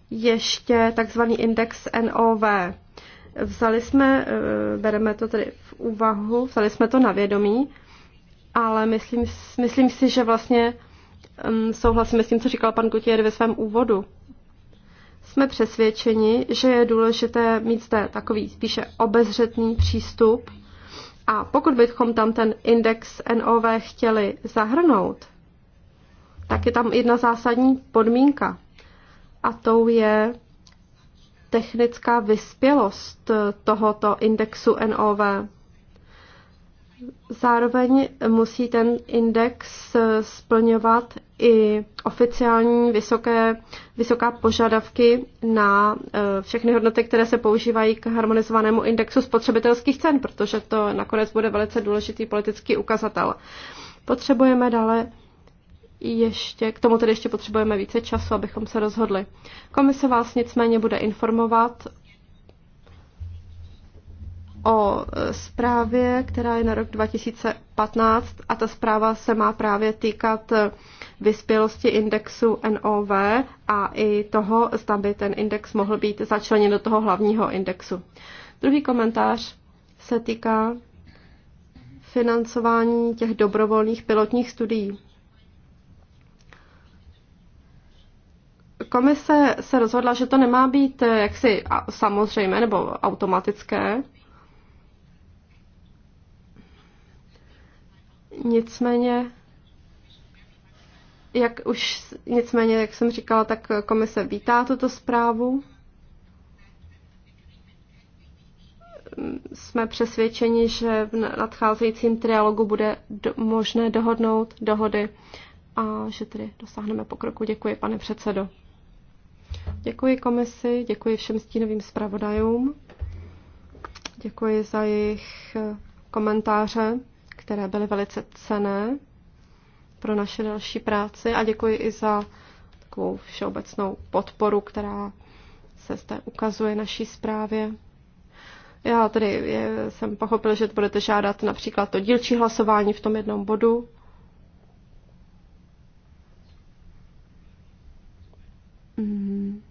S3: ještě takzvaný index NOV. Vzali jsme, eh, bereme to tedy v úvahu, vzali jsme to na vědomí, ale myslím, myslím si, že vlastně mm, souhlasíme s tím, co říkal pan Gutier ve svém úvodu. Jsme přesvědčeni, že je důležité mít zde takový spíše obezřetný přístup a pokud bychom tam ten index NOV chtěli zahrnout, tak je tam jedna zásadní podmínka. A tou je technická vyspělost tohoto indexu NOV. Zároveň musí ten index splňovat i oficiální vysoké, vysoká požadavky na eh, všechny hodnoty, které se používají k harmonizovanému indexu spotřebitelských cen, protože to nakonec bude velice důležitý politický ukazatel. Potřebujeme dále ještě, k tomu tedy ještě potřebujeme více času, abychom se rozhodli. Komise vás nicméně bude informovat o e, zprávě, která je na rok 2015 a ta zpráva se má právě týkat e, vyspělosti indexu NOV a i toho, zda by ten index mohl být začleněn do toho hlavního indexu. Druhý komentář se týká financování těch dobrovolných pilotních studií. komise se rozhodla, že to nemá být eh, jaksi samozřejmé nebo automatické. Nicméně, jak už, nicméně, jak jsem říkala, tak komise vítá tuto zprávu. Jsme přesvědčeni, že v nadcházejícím trialogu bude do, možné dohodnout dohody a že tedy dosáhneme pokroku. Děkuji, pane předsedo. Děkuji komisi, děkuji všem stínovým zpravodajům, děkuji za jejich eh, komentáře, které byly velice cené pro naše další práci a děkuji i za takovou všeobecnou podporu, která se zde ukazuje naší zprávě. Já tedy jsem pochopil, že budete žádat například to dílčí hlasování v tom jednom bodu, Mm-hmm.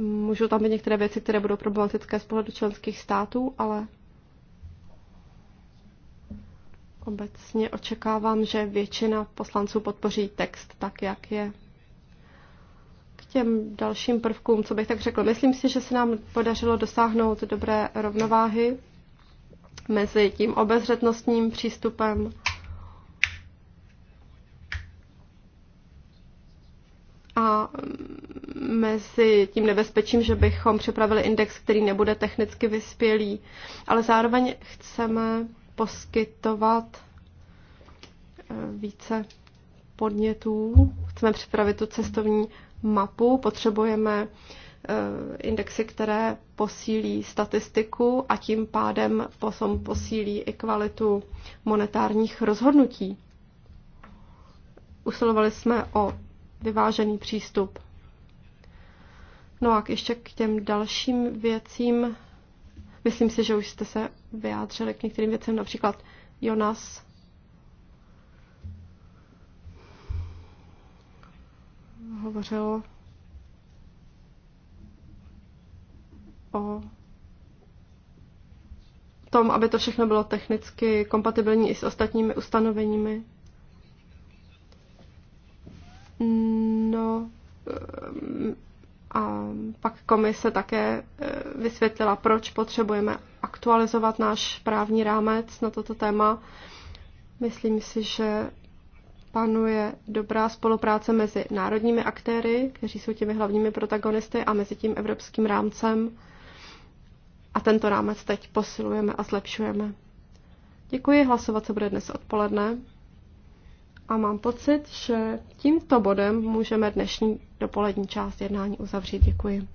S3: Můžou tam být některé věci, které budou problematické z pohledu členských států, ale obecně očekávám, že většina poslanců podpoří text tak, jak je. K těm dalším prvkům, co bych tak řekl, myslím si, že se nám podařilo dosáhnout dobré rovnováhy mezi tím obezřetnostním přístupem a mezi tím nebezpečím, že bychom připravili index, který nebude technicky vyspělý, ale zároveň chceme poskytovat eh, více podnětů, chceme připravit tu cestovní mapu, potřebujeme eh, indexy, které posílí statistiku a tím pádem potom posílí i kvalitu monetárních rozhodnutí. Usilovali jsme o vyvážený přístup. No a ještě k těm dalším věcím. Myslím si, že už jste se vyjádřili k některým věcem, například Jonas. Hovořil o tom, aby to všechno bylo technicky kompatibilní i s ostatními ustanoveními No eh, a pak komise také eh, vysvětlila, proč potřebujeme aktualizovat náš právní rámec na toto téma. Myslím si, že panuje dobrá spolupráce mezi národními aktéry, kteří jsou těmi hlavními protagonisty, a mezi tím evropským rámcem. A tento rámec teď posilujeme a zlepšujeme. Děkuji, hlasovat se bude dnes odpoledne a mám pocit, že tímto bodem můžeme dnešní dopolední část jednání uzavřít. Děkuji.